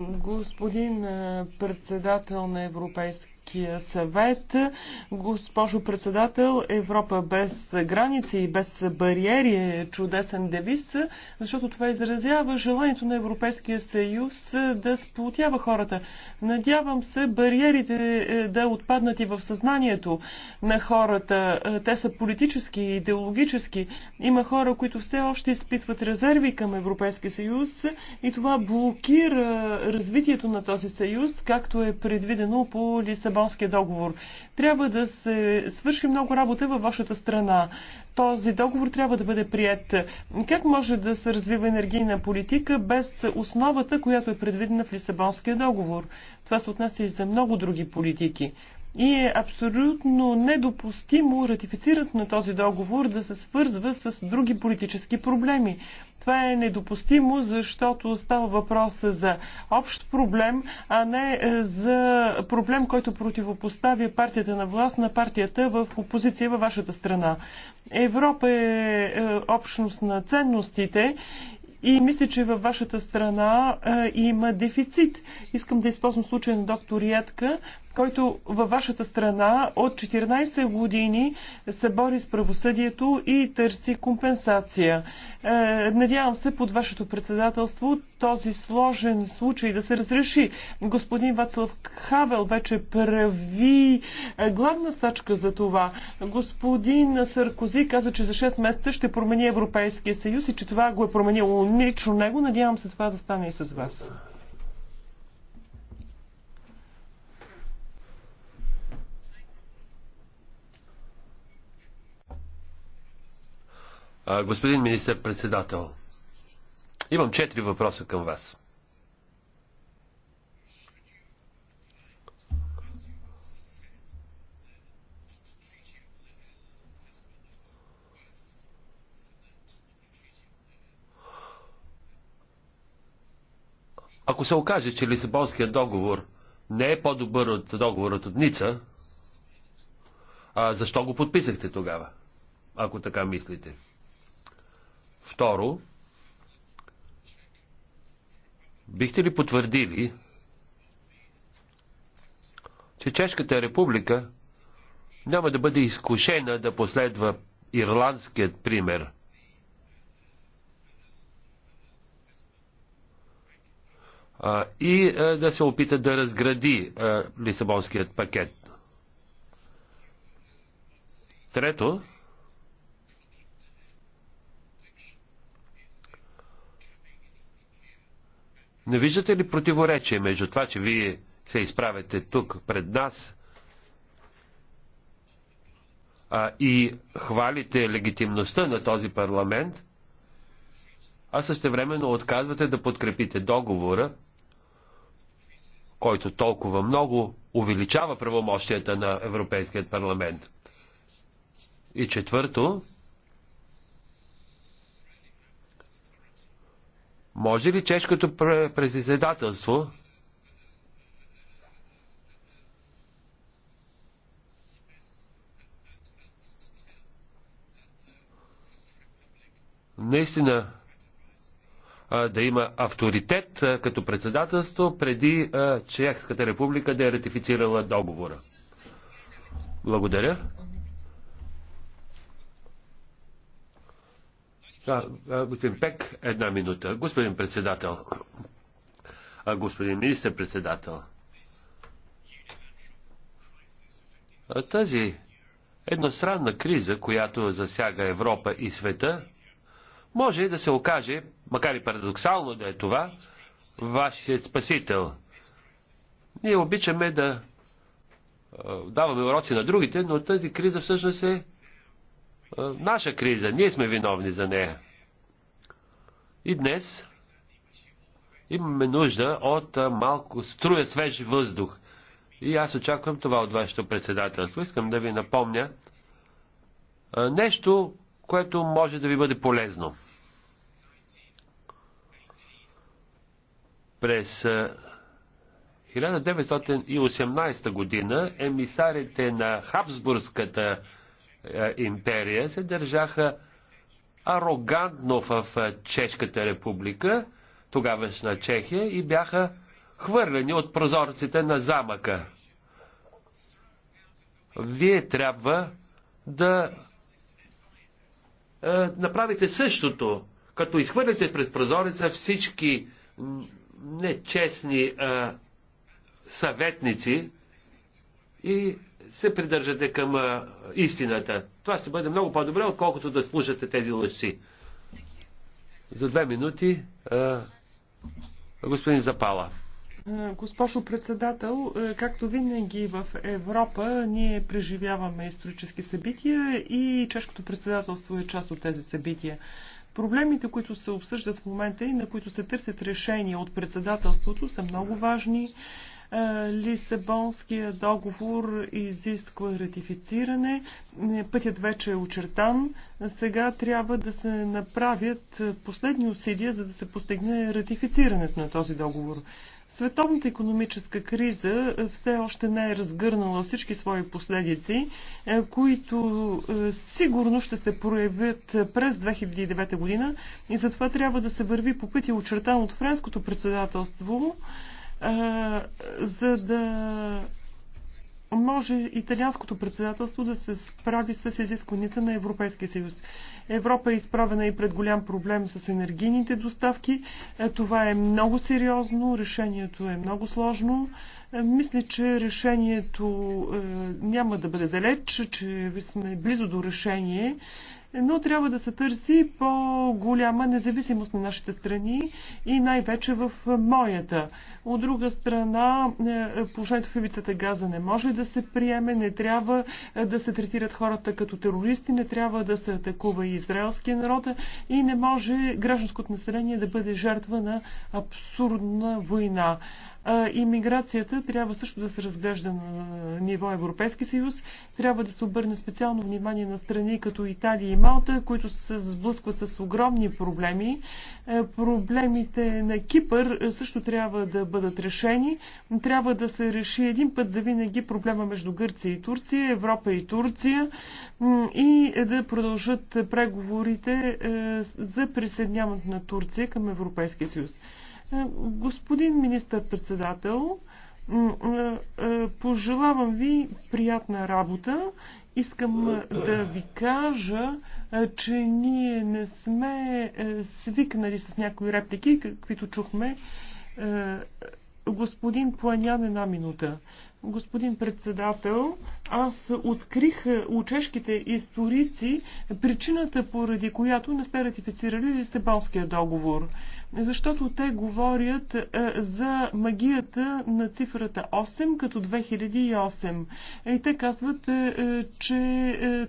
Господин председател на Европейския Европейския съвет. Госпожо председател, Европа без граници и без бариери е чудесен девиз, защото това изразява желанието на Европейския съюз е, да сплотява хората. Надявам се бариерите е, да отпаднат и в съзнанието на хората. Е, те са политически и идеологически. Има хора, които все още изпитват резерви към Европейския съюз и това блокира развитието на този съюз, както е предвидено по Лисабон. Лисабонския договор. Трябва да се свърши много работа във вашата страна. Този договор трябва да бъде прият. Как може да се развива енергийна политика без основата, която е предвидена в Лисабонския договор? Това се отнася и за много други политики и е абсолютно недопустимо ратифицирането на този договор да се свързва с други политически проблеми. Това е недопустимо, защото става въпрос за общ проблем, а не е, за проблем, който противопоставя партията на власт на партията в опозиция във вашата страна. Европа е, е общност на ценностите и мисля, че във вашата страна а, е, има дефицит. Искам да използвам случая на доктор Ядка който във вашата страна от 14 години се бори с правосъдието и търси компенсация. Е, надявам се под вашето председателство този сложен случай да се разреши. Господин Вацлав Хавел вече прави е, главна стачка за това. Господин Саркози каза, че за 6 месеца ще промени Европейския съюз и че това го е променило лично него. Надявам се това да стане и с вас. Господин министър-председател, имам четири въпроса към вас. Ако се окаже, че Лисабонският договор не е по-добър от договорът от Ница, а защо го подписахте тогава, ако така мислите? Второ, бихте ли потвърдили, че Чешката република няма да бъде изкушена да последва ирландският пример. А, и а, да се опита да разгради а, Лисабонският пакет. Трето, Не виждате ли противоречие между това, че вие се изправяте тук пред нас а, и хвалите легитимността на този парламент, а същевременно отказвате да подкрепите договора, който толкова много увеличава правомощията на Европейският парламент. И четвърто, Може ли чешкото председателство наистина да има авторитет като председателство преди Чехската република да е ратифицирала договора. Благодаря. Господин Пек, една минута. Господин председател, господин министър председател тази едностранна криза, която засяга Европа и света, може да се окаже, макар и парадоксално да е това, вашият спасител. Ние обичаме да даваме уроци на другите, но тази криза всъщност е наша криза. Ние сме виновни за нея. И днес имаме нужда от малко струя свеж въздух. И аз очаквам това от вашето председателство. Искам да ви напомня нещо, което може да ви бъде полезно. През 1918 година емисарите на Хабсбургската е, империя се държаха арогантно в е, Чешката република, тогавашна Чехия, и бяха хвърлени от прозорците на замъка. Вие трябва да е, направите същото, като изхвърлите през прозореца всички нечестни е, съветници и се придържате към а, истината. Това ще бъде много по-добре, отколкото да слушате тези лъжци. За две минути а, господин Запала. Госпожо председател, както винаги в Европа, ние преживяваме исторически събития и чешкото председателство е част от тези събития. Проблемите, които се обсъждат в момента и на които се търсят решения от председателството, са много важни. Е, Лисабонския договор изисква ратифициране. Е, пътят вече е очертан. Сега трябва да се направят последни усилия, за да се постигне ратифицирането на този договор. Световната економическа криза все още не е разгърнала всички свои последици, е, които сигурно ще се проявят през 2009 година и затова трябва да се върви по пътя очертан от френското председателство за да може италианското председателство да се справи с изискванията на Европейския съюз. Европа е изправена и пред голям проблем с енергийните доставки. Това е много сериозно, решението е много сложно. Мисля, че решението няма да бъде далеч, че сме близо до решение но трябва да се търси по-голяма независимост на нашите страни и най-вече в моята. От друга страна, е, положението в ивицата Газа не може да се приеме, не трябва е, да се третират хората като терористи, не трябва да се атакува и израелския народ и не може гражданското население да бъде жертва на абсурдна война. Имиграцията трябва също да се разглежда на ниво Европейски съюз. Трябва да се обърне специално внимание на страни като Италия и Малта, които се сблъскват с огромни проблеми. Е, проблемите на Кипър е, също трябва да бъдат решени. Трябва да се реши един път за винаги проблема между Гърция и Турция, Европа и Турция и да продължат преговорите е, за присъединяването на Турция към Европейския съюз. Е, господин министър-председател, е, е, пожелавам ви приятна работа. Искам да ви кажа, че ние не сме свикнали с някои реплики, каквито чухме. Господин Планян, една минута. Господин председател, аз открих е, у чешките историци причината, поради която не сте ратифицирали Лисабонския договор. Защото те говорят е, за магията на цифрата 8 като 2008. Е, и те казват, че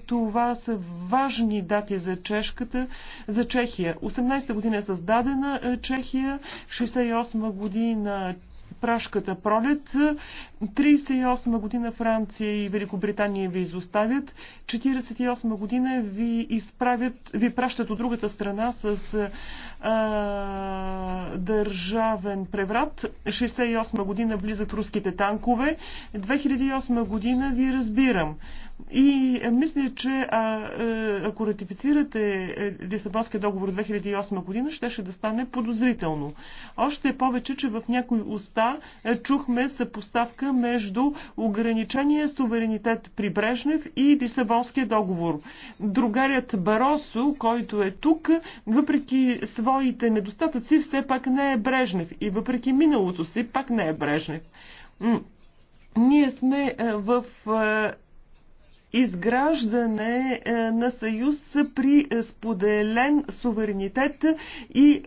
това са важни дати за чешката, за Чехия. 18-та година е създадена Чехия, 68-та година прашката пролет. 38 година Франция и Великобритания ви изоставят. 48 година ви изправят, ви пращат от другата страна с а, държавен преврат. 68 година влизат руските танкове. 2008 година ви разбирам. И е, мисля, че а, е, ако ратифицирате е, Лисабонския договор от 2008 година, ще, ще да стане подозрително. Още повече, че в някои уста чухме съпоставка между ограничения суверенитет при Брежнев и Лисабонския договор. Другарят Баросо, който е тук, въпреки своите недостатъци, все пак не е Брежнев. И въпреки миналото си, пак не е Брежнев. Ние сме в изграждане е, на съюз при споделен суверенитет и е,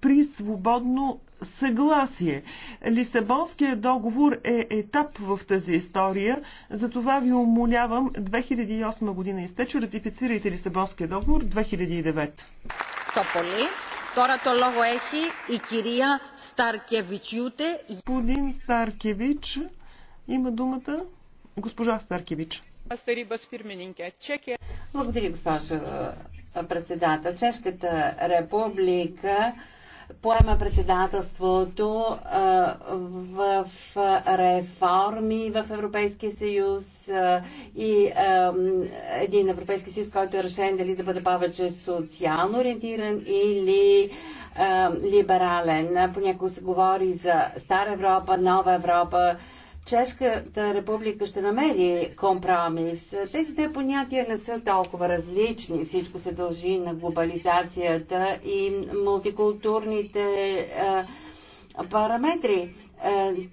при свободно съгласие. Лисабонският договор е етап в тази история, затова ви умолявам 2008 година изтече, ратифицирайте Лисабонския договор 2009. Τώρα лого ехи и кирия Старкевич юте. Господин Старкевич, има думата госпожа Старкевич. Благодаря, госпожо председател. Чешката република поема председателството в реформи в Европейския съюз и един Европейски съюз, който е решен дали да бъде повече социално ориентиран или либерален. Понякога се говори за стара Европа, нова Европа Чешката република ще намери компромис. Тези две понятия не са толкова различни. Всичко се дължи на глобализацията и мултикултурните параметри.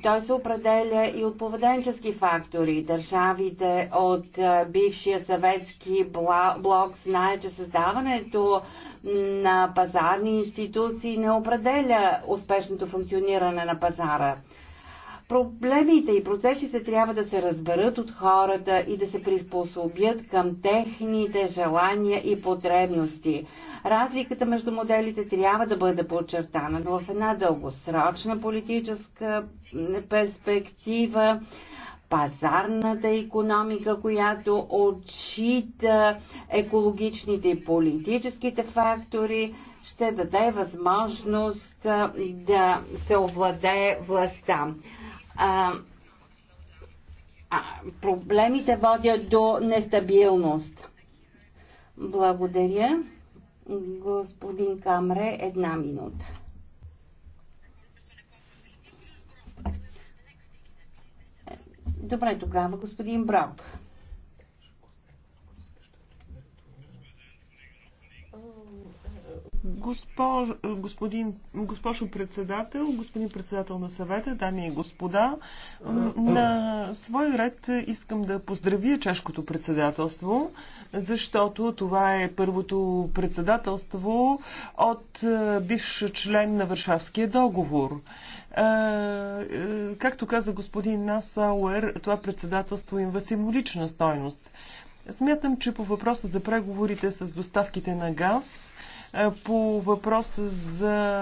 Той се определя и от поведенчески фактори. Държавите от бившия съветски блок знаят, че създаването на пазарни институции не определя успешното функциониране на пазара. Проблемите и процесите трябва да се разберат от хората и да се приспособят към техните желания и потребности. Разликата между моделите трябва да бъде подчертана, в една дългосрочна политическа перспектива пазарната економика, която отчита екологичните и политическите фактори, ще даде възможност да се овладее властта а, а, проблемите водят до нестабилност. Благодаря. Господин Камре, една минута. Добре, тогава господин Брок. Госпож, господин, госпожо председател, господин председател на съвета, дами и господа, на свой ред искам да поздравя чешкото председателство, защото това е първото председателство от е, бивш член на Варшавския договор е, е, както каза господин Насауер, това председателство има символична стойност. Смятам, че по въпроса за преговорите с доставките на газ по въпроса за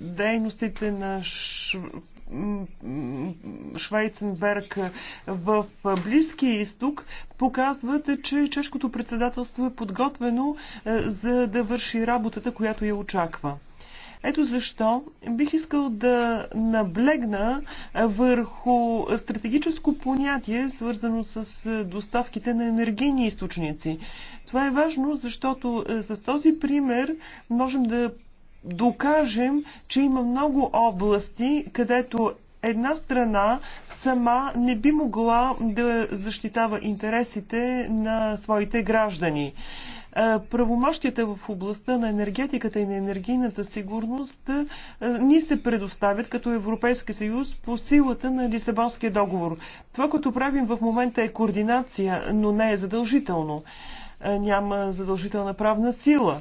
дейностите на Швейценберг в Близкия изток показват, че чешкото председателство е подготвено за да върши работата, която я очаква. Ето защо бих искал да наблегна върху стратегическо понятие, свързано с доставките на енергийни източници. Това е важно, защото е, с този пример можем да докажем, че има много области, където една страна сама не би могла да защитава интересите на своите граждани. Е, правомощията в областта на енергетиката и на енергийната сигурност е, ни се предоставят като Европейски съюз по силата на Лисабонския договор. Това, което правим в момента е координация, но не е задължително няма задължителна правна сила.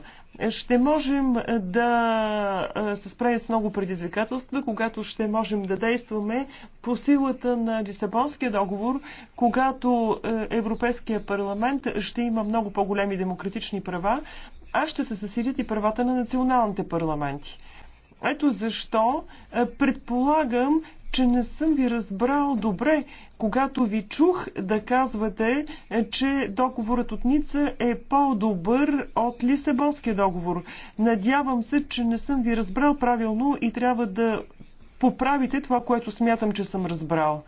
Ще можем да се справим с много предизвикателства, когато ще можем да действаме по силата на Лисабонския договор, когато Европейския парламент ще има много по-големи демократични права, а ще се съсилят и правата на националните парламенти. Ето защо е, предполагам, че не съм ви разбрал добре, когато ви чух да казвате, е, че договорът от Ница е по-добър от Лисабонския договор. Надявам се, че не съм ви разбрал правилно и трябва да поправите това, което смятам, че съм разбрал.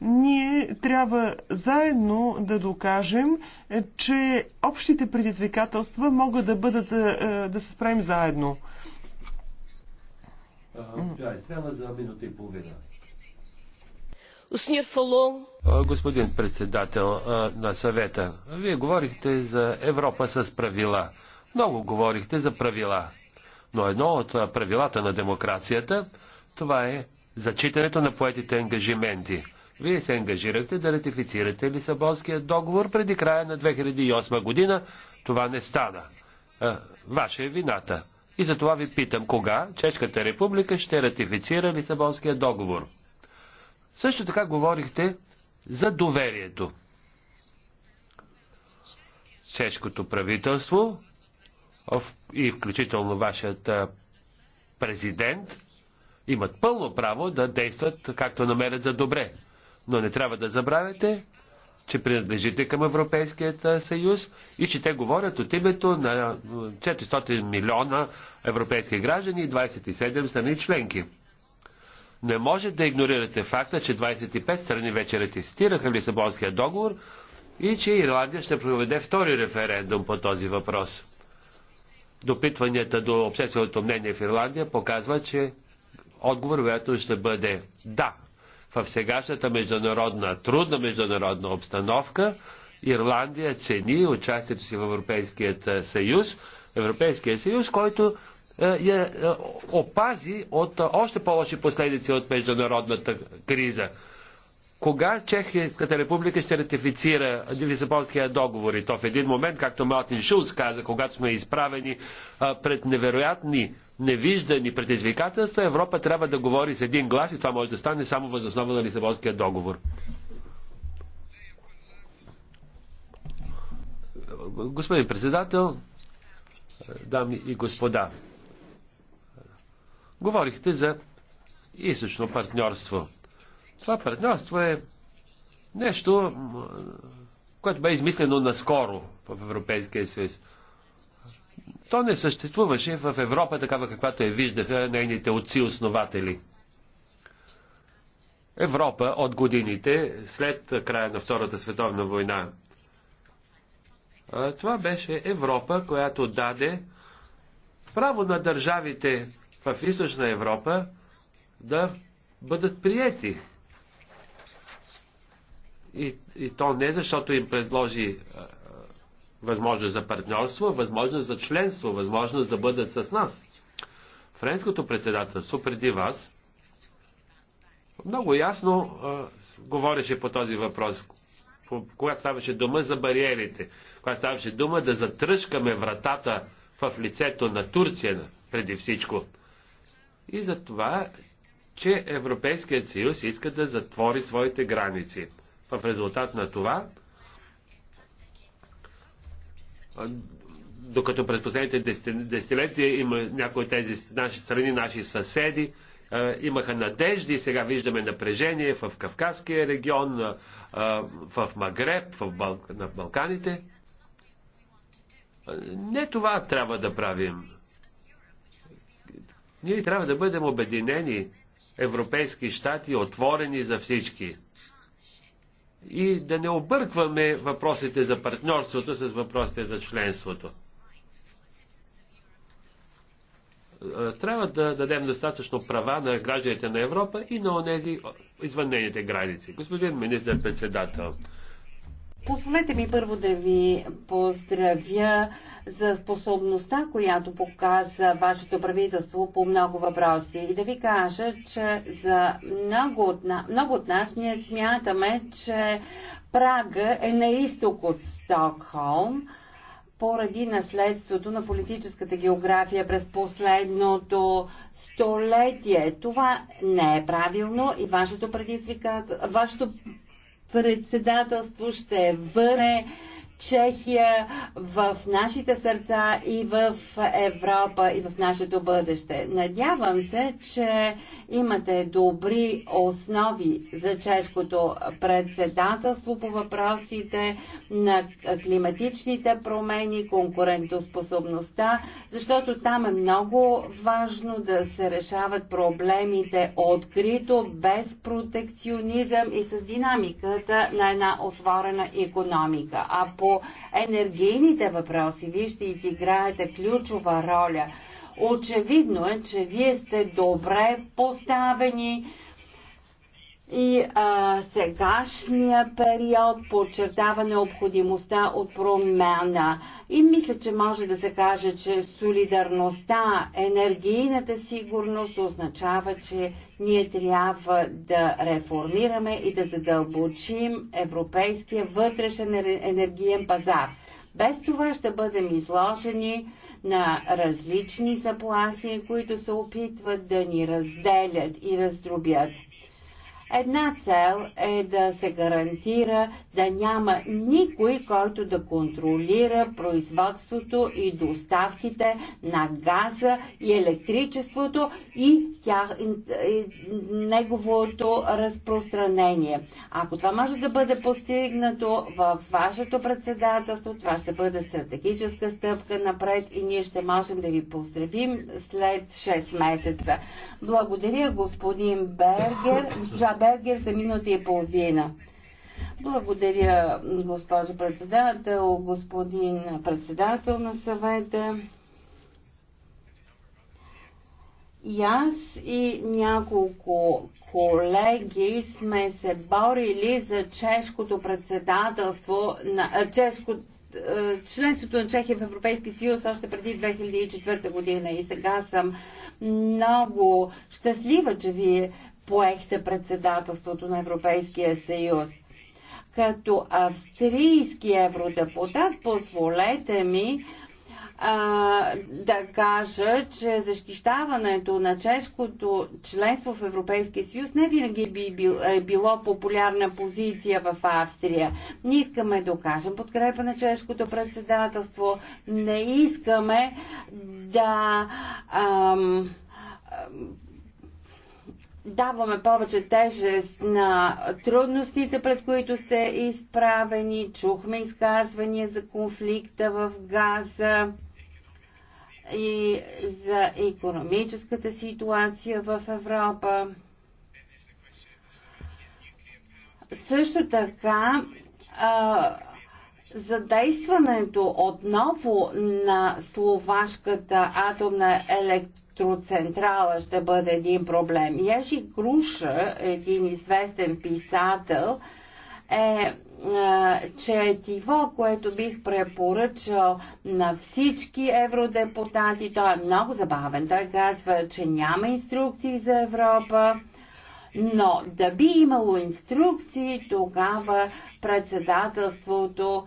Ние трябва заедно да докажем, е, че общите предизвикателства могат да бъдат да се справим заедно. Тя за минута и половина. Господин председател на съвета, вие говорихте за Европа с правила. Много говорихте за правила. Но едно от правилата на демокрацията, това е зачитането на поетите ангажименти. Вие се ангажирахте да ратифицирате Лисабонския договор преди края на 2008 година. Това не стана. Ваша е вината. И за това ви питам, кога Чешката република ще ратифицира Лисабонския договор? Също така говорихте за доверието. Чешкото правителство и включително вашият президент имат пълно право да действат както намерят за добре. Но не трябва да забравяте, че принадлежите към Европейският съюз и че те говорят от името на 400 милиона европейски граждани и 27 страни членки. Не може да игнорирате факта, че 25 страни вече ратифицираха Лисабонския договор и че Ирландия ще проведе втори референдум по този въпрос. Допитванията до общественото мнение в Ирландия показва, че отговор вероятно ще бъде да в сегашната международна, трудна международна обстановка, Ирландия цени участието си в Европейският е, съюз, Европейския съюз, който я е, е, опази от още по-лоши последици от международната криза. Кога Чехската република ще ратифицира Лисабонския договор? И то в един момент, както Мартин Шулц каза, когато сме изправени пред невероятни невиждани предизвикателства, Европа трябва да говори с един глас и това може да стане само въз основа на Лисабонския договор. Господин председател, дами и господа, говорихте за източно партньорство. Това партньорство е нещо, което бе измислено наскоро в Европейския съюз то не съществуваше в Европа такава каквато я виждаха нейните отци основатели. Европа от годините след края на Втората световна война. Това беше Европа, която даде право на държавите в Източна Европа да бъдат приети. И, и то не защото им предложи Възможност за партньорство, възможност за членство, възможност да бъдат с нас. Френското председателство преди вас много ясно а, говореше по този въпрос, когато ставаше дума за бариерите, когато ставаше дума да затръшкаме вратата в лицето на Турция преди всичко. И за това, че Европейският съюз иска да затвори своите граници. В резултат на това, докато през последните десетилетия има някои от тези наши страни, наши съседи, имаха надежди, сега виждаме напрежение в Кавказския регион, в Магреб, в Бал... на Балканите. Не това трябва да правим. Ние трябва да бъдем обединени, европейски щати, отворени за всички и да не объркваме въпросите за партньорството с въпросите за членството. Е, трябва да дадем достатъчно права на гражданите на Европа и на онези извън нейните граници. Господин министър-председател, Позволете ми първо да ви поздравя за способността, която показа вашето правителство по много въпроси и да ви кажа, че за много от, на... много от нас ние смятаме, че Прага е на изток от Стокхолм поради наследството на политическата география през последното столетие. Това не е правилно и вашето, предизвикат... вашето председателство ще върне Чехия в нашите сърца и в Европа и в нашето бъдеще. Надявам се, че имате добри основи за чешкото председателство по въпросите на климатичните промени, конкурентоспособността, защото там е много важно да се решават проблемите открито, без протекционизъм и с динамиката на една отворена економика. А по енергийните въпроси, вижте и играете ключова роля. Очевидно е, че вие сте добре поставени и а, сегашния период подчертава необходимостта от промяна. И мисля, че може да се каже, че солидарността, енергийната сигурност означава, че ние трябва да реформираме и да задълбочим европейския вътрешен енергиен пазар. Без това ще бъдем изложени на различни заплахи, които се опитват да ни разделят и раздробят. Една цел е да се гарантира да няма никой, който да контролира производството и доставките на газа и електричеството и, тях, и неговото разпространение. Ако това може да бъде постигнато в вашето председателство, това ще бъде стратегическа стъпка напред и ние ще можем да ви поздравим след 6 месеца. Благодаря господин Бергер, госпожа Бергер за минута и половина. Благодаря, госпожо председател, господин председател на съвета. И аз и няколко колеги сме се борили за чешкото председателство на чешко, членството на Чехия в Европейски съюз още преди 2004 година и сега съм много щастлива, че вие поехте председателството на Европейския съюз като австрийски евродепутат, позволете ми а, да кажа, че защищаването на чешкото членство в Европейския съюз не винаги би е било популярна позиция в Австрия. Не искаме да окажем подкрепа на чешкото председателство, не искаме да. Ам, даваме повече тежест на трудностите, пред които сте изправени. Чухме изказвания за конфликта в Газа и за економическата ситуация в Европа. Също така, а, задействането отново на словашката атомна електрония електроцентрала ще бъде един проблем. Яши Груша, един известен писател, е, е четиво, което бих препоръчал на всички евродепутати. Той е много забавен. Той казва, че няма инструкции за Европа. Но да би имало инструкции, тогава председателството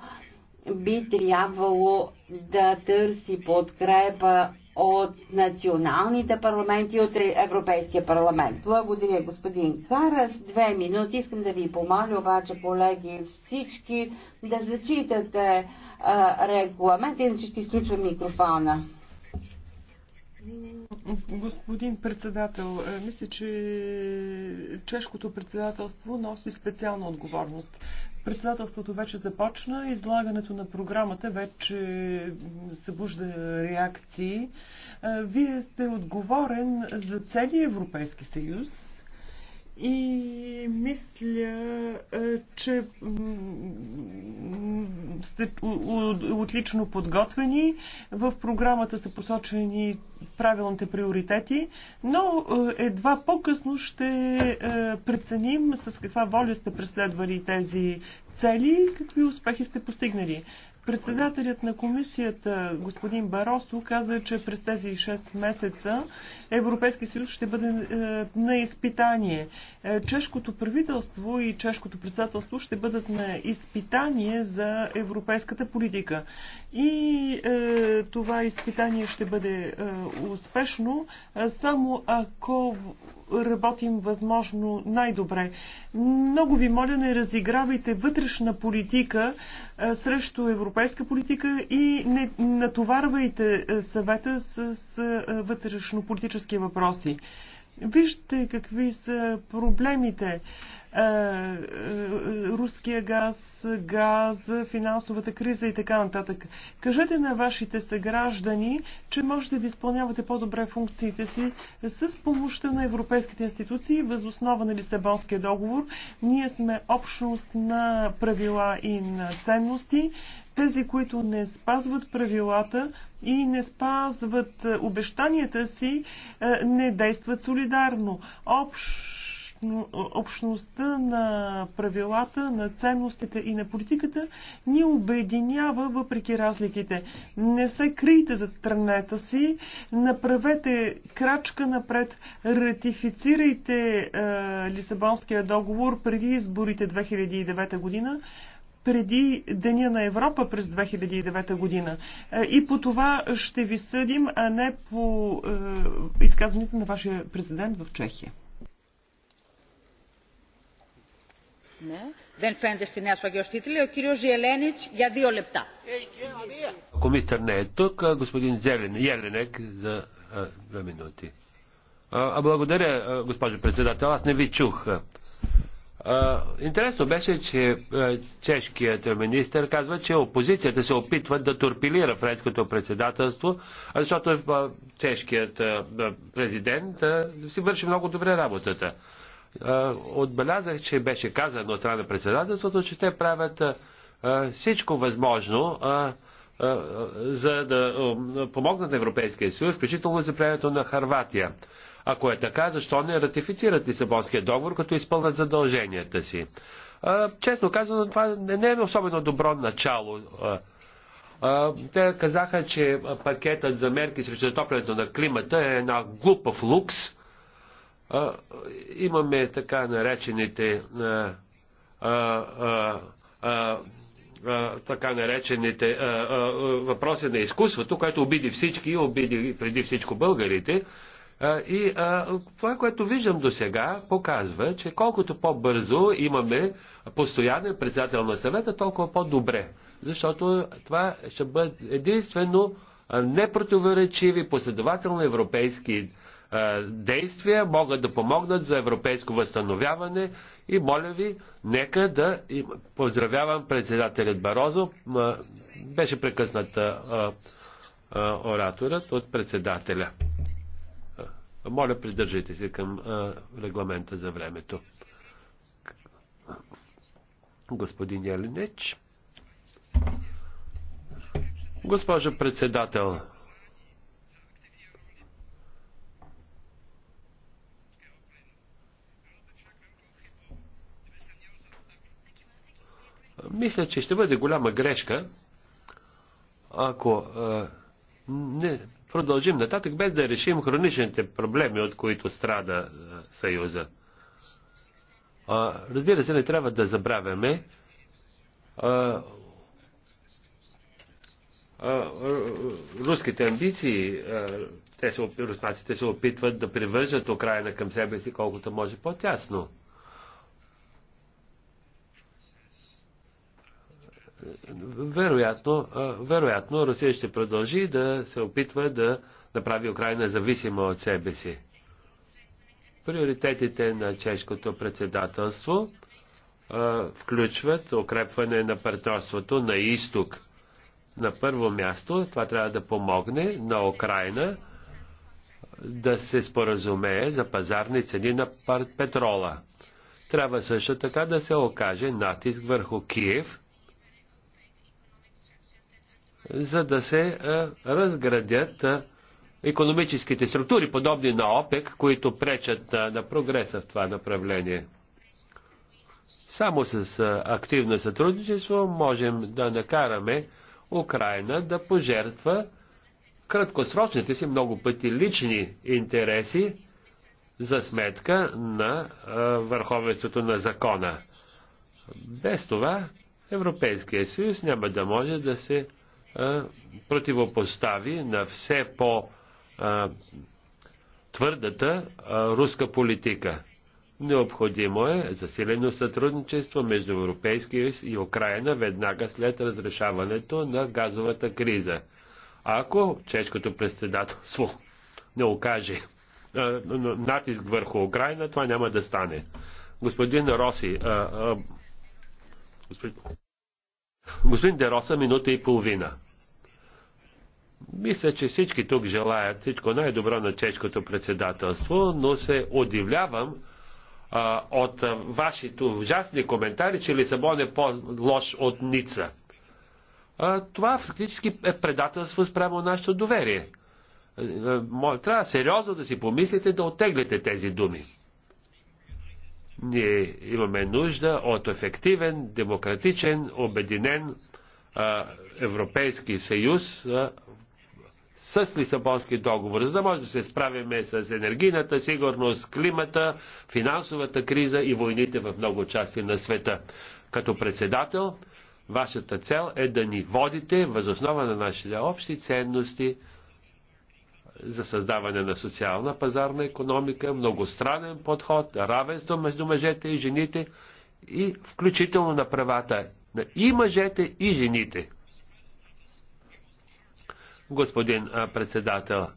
би трябвало да търси подкрепа от националните парламенти и от Европейския парламент. Благодаря, господин Харас. Две минути. Искам да ви помоля обаче, колеги, всички да зачитате регламент, иначе ще изключвам микрофона. Господин председател, е, мисля, че чешкото председателство носи специална отговорност. Председателството вече започна, излагането на програмата вече събужда реакции. Е, вие сте отговорен за целия Европейски съюз и мисля, е, че сте отлично подготвени. В програмата са посочени правилните приоритети, но е, едва по-късно ще е, преценим с каква воля сте преследвали тези цели и какви успехи сте постигнали. Председателят на комисията, господин Баросо, каза, че през тези 6 месеца Европейски съюз ще бъде е, на изпитание. Е, чешкото правителство и чешкото председателство ще бъдат на изпитание за европейската политика. И е, това изпитание ще бъде е, успешно, е, само ако работим възможно най-добре. Много ви моля, не разигравайте вътрешна политика е, срещу европейска политика и не натоварвайте е, съвета с, с е, вътрешно-политически въпроси. Вижте какви са проблемите. Е, е, е, руския газ, газ, финансовата криза и така нататък. Кажете на вашите съграждани, че можете да изпълнявате по-добре функциите си с помощта на европейските институции, възоснова на Лисабонския договор. Ние сме общност на правила и на ценности. Тези, които не спазват правилата и не спазват обещанията си, е, не действат солидарно. Общ общността на правилата, на ценностите и на политиката ни обединява въпреки разликите. Не се крийте зад страната си, направете крачка напред, ратифицирайте е, Лисабонския договор преди изборите 2009 година преди Деня на Европа през 2009 година. И по това ще ви съдим, а не по е, изказването на вашия президент в Чехия. δεν φαίνεται στη νέα σφαγή ως τίτλη. Ο κύριος Ζιελένιτς για δύο λεπτά. Комисар не е тук, господин Зелен, Еленек за а, две минути. благодаря, госпожо председател, аз не ви чух. Е, интересно беше, че е, чешкият министр казва, че опозицията се опитва да торпилира френското председателство, защото е, чешкият президент си върши много добре работата. Е, отбелязах, че беше казано от страна на председателството, че те правят е, е, всичко възможно, за да помогнат на Европейския съюз, включително за приемането на Харватия. Ако е така, защо не ратифицират Лисабонския договор, като изпълнят задълженията си? Честно казано, това не е особено добро начало. Те казаха, че пакетът за мерки срещу затоплянето на климата е една глупав лукс, а, имаме така наречените а, а, а, а, така наречените а, а, въпроси на изкуството, което обиди всички, обиди преди всичко българите. А, и а, това, което виждам до сега, показва, че колкото по-бързо имаме постоянен председател на съвета, толкова по-добре. Защото това ще бъде единствено непротиворечиви, последователно европейски е, действия могат да помогнат за европейско възстановяване и моля ви, нека да поздравявам председателят Барозо. Е, беше прекъсната е, ораторът от председателя. Моля, придържайте се към регламента за времето. Господин Ялинеч. Госпожо председател, мисля, че ще бъде голяма грешка, ако а, не продължим нататък, без да решим хроничните проблеми, от които страда а, Съюза. А, разбира се, не трябва да забравяме а, а, руските амбиции. А, те се, руснаците се опитват да привържат Украина към себе си колкото може по-тясно. вероятно, вероятно Русия ще продължи да се опитва да направи Украина зависима от себе си. Приоритетите на чешкото председателство включват укрепване на партньорството на изток. На първо място това трябва да помогне на Украина да се споразумее за пазарни цени на петрола. Трябва също така да се окаже натиск върху Киев – за да се е, разградят економическите структури, подобни на ОПЕК, които пречат на, е, на прогреса в това направление. Само с е, активно сътрудничество можем да накараме Украина да пожертва краткосрочните си много пъти лични интереси за сметка на а, върховенството на закона. Без това Европейския съюз няма да може да се противопостави на все по твърдата руска политика. Необходимо е засилено сътрудничество между Европейския и Украина веднага след разрешаването на газовата криза. Ако чешкото председателство не окаже натиск върху Украина, това няма да стане. Господин Роси, а, а, господин, господин Дероса, минута и половина. Мисля, че всички тук желаят всичко най-добро на чешкото председателство, но се удивлявам а, от а, вашите ужасни коментари, че Лисабон е по-лош от Ница. А, това фактически е предателство спрямо нашето доверие. Трябва сериозно да си помислите да оттеглите тези думи. Ние имаме нужда от ефективен, демократичен, обединен а, Европейски съюз, а, с Лисабонски договор, за да може да се справяме с енергийната сигурност, климата, финансовата криза и войните в много части на света. Като председател, вашата цел е да ни водите възоснова на нашите общи ценности за създаване на социална пазарна економика, многостранен подход, равенство между мъжете и жените и включително на правата на и мъжете и жените господин председател.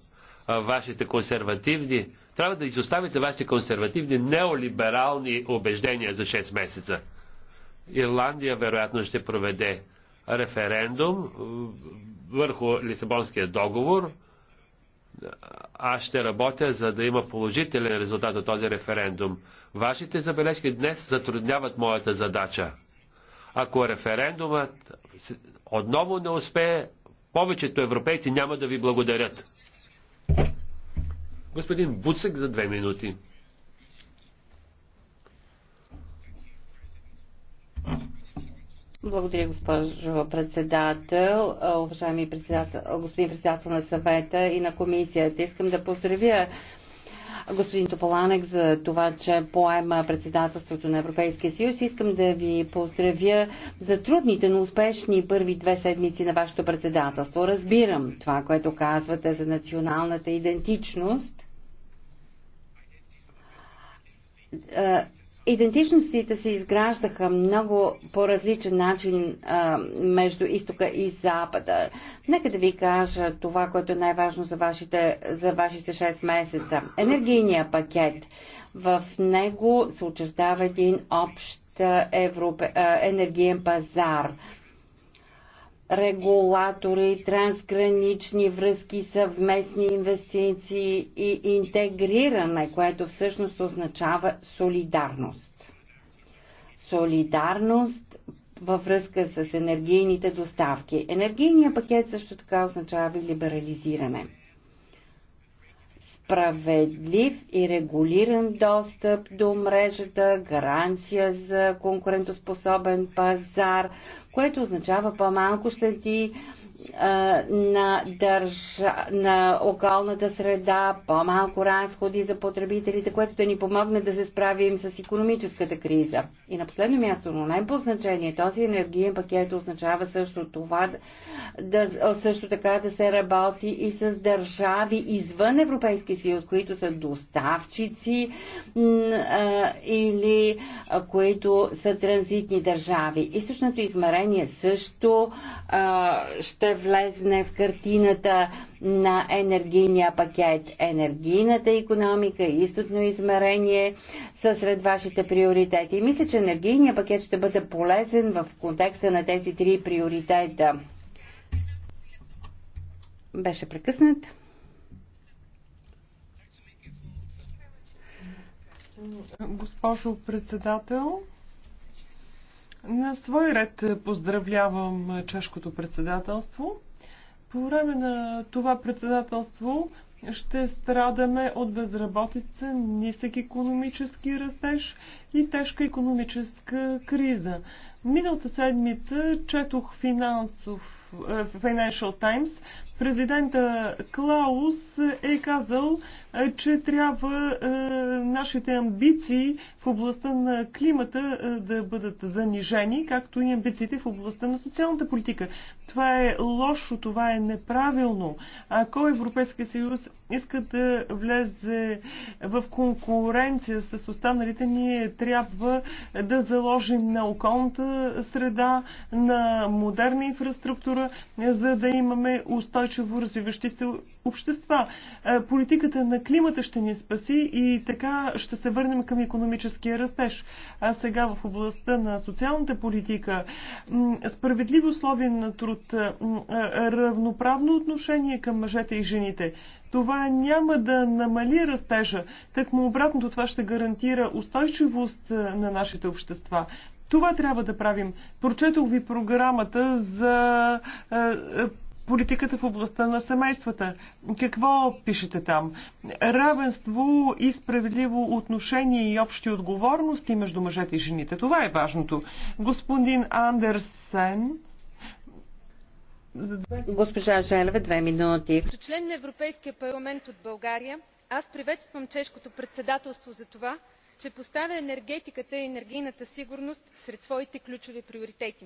Вашите консервативни, трябва да изоставите вашите консервативни неолиберални убеждения за 6 месеца. Ирландия вероятно ще проведе референдум върху Лисабонския договор. Аз ще работя, за да има положителен резултат от този референдум. Вашите забележки днес затрудняват моята задача. Ако референдумът отново не успее, повечето европейци няма да ви благодарят. Господин Буцек за две минути. Благодаря, госпожо председател, уважаеми председател, господин председател на съвета и на комисията. Искам да поздравя господин Тополанек за това, че поема председателството на Европейския съюз. Искам да ви поздравя за трудните, но успешни първи две седмици на вашето председателство. Разбирам това, което казвате за националната идентичност е, Идентичностите се изграждаха много по различен начин а, между изтока и запада. Нека да ви кажа това, което е най-важно за вашите, за вашите 6 месеца. Енергийния пакет. В него се очертава един общ европе, а, енергиен пазар регулатори, трансгранични връзки, съвместни инвестиции и интегриране, което всъщност означава солидарност. Солидарност във връзка с енергийните доставки. Енергийният пакет също така означава и либерализиране – справедлив и регулиран достъп до мрежата, гаранция за конкурентоспособен пазар, което означава по-малко щети на, държа, на околната среда, по-малко разходи за потребителите, което да ни помогне да се справим с економическата криза. И на последно място, но най по значение, този енергиен пакет означава също това, да, също така да се работи и с държави извън Европейски съюз, които са доставчици или които са транзитни държави. Източното измерение също ще ще влезне в картината на енергийния пакет. Енергийната економика и източно измерение са сред вашите приоритети. И мисля, че енергийния пакет ще бъде полезен в контекста на тези три приоритета. Беше прекъснат. Госпожо председател, на свой ред поздравлявам чешкото председателство. По време на това председателство ще страдаме от безработица, нисък економически растеж и тежка економическа криза. Миналата седмица четох финансов, е, Financial Times. Президента Клаус е казал, е, че трябва е, нашите амбиции в областта на климата е, да бъдат занижени, както и амбициите в областта на социалната политика. Това е лошо, това е неправилно. Ако Европейския съюз иска да влезе в конкуренция с останалите, ние трябва да заложим на околната среда, на модерна инфраструктура, за да имаме устойчиво развиващи се общества. Е, политиката на климата ще ни спаси и така ще се върнем към економическия растеж. А сега в областта на социалната политика, справедливо условия на труд, равноправно отношение към мъжете и жените. Това няма да намали растежа, так му обратното това ще гарантира устойчивост е, на нашите общества. Това трябва да правим. Прочетох ви програмата за е, политиката в областта на семействата. Какво пишете там? Равенство и справедливо отношение и общи отговорности между мъжете и жените. Това е важното. Господин Андерсен. Госпожа Желева, две минути. Като член на Европейския парламент от България, аз приветствам чешкото председателство за това, че поставя енергетиката и енергийната сигурност сред своите ключови приоритети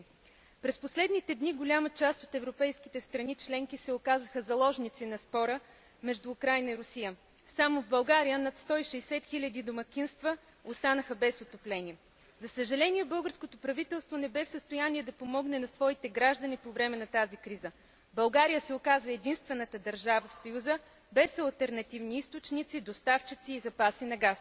през последните дни голяма част от европейските страни членки се оказаха заложници на спора между украйна и русия. само в българя над сто и шестдесет хиляди домакинства останаха без отопление. за съжаление българското правителство не бе в състояние да помогне на своите граждани по време на тази криза. българя се оказа единствената държава в съюза без алтернативни източници доставчици и запаси на газ.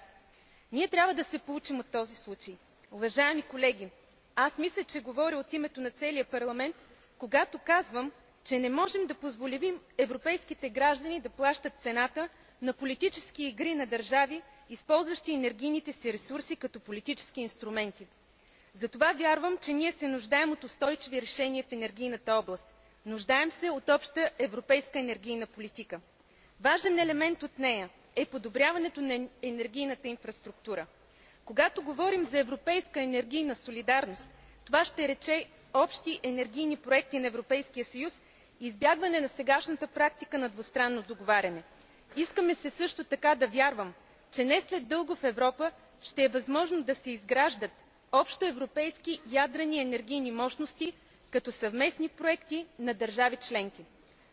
ние трябва да се поучим от този случай. уважаеми колеги аз мисля че говоря от името на целия парламент когато казвам че не можем да позволим европейските граждани да плащат цената на политически игри на държави използващи енергийните си ресурси като политически инструменти. затова вярвам че ние се нуждаем от устойчиви решения в енергийната област нуждаем се от обща европейска енергийна политика. важен елемент от нея е подобряването на енергийната инфраструктура когато говорим за европейска енергийна солидарност това ще рече общи енергийни проекти на европейския съюз и избягване на сегашната практика на двустранно договаряне. иска ми се също така да вярвам че не след дълго в европа ще е възможно да се изграждат общоевропейски ядрени енергийни мощности като съвместни проекти на държави членки.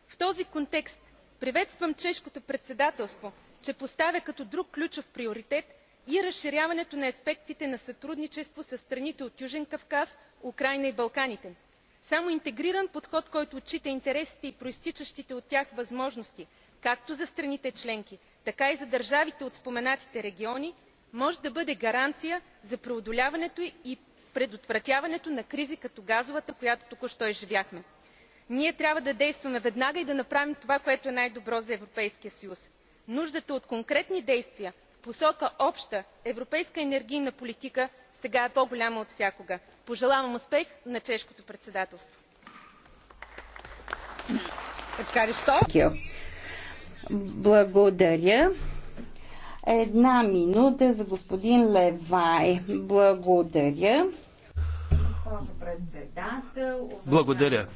в този контекст приветствам чешкото председателство че поставя като друг ключов приоритет и разширяването на аспектите на сътрудничество със страните от южен кавказ украйна и балканите. само интегриран подход който отчита интересите и произтичащите от тях възможности както за страните членки така и за държавите от споменатите региони може да бъде гаранция за преодоляването и предотвратяването на кризи като газовата която току що изживяхме. ние трябва да действаме веднага и да направим това което е най добро за европейския съюз. нуждата от конкретни действия посока обща европейска енергийна политика сега е по голяма от всякога. пожелавам успех на чешкото председателство! Благодаря. Една минута за господин Левай. Благодаря. Благодаря.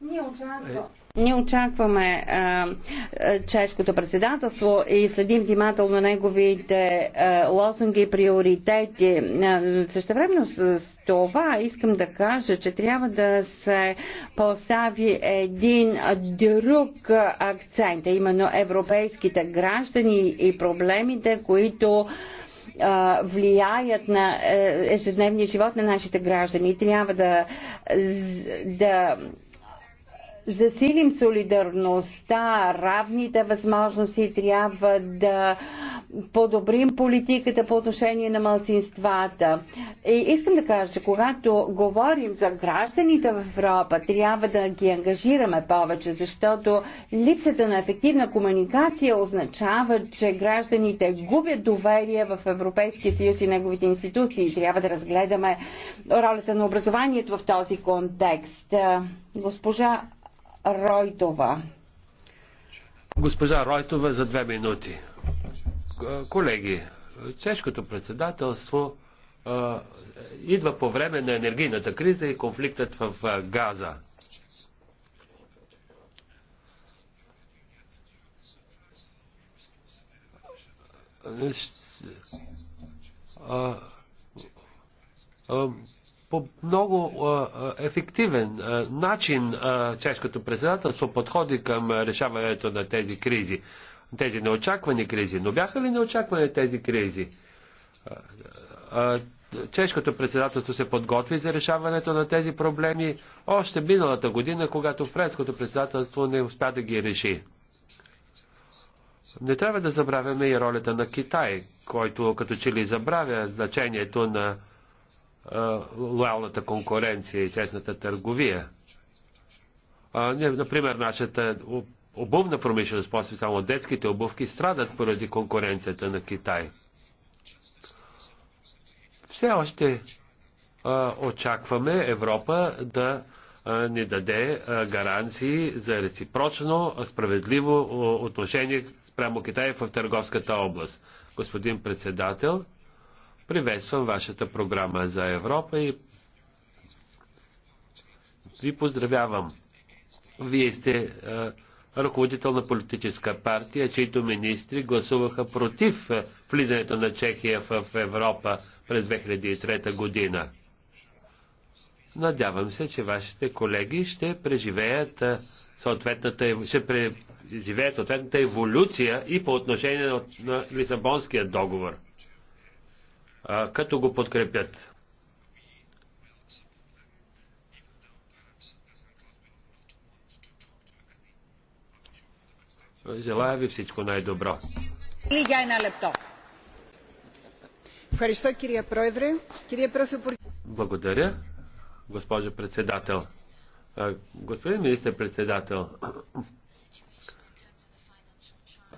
Ние очакваме. Ние очакваме а, чешкото председателство и следим внимателно неговите а, лозунги и приоритети. Същевременно с това искам да кажа, че трябва да се постави един друг акцент, именно европейските граждани и проблемите, които влияят на е, ежедневния живот на нашите граждани. Трябва да, да засилим солидарността, равните възможности, трябва да подобрим политиката по отношение на малцинствата. И искам да кажа, че когато говорим за гражданите в Европа, трябва да ги ангажираме повече, защото липсата на ефективна комуникация означава, че гражданите губят доверие в Европейския съюз и неговите институции. Трябва да разгледаме ролята на образованието в този контекст. Госпожа Ройтова. Госпожа Ройтова за две минути. Колеги, чешкото председателство а, идва по време на енергийната криза и конфликтът в а, Газа. А, а, а, по много ефективен начин чешкото председателство подходи към решаването на тези кризи, тези неочаквани кризи. Но бяха ли неочаквани тези кризи? Чешкото председателство се подготви за решаването на тези проблеми още миналата година, когато френското председателство не успя да ги реши. Не трябва да забравяме и ролята на Китай, който като че ли забравя значението на лоялната конкуренция и честната търговия. Например, нашата обувна промишленост, после само детските обувки, страдат поради конкуренцията на Китай. Все още а, очакваме Европа да а, ни даде а, гаранции за реципрочно, справедливо отношение спрямо Китай в търговската област. Господин председател, Приветствам вашата програма за Европа и ви поздравявам. Вие сте е, ръководител на политическа партия, чието министри гласуваха против е, влизането на Чехия в Европа през 2003 година. Надявам се, че вашите колеги ще преживеят е, съответната, ще преживеят съответната еволюция и по отношение на Лисабонския договор като го подкрепят. Желая ви всичко най-добро. Благодаря, госпожо председател. Господин министр-председател,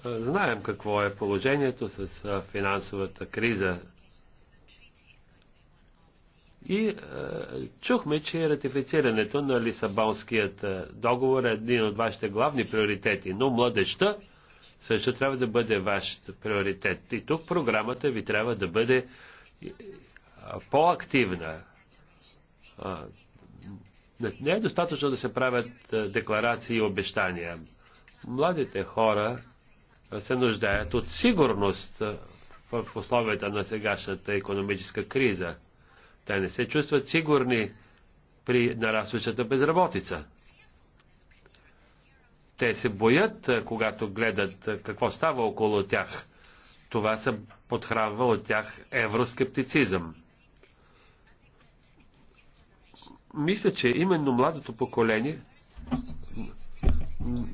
знаем какво е положението с финансовата криза и е, чухме, че ратифицирането на Лисабонският е, договор е един от вашите главни приоритети, но младеща също трябва да бъде ваш приоритет. И тук програмата ви трябва да бъде е, по-активна. Не е достатъчно да се правят е, декларации и обещания. Младите хора се нуждаят от сигурност в условията на сегашната економическа криза. Те не се чувстват сигурни при нарастващата безработица. Те се боят, когато гледат какво става около тях. Това се подхранва от тях евроскептицизъм. Мисля, че именно младото поколение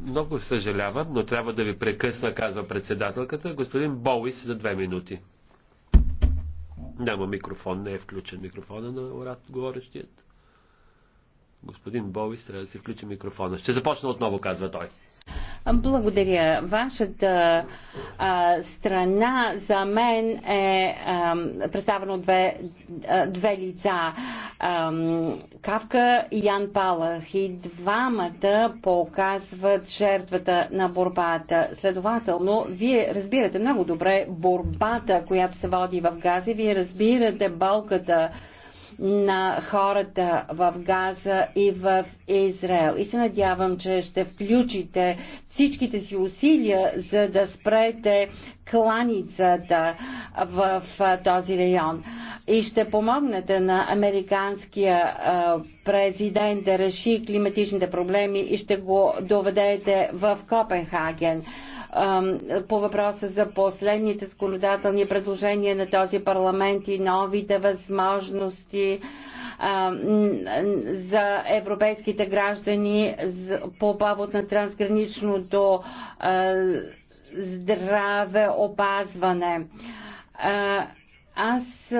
много съжалявам, но трябва да ви прекъсна, казва председателката. Господин Боуис за две минути. Няма микрофон, не е включен микрофона на говорещият. Господин Бовис, трябва да си включи микрофона. Ще започна отново, казва той. Благодаря. Вашата а, страна за мен е а, представена от две, а, две лица. А, Кавка и Ян Палах. И двамата показват жертвата на борбата. Следователно, вие разбирате много добре борбата, която се води в Гази. Вие разбирате болката на хората в Газа и в Израел. И се надявам, че ще включите всичките си усилия, за да спрете кланицата в този район. И ще помогнете на американския президент да реши климатичните проблеми и ще го доведете в Копенхаген по въпроса за последните законодателни предложения на този парламент и новите възможности за европейските граждани по повод на трансграничното здраве опазване. Аз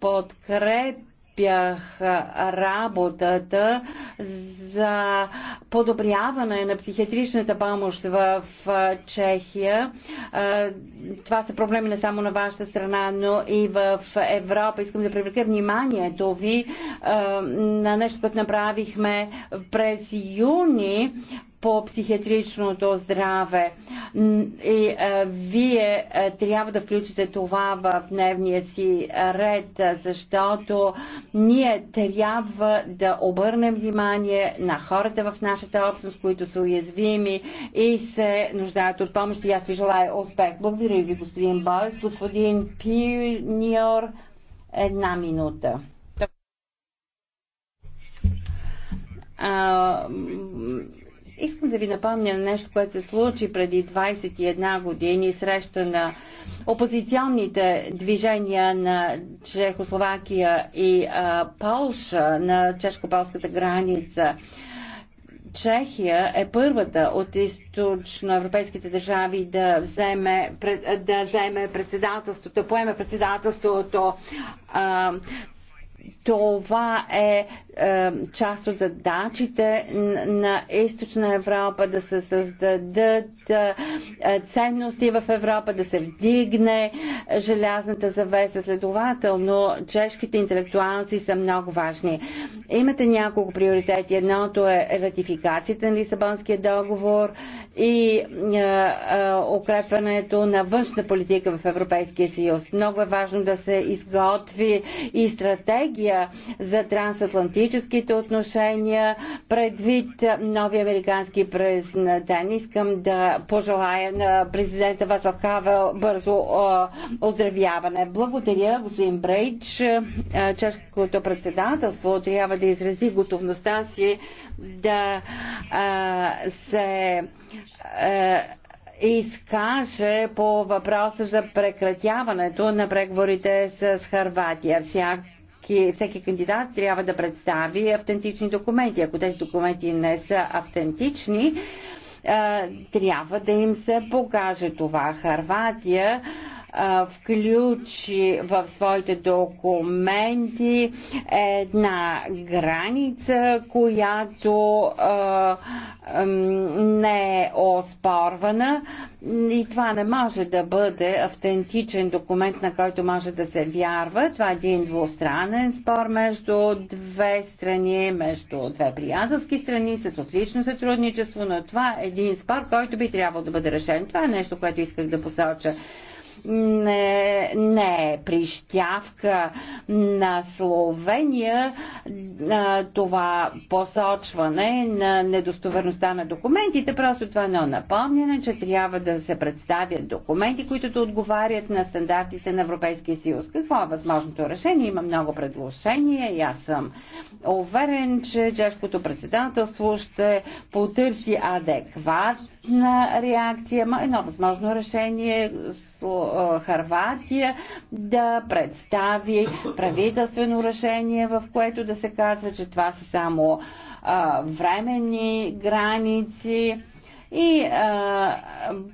подкреп подкрепях работата за подобряване на психиатричната помощ в Чехия. Това са проблеми не само на вашата страна, но и в Европа. Искам да привлека вниманието ви на нещо, което направихме през юни по психиатричното здраве. И вие трябва да включите това в дневния си ред, защото ние трябва да обърнем внимание на хората в нашата общност, които са уязвими и се нуждаят от помощ. И аз ви желая успех. Благодаря ви, господин Бойс. Господин Пиньор, една минута. А, Искам да ви напомня на нещо, което се случи преди 21 години среща на опозиционните движения на Чехословакия и Полша на чешко-полската граница. Чехия е първата от източноевропейските държави да вземе, да вземе председателството, да поеме председателството това е, е част от задачите на източна Европа да се създадат е, е, ценности в Европа, да се вдигне желязната завеса. Следователно, чешките интелектуалци са много важни. Имате няколко приоритети. Едното е ратификацията на Лисабонския договор и е, е, укрепването на външна политика в Европейския съюз. Много е важно да се изготви и стратегия за трансатлантическите отношения предвид нови американски президент. Искам да пожелая на президента Васлав Кавел бързо е, оздравяване. Благодаря, господин Брейдж. Чешкото председателство трябва да изрази готовността си да а, се а, изкаже по въпроса за прекратяването на преговорите с Харватия. Всяк всеки кандидат трябва да представи автентични документи. Ако тези документи не са автентични, трябва да им се покаже това. Харватия включи в своите документи една граница, която не е оспорвана и това не може да бъде автентичен документ, на който може да се вярва. Това е един двустранен спор между две страни, между две приятелски страни с отлично сътрудничество, но това е един спор, който би трябвало да бъде решен. Това е нещо, което исках да посоча не, не е прищявка на Словения на това посочване на недостоверността на документите. Просто това не е напомняне, че трябва да се представят документи, които да отговарят на стандартите на Европейския съюз. Какво е възможното решение? Има много предложения и аз съм уверен, че чешкото председателство ще потърси адекватна реакция. Едно възможно решение с кралство Харватия да представи правителствено решение, в което да се казва, че това са само временни граници и а,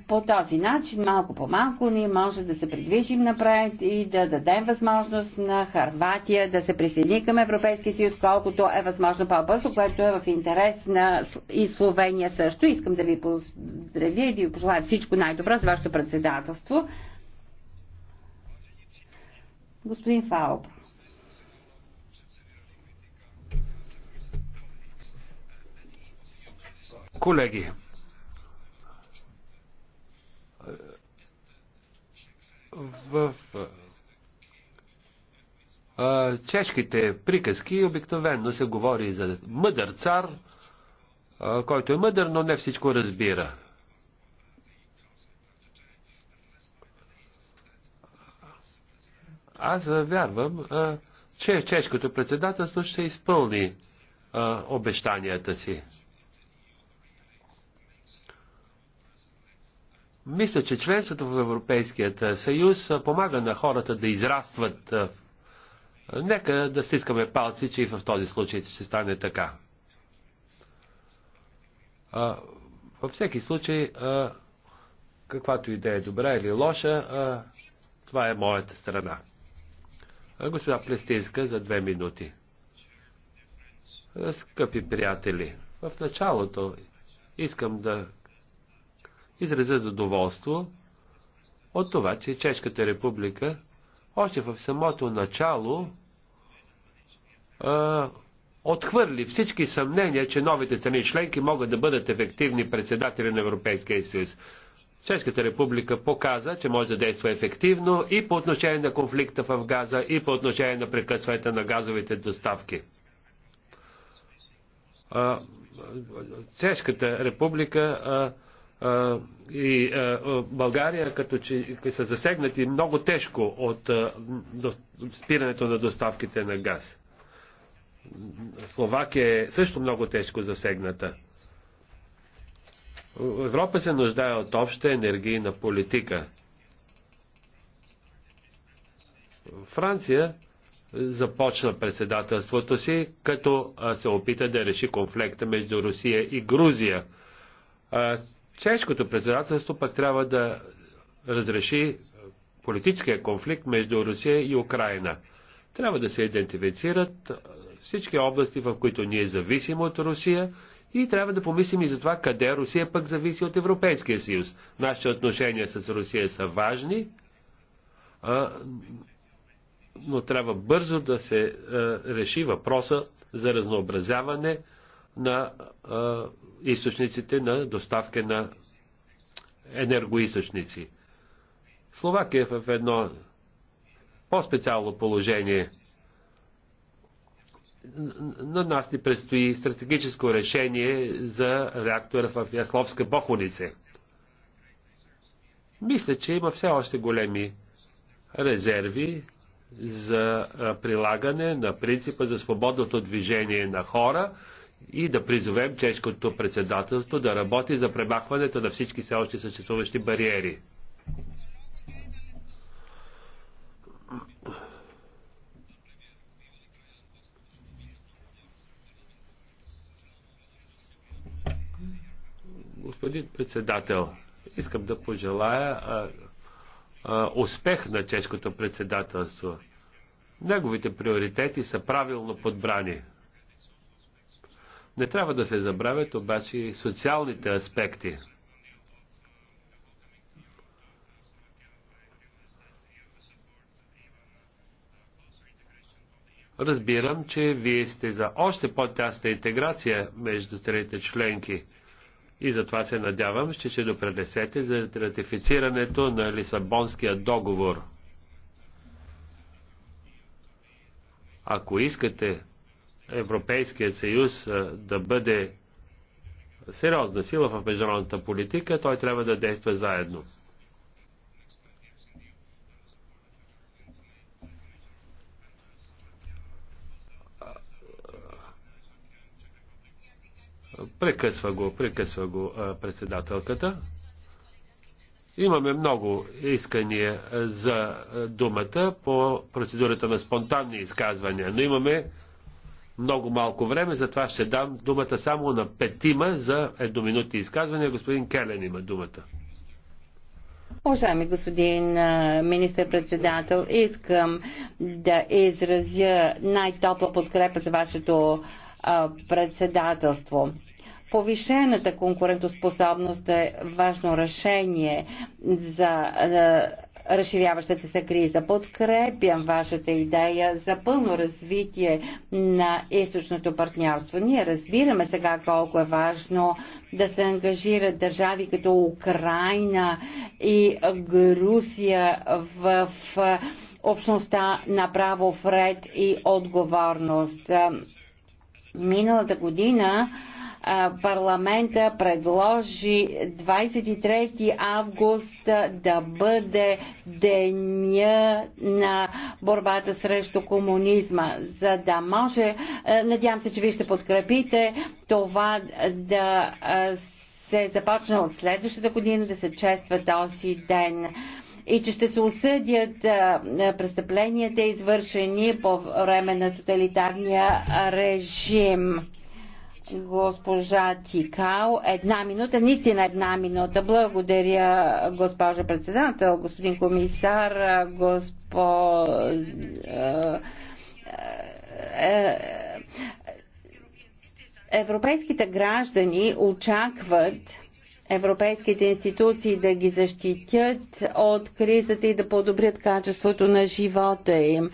по този начин, малко по малко, ние може да се придвижим напред и да дадем възможност на Харватия да се присъедини към Европейския съюз, колкото е възможно по-бързо, което е в интерес на и Словения също. Искам да ви поздравя и да ви пожелая всичко най-добро за вашето председателство. Господин Фауб. Колеги, В а, чешките приказки обикновенно се говори за мъдър цар, а, който е мъдър, но не всичко разбира. Аз вярвам, а, че чешкото председателство ще изпълни а, обещанията си. Мисля, че членството в Европейският съюз помага на хората да израстват. Нека да стискаме палци, че и в този случай ще стане така. Във всеки случай, каквато идея е добра или лоша, това е моята страна. Господа Плестинска за две минути. Скъпи приятели, в началото искам да изразя задоволство от това, че Чешката република още в самото начало а, отхвърли всички съмнения, че новите страни членки могат да бъдат ефективни председатели на Европейския съюз. Чешката република показа, че може да действа ефективно и по отношение на конфликта в Газа, и по отношение на прекъсването на газовите доставки. Чешката република и България като че са засегнати много тежко от спирането на доставките на газ. Словакия е също много тежко засегната. Европа се нуждае от обща енергийна политика. Франция започна председателството си, като се опита да реши конфликта между Русия и Грузия Чешкото председателство пък трябва да разреши политическия конфликт между Русия и Украина. Трябва да се идентифицират всички области, в които ние зависим от Русия и трябва да помислим и за това къде Русия пък зависи от Европейския съюз. Нашите отношения с Русия са важни, а, но трябва бързо да се а, реши въпроса за разнообразяване на а, източниците на доставка на енергоисточници. Словакия е в едно по-специално положение. На нас ни предстои стратегическо решение за реактора в Ясловска Бохонице. Мисля, че има все още големи резерви за прилагане на принципа за свободното движение на хора, и да призовем чешкото председателство да работи за премахването на всички все още съществуващи бариери. Господин председател, искам да пожелая а, а, успех на чешкото председателство. Неговите приоритети са правилно подбрани. Не трябва да се забравят обаче и социалните аспекти. Разбирам, че вие сте за още по-тясна интеграция между страните членки и затова се надявам, че ще допренесете за ратифицирането на Лисабонския договор. Ако искате Европейският съюз да бъде сериозна сила в международната политика, той трябва да действа заедно. Прекъсва го, прекъсва го председателката. Имаме много искания за думата по процедурата на спонтанни изказвания, но имаме много малко време, затова ще дам думата само на петима за минути изказване. Господин Келен има думата. Уважаеми господин министър-председател, искам да изразя най-топла подкрепа за вашето председателство. Повишената конкурентоспособност е важно решение за разширяващата се криза. Подкрепям вашата идея за пълно развитие на източното партньорство. Ние разбираме сега колко е важно да се ангажират държави като Украина и Грусия в общността на право, вред и отговорност. Миналата година парламента предложи 23 август да бъде деня на борбата срещу комунизма, за да може, надявам се, че вие ще подкрепите това да се започне от следващата година да се чества този ден и че ще се осъдят престъпленията, извършени по време на тоталитарния режим госпожа Тикао. Една минута, наистина една минута. Благодаря, госпожа председател, господин комисар, госпо... Европейските граждани очакват европейските институции да ги защитят от кризата и да подобрят качеството на живота им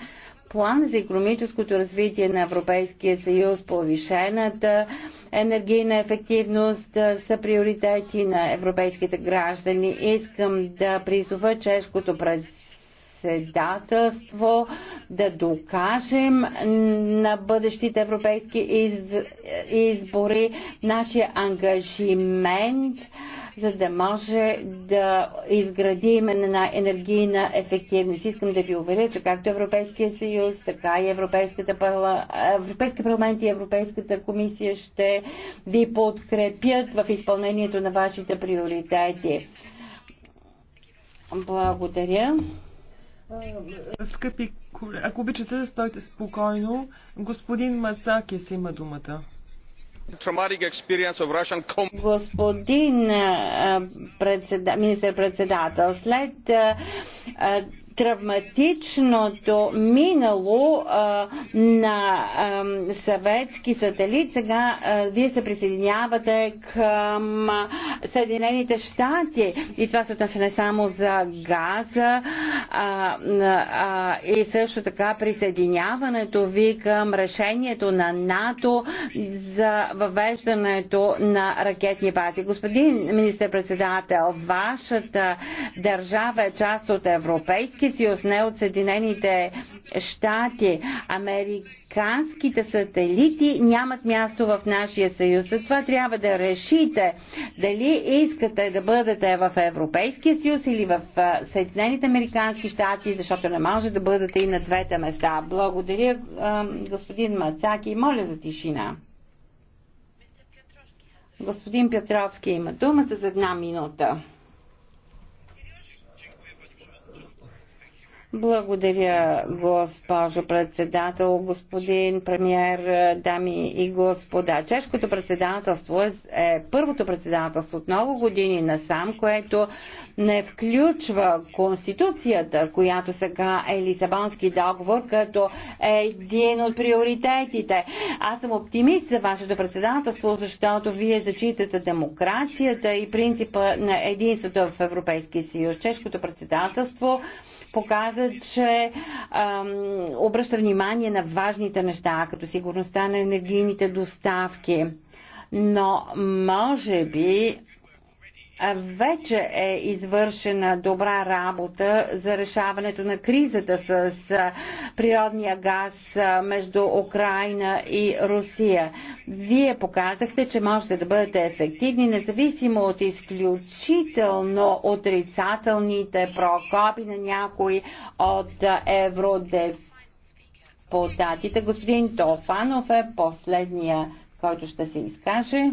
план за економическото развитие на Европейския съюз, повишената енергийна ефективност са приоритети на европейските граждани. Искам да призова чешкото председателство председателство, да докажем на бъдещите европейски избори нашия ангажимент за да може да изгради именно една енергийна ефективност. Искам да ви уверя, че както Европейския съюз, така и Европейската парла... Европейска парламент и Европейската комисия ще ви подкрепят в изпълнението на вашите приоритети. Благодаря. Е, скъпи, ако обичате, да стойте спокойно. Господин Мацакис има думата. Господин министър-председател, след травматичното минало а, на а, съветски сателит. Сега а, вие се присъединявате към Съединените щати и това се отнася не само за газа а, а, и също така присъединяването ви към решението на НАТО за въвеждането на ракетни бази. Господин министър-председател, вашата държава е част от Европейски Европейския съюз, не от Съединените щати. Американските сателити нямат място в нашия съюз. Затова трябва да решите дали искате да бъдете в Европейския съюз или в Съединените Американски щати, защото не може да бъдете и на двете места. Благодаря, господин Мацаки. Моля за тишина. Господин Петровски има думата за една минута. Благодаря, госпожо председател, господин премьер, дами и господа. Чешкото председателство е, е първото председателство от много години насам, което не включва Конституцията, която сега е Лисабонски договор, като е един от приоритетите. Аз съм оптимист за вашето председателство, защото вие зачитате демокрацията и принципа на единството в Европейския съюз. Чешкото председателство показа, че ам, обръща внимание на важните неща, като сигурността на енергийните доставки. Но може би вече е извършена добра работа за решаването на кризата с природния газ между Украина и Русия. Вие показахте, че можете да бъдете ефективни, независимо от изключително отрицателните прокопи на някои от евродепутатите. Господин Тофанов е последния, който ще се изкаже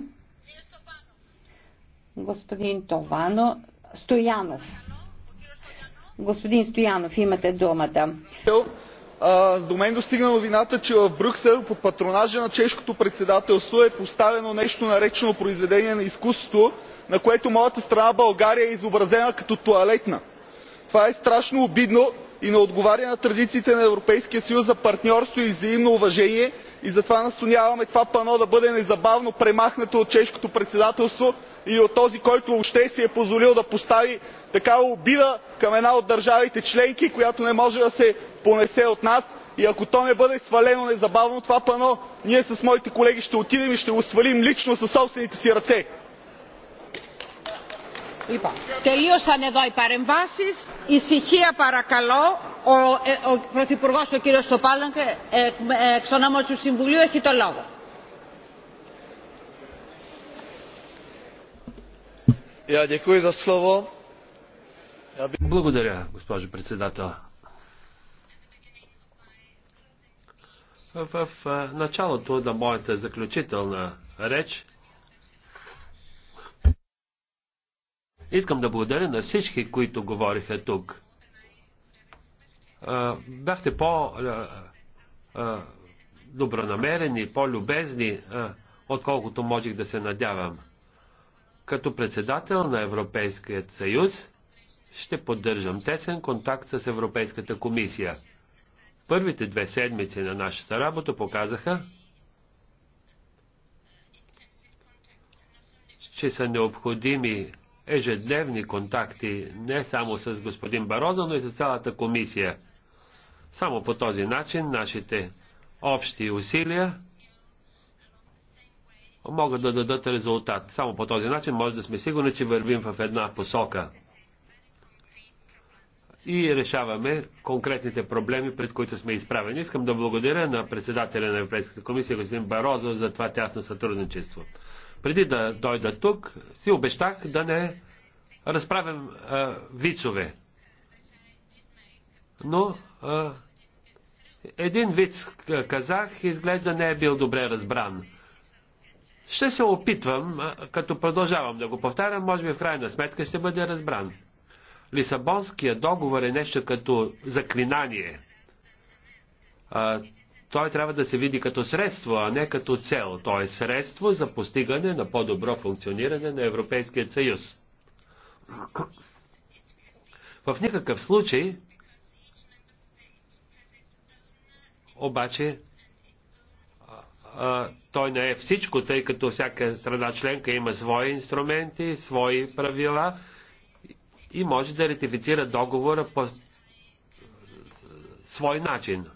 господин Товано Стоянов. Господин Стоянов, имате думата. До мен достигна новината, че в Брюксел под патронажа на чешкото председателство е поставено нещо наречено произведение на изкуството, на което моята страна България е изобразена като туалетна. Това е страшно обидно и не отговаря на традициите на европейския съюз за партньорство и взаимно уважение и затова настояваме това пано да бъде незабавно премахнато от чешкото председателство и от този който въобще си е позволил да постави такава обида към една от държавите членки която не може да се понесе от нас. и ако то не бъде свалено незабавно това пано ние с моите колеги ще отидем и ще го свалим лично със собствените си ръце τελείωσαν εδώ οι παρεμβάσεις. Ησυχία παρακαλώ. Ο, ε, ο Πρωθυπουργός, ο κύριος Στοπάλανκ, ε, εξ ονόματος του Συμβουλίου, έχει το λόγο. Я дякую за слово. Благодаря, госпожо председател. В началото на моята заключителна реч Искам да благодаря на всички, които говориха тук. Бяхте по-добронамерени, по-любезни, отколкото можех да се надявам. Като председател на Европейският съюз ще поддържам тесен контакт с Европейската комисия. Първите две седмици на нашата работа показаха, че са необходими ежедневни контакти не само с господин Барозо, но и с цялата комисия. Само по този начин нашите общи усилия могат да дадат резултат. Само по този начин може да сме сигурни, че вървим в една посока и решаваме конкретните проблеми, пред които сме изправени. Искам да благодаря на председателя на Европейската комисия, господин Барозо, за това тясно сътрудничество. Преди да дойда тук, си обещах да не разправям а, вицове. Но а, един виц казах, изглежда не е бил добре разбран. Ще се опитвам, а, като продължавам да го повтарям, може би в крайна сметка ще бъде разбран. Лисабонския договор е нещо като заклинание. А, той трябва да се види като средство, а не като цел. То е средство за постигане на по-добро функциониране на Европейския съюз. В никакъв случай обаче той не е всичко, тъй като всяка страна членка има свои инструменти, свои правила и може да ратифицира договора по свой начин.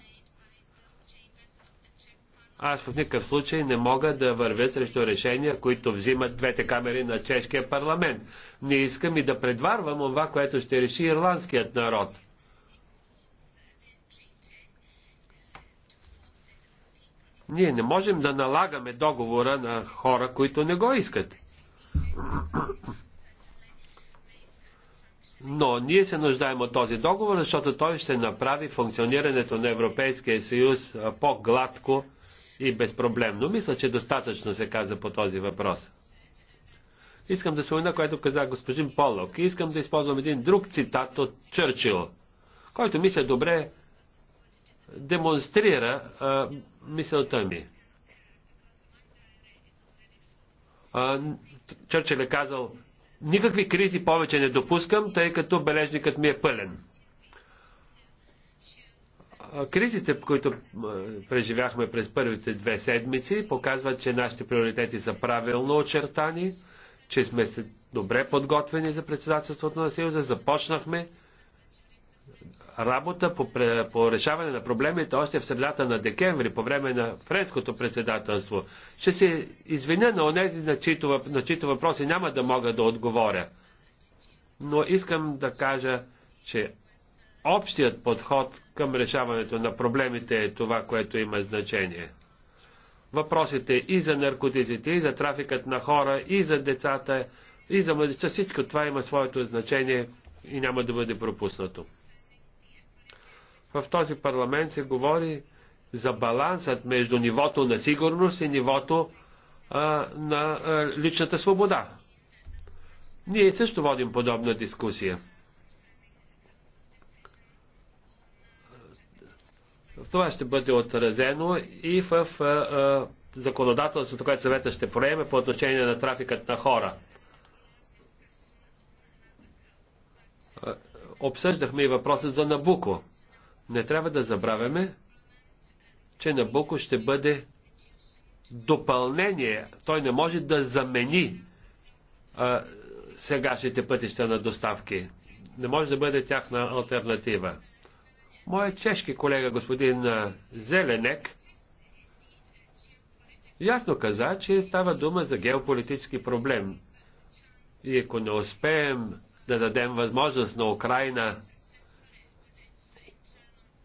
Аз в никакъв случай не мога да вървя срещу решения, които взимат двете камери на чешкия парламент. Не искам и да предварвам това, което ще реши ирландският народ. Ние не можем да налагаме договора на хора, които не го искат. Но ние се нуждаем от този договор, защото той ще направи функционирането на Европейския съюз по-гладко и безпроблемно. Мисля, че достатъчно се каза по този въпрос. Искам да спомена, което каза господин Полок. И искам да използвам един друг цитат от Чърчил, който мисля добре демонстрира а, мисълта ми. А, Чърчил е казал, никакви кризи повече не допускам, тъй като бележникът ми е пълен. Кризите, които преживяхме през първите две седмици, показват, че нашите приоритети са правилно очертани, че сме се добре подготвени за председателството на Съюза. Започнахме работа по, по решаване на проблемите още в средата на декември, по време на френското председателство. Ще се извиня на онези, на чието, на чието въпроси няма да мога да отговоря. Но искам да кажа, че общият подход към решаването на проблемите е това, което има значение. Въпросите и за наркотиците, и за трафикът на хора, и за децата, и за младеща, всичко това има своето значение и няма да бъде пропуснато. В този парламент се говори за балансът между нивото на сигурност и нивото а, на а, личната свобода. Ние също водим подобна дискусия. това ще бъде отразено и в законодателството, което съвета ще проеме по отношение на трафикът на хора. Обсъждахме и въпросът за Набуко. Не трябва да забравяме, че Набуко ще бъде допълнение. Той не може да замени а, сегашните пътища на доставки. Не може да бъде тяхна альтернатива. Моят чешки колега господин Зеленек ясно каза, че става дума за геополитически проблем. И ако не успеем да дадем възможност на Украина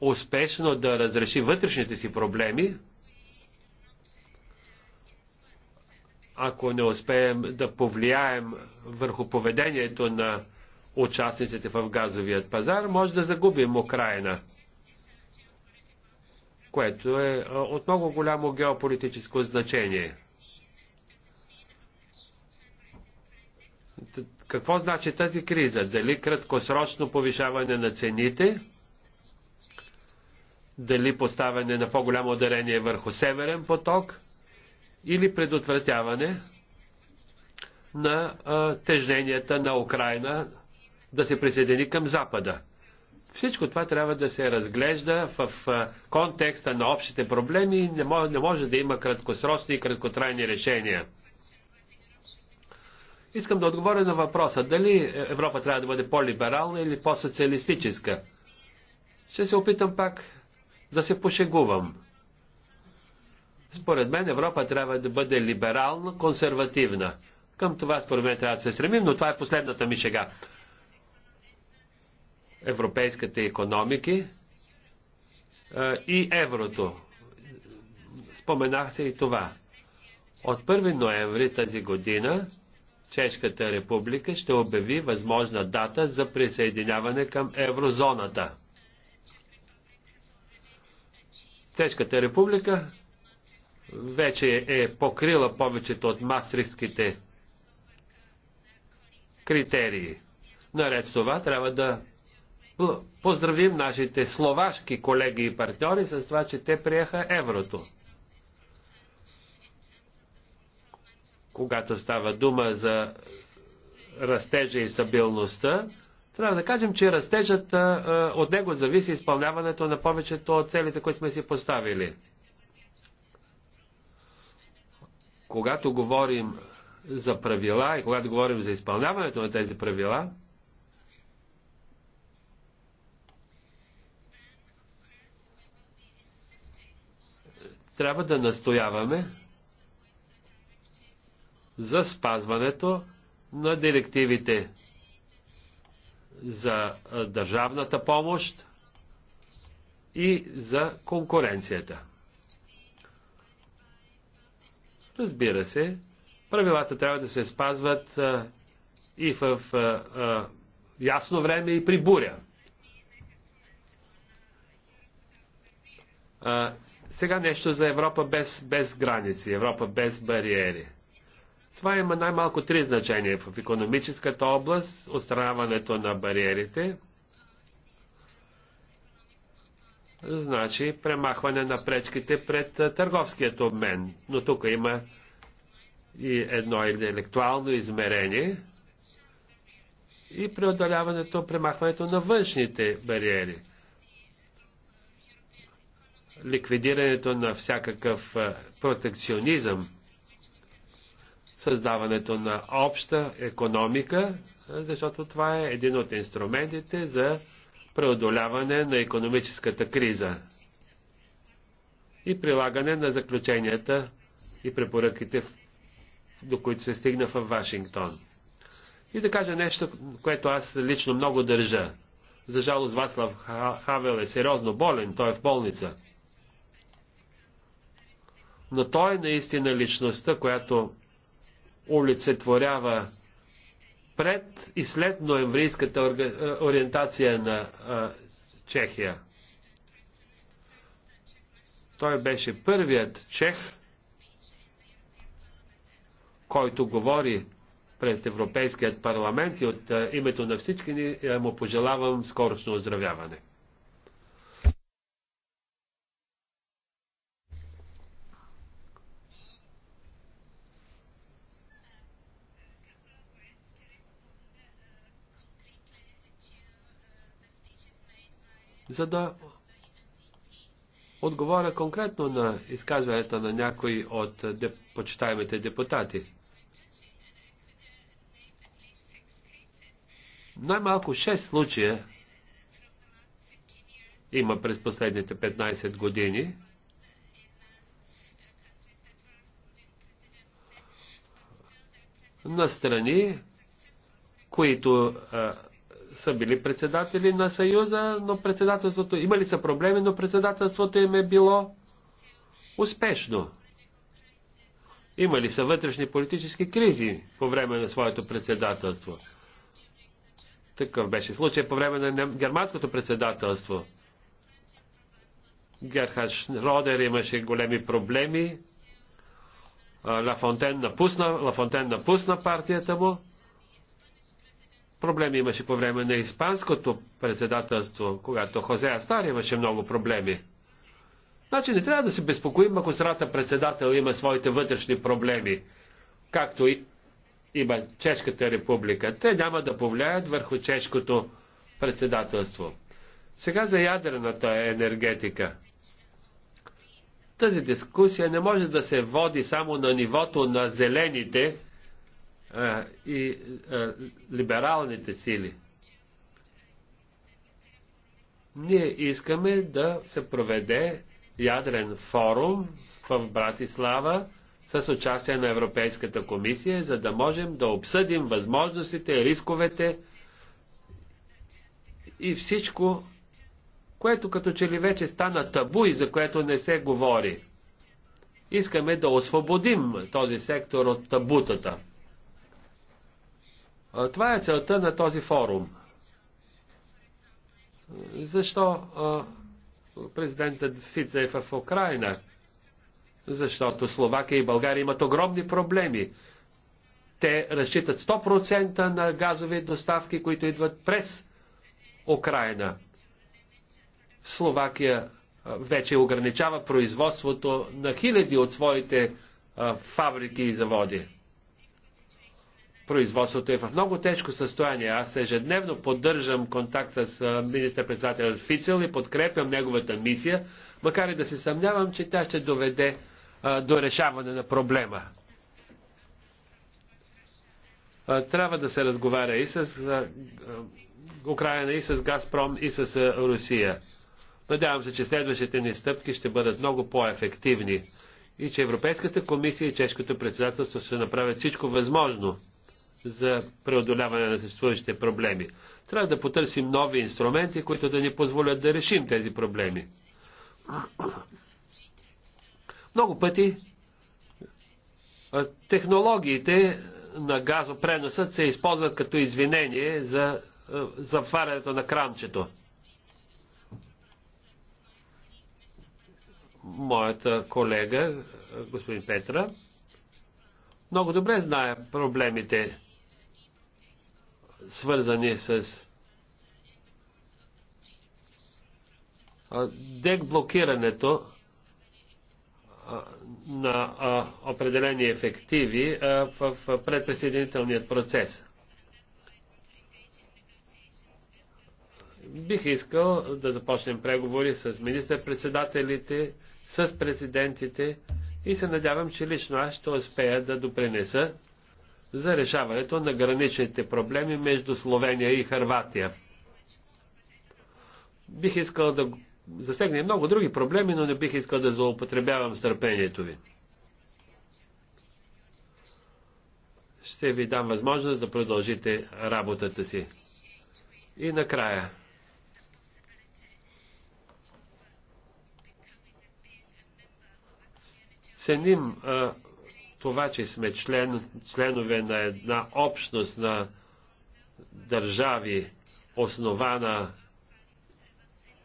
успешно да разреши вътрешните си проблеми, ако не успеем да повлияем върху поведението на участниците в газовият пазар, може да загубим Украина, което е от много голямо геополитическо значение. Какво значи тази криза? Дали краткосрочно повишаване на цените? Дали поставяне на по-голямо ударение върху северен поток? Или предотвратяване на а, тежненията на Украина да се присъедини към Запада. Всичко това трябва да се разглежда в контекста на общите проблеми и не може, не може да има краткосрочни и краткотрайни решения. Искам да отговоря на въпроса дали Европа трябва да бъде по-либерална или по-социалистическа. Ще се опитам пак да се пошегувам. Според мен Европа трябва да бъде либерална, консервативна. Към това според мен трябва да се стремим, но това е последната ми шега европейските економики и еврото. Споменах се и това. От 1 ноември тази година Чешката република ще обяви възможна дата за присъединяване към еврозоната. Чешката република вече е покрила повечето от мастрихските критерии. Наред с това трябва да поздравим нашите словашки колеги и партньори с това, че те приеха еврото. Когато става дума за растежа и стабилността, трябва да кажем, че растежът от него зависи изпълняването на повечето от целите, които сме си поставили. Когато говорим за правила и когато говорим за изпълняването на тези правила, трябва да настояваме за спазването на директивите за държавната помощ и за конкуренцията. Разбира се, правилата трябва да се спазват и в ясно време, и при буря. Сега нещо за Европа без, без граници, Европа без бариери. Това има най-малко три значения в економическата област, отстраняването на бариерите, значи премахване на пречките пред търговският обмен. Но тук има и едно интелектуално измерение и преодоляването, премахването на външните бариери – ликвидирането на всякакъв е, протекционизъм, създаването на обща економика, защото това е един от инструментите за преодоляване на економическата криза и прилагане на заключенията и препоръките, до които се стигна в Вашингтон. И да кажа нещо, което аз лично много държа. За жалост Васлав Хавел е сериозно болен, той е в болница но той е наистина личността, която олицетворява пред и след ноемврийската ориентация на Чехия. Той беше първият чех, който говори пред Европейският парламент и от името на всички ни му пожелавам скорочно оздравяване. за да отговоря конкретно на изказването на някои от деп... почитаемите депутати. Най-малко 6 случая има през последните 15 години. На страни, които а, са били председатели на Съюза, но председателството, имали са проблеми, но председателството им е било успешно. Имали са вътрешни политически кризи по време на своето председателство. Такъв беше случай по време на германското председателство. Герхард Шродер имаше големи проблеми. Ла Фонтен напусна, Ла Фонтен напусна партията му. Проблеми имаше по време на испанското председателство, когато Хозе Астар имаше много проблеми. Значи не трябва да се безпокоим, ако страната председател има своите вътрешни проблеми, както и има Чешката република. Те няма да повлияят върху чешкото председателство. Сега за ядрената енергетика. Тази дискусия не може да се води само на нивото на зелените и либералните сили. Ние искаме да се проведе ядрен форум в Братислава с участие на Европейската комисия, за да можем да обсъдим възможностите, рисковете и всичко, което като че ли вече стана табу и за което не се говори. Искаме да освободим този сектор от табутата. Това е целта на този форум. Защо президентът Фице е в Украина? Защото Словакия и България имат огромни проблеми. Те разчитат 100% на газови доставки, които идват през Украина. Словакия вече ограничава производството на хиляди от своите фабрики и заводи производството е в много тежко състояние. Аз ежедневно поддържам контакт с министър председател Фицел и подкрепям неговата мисия, макар и да се съмнявам, че тя ще доведе а, до решаване на проблема. А, трябва да се разговаря и с а, Украина, и с Газпром, и с а, Русия. Надявам се, че следващите ни стъпки ще бъдат много по-ефективни и че Европейската комисия и Чешкото председателство ще направят всичко възможно за преодоляване на съществуващите проблеми. Трябва да потърсим нови инструменти, които да ни позволят да решим тези проблеми. Много пъти технологиите на газопреносът се използват като извинение за затварянето на крамчето. Моята колега, господин Петра, много добре знае проблемите свързани с блокирането на определени ефективи в предприсъединителният процес. Бих искал да започнем преговори с министър-председателите, с президентите и се надявам, че лично аз ще успея да допренеса за решаването на граничните проблеми между Словения и Харватия. Бих искал да засегне много други проблеми, но не бих искал да злоупотребявам търпението ви. Ще ви дам възможност да продължите работата си. И накрая. Ценим а, това, че сме член, членове на една общност на държави, основана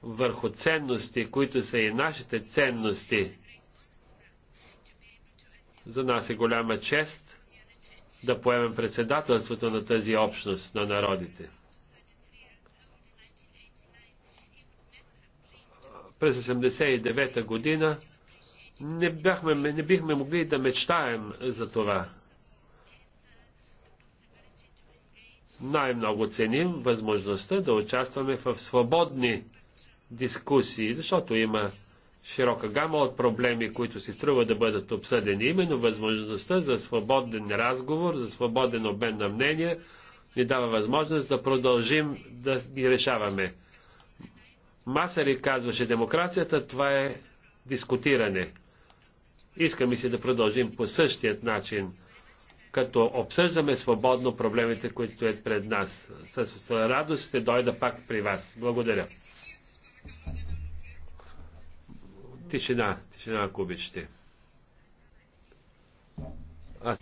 върху ценности, които са и нашите ценности. За нас е голяма чест да поемем председателството на тази общност на народите. През 1989 година не, бяхме, не бихме могли да мечтаем за това. Най-много ценим възможността да участваме в свободни дискусии, защото има широка гама от проблеми, които си струва да бъдат обсъдени. Именно възможността за свободен разговор, за свободен обмен на мнения ни дава възможност да продължим да ги решаваме. Масари казваше, демокрацията това е дискутиране. Искаме си да продължим по същият начин, като обсъждаме свободно проблемите, които стоят пред нас. С радост ще дойда пак при вас. Благодаря. Тишина, тишина, ако обичате.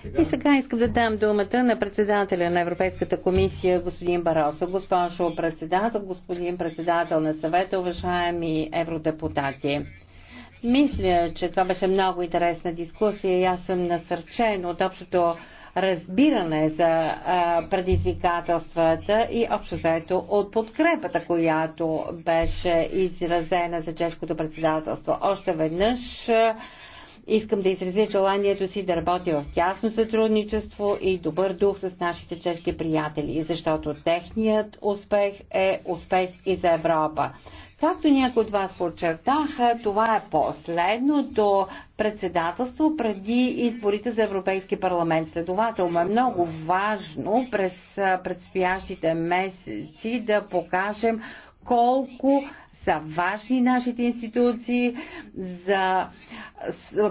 Сега... И сега искам да дам думата на председателя на Европейската комисия, господин Бароса, госпожо председател, господин председател на съвета, уважаеми евродепутати. Мисля, че това беше много интересна дискусия и аз съм насърчен от общото разбиране за предизвикателствата и общо заето от подкрепата, която беше изразена за чешкото председателство. Още веднъж искам да изразя желанието си да работя в тясно сътрудничество и добър дух с нашите чешки приятели, защото техният успех е успех и за Европа. Както някои от вас подчертаха, това е последното председателство преди изборите за Европейски парламент. Следователно е много важно през предстоящите месеци да покажем колко са важни нашите институции за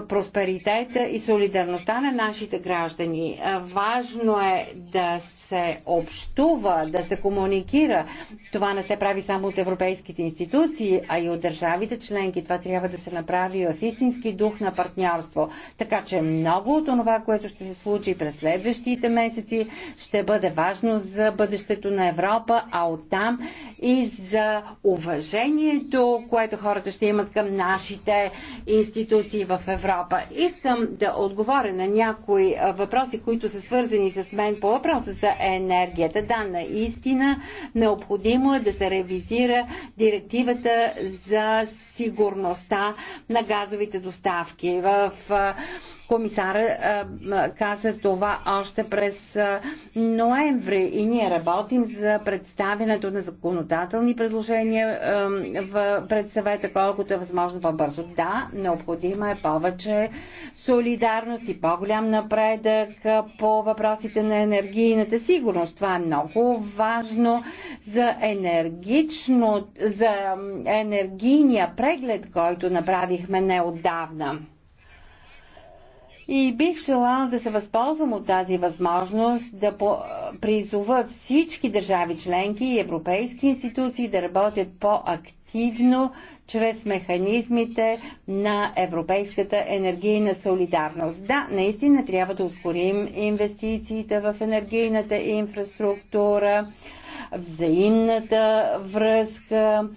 просперитета и солидарността на нашите граждани. Важно е да се общува, да се комуникира. Това не се прави само от европейските институции, а и от държавите членки. Това трябва да се направи в истински дух на партньорство. Така че много от това, което ще се случи през следващите месеци, ще бъде важно за бъдещето на Европа, а оттам и за уважението, което хората ще имат към нашите институции в Европа. Искам да отговоря на някои въпроси, които са свързани с мен по въпроса за е енергията. Да, наистина необходимо е да се ревизира директивата за сигурността на газовите доставки. В комисара каза това още през ноември и ние работим за представянето на законодателни предложения пред съвета, колкото е възможно по-бързо. Да, необходима е повече солидарност и по-голям напредък по въпросите на енергийната сигурност. Това е много важно за енергично, за енергийния пред преглед, който направихме неотдавна. И бих желал да се възползвам от тази възможност да по- призова всички държави членки и европейски институции да работят по-активно чрез механизмите на европейската енергийна солидарност. Да, наистина трябва да ускорим инвестициите в енергийната инфраструктура, взаимната връзка,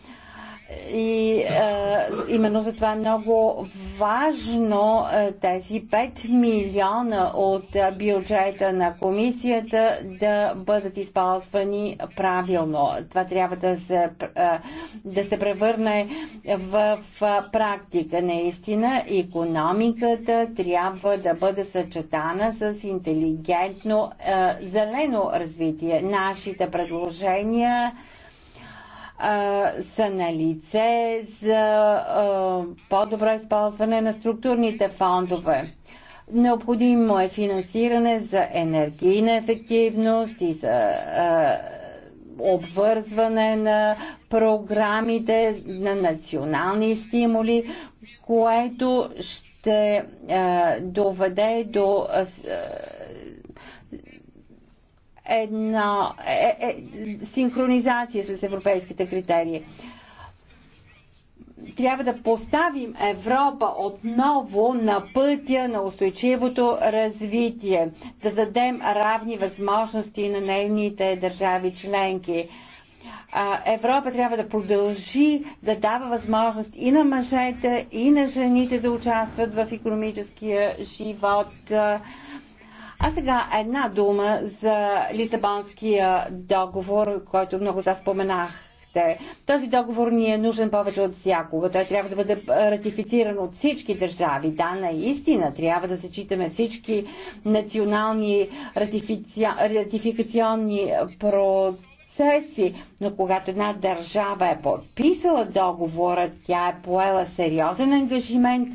и а, е, именно затова е много важно а, е, тези 5 милиона от е, бюджета на комисията да бъдат използвани правилно. Това трябва да се, а, да се превърне в в практика. Наистина, економиката трябва да бъде съчетана с интелигентно а, зелено развитие. Нашите предложения а, са на лице за по-добро използване на структурните фондове. Необходимо е финансиране за енергийна ефективност и за а, обвързване на програмите, на национални стимули, което ще а, доведе до а, едно, е, е, синхронизация с европейските критерии. Трябва да поставим Европа отново на пътя на устойчивото развитие, да дадем равни възможности на нейните държави членки. Европа трябва да продължи да дава възможност и на мъжете, и на жените да участват в економическия живот а сега една дума за Лисабонския договор, който много за споменах Този договор ни е нужен повече от всякога. Той трябва да бъде ратифициран от всички държави. Да, наистина трябва да зачитаме всички национални ратифици... ратификационни процеси. Но когато една държава е подписала договора, тя е поела сериозен ангажимент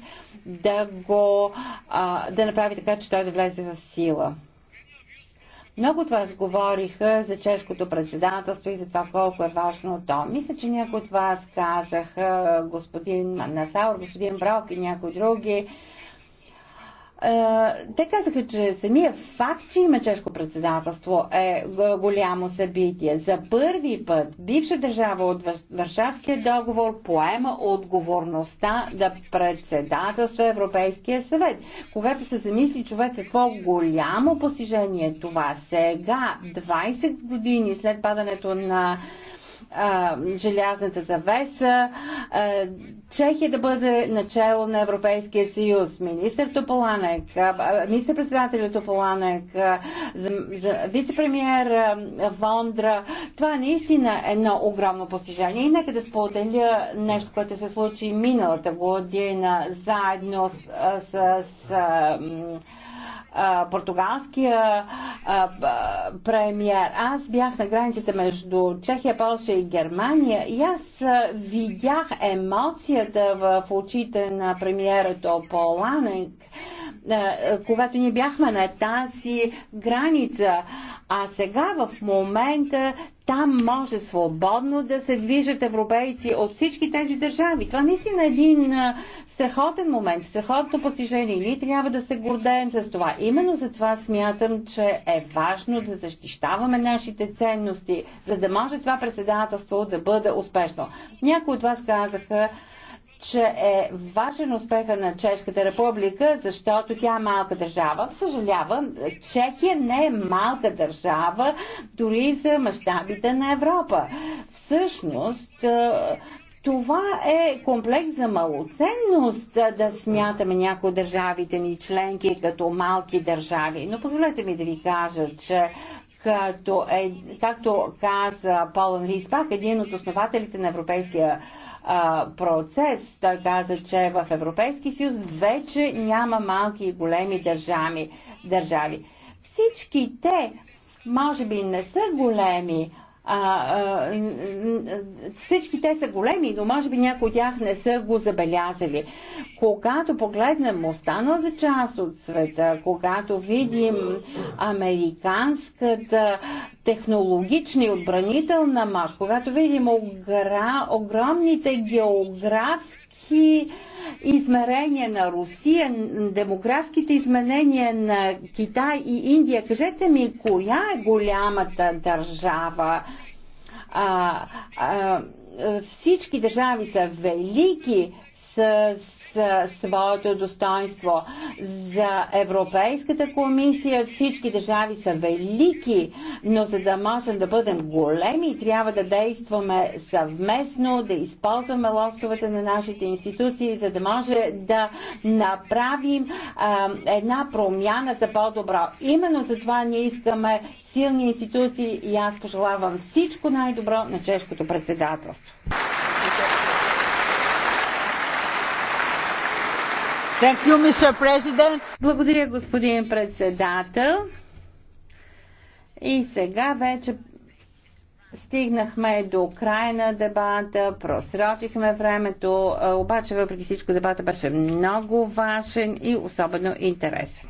да го а, да направи така, че той да влезе в сила. Много от вас говориха за чешкото председателство и за това колко е важно то. Мисля, че някои от вас казаха господин Насаур, господин Брок и някои други те казаха, че самия факт, че има чешко председателство е, е голямо събитие. За първи път бивша държава от Варшавския договор поема отговорността да председателства Европейския съвет. Когато се замисли човек какво голямо постижение е това сега, 20 години след падането на а, желязната завеса, а, Чехия да бъде начало на Европейския съюз, министър Тополанек, министър председател Тополанек, вице-премьер Вондра. Това наистина е едно огромно постижение. И нека да споделя нещо, което се случи миналата година заедно с, с, с а, португалския а, а, премьер. Аз бях на границите между Чехия, Польша и Германия и аз видях емоцията в очите на премиера Тополанек когато ние бяхме на тази граница, а сега в момента там може свободно да се движат европейци от всички тези държави. Това наистина е един страхотен момент, страхотно постижение. Ние трябва да се гордеем с това. Именно за това смятам, че е важно да защищаваме нашите ценности, за да може това председателство да бъде успешно. Някои от вас казаха, че е важен успеха на Чешката република, защото тя е малка държава. Съжалявам, Чехия не е малка държава, дори за мащабите на Европа. Всъщност, това е комплекс за малоценност да смятаме някои държавите ни членки като малки държави. Но позволете ми да ви кажа, че като е, както каза Полън Риспак, един от основателите на европейския а, процес, той каза, че в Европейски съюз вече няма малки и големи държави. държави. Всички те, може би, не са големи, а, а, всички те са големи, но може би някои от тях не са го забелязали. Когато погледнем останалата част от света, когато видим американската технологична и отбранителна мощ, когато видим огра, огромните географски всички измерения на Русия, демографските изменения на Китай и Индия. Кажете ми, коя е голямата държава? А, а, всички държави са велики с своето достоинство. За Европейската комисия всички държави са велики, но за да можем да бъдем големи, трябва да действаме съвместно, да използваме лостовете на нашите институции, за да може да направим а, една промяна за по-добро. Именно за това ние искаме силни институции и аз пожелавам всичко най-добро на чешкото председателство. You, Благодаря, господин председател. И сега вече стигнахме до края на дебата, просрочихме времето, обаче въпреки всичко дебата беше много важен и особено интересен.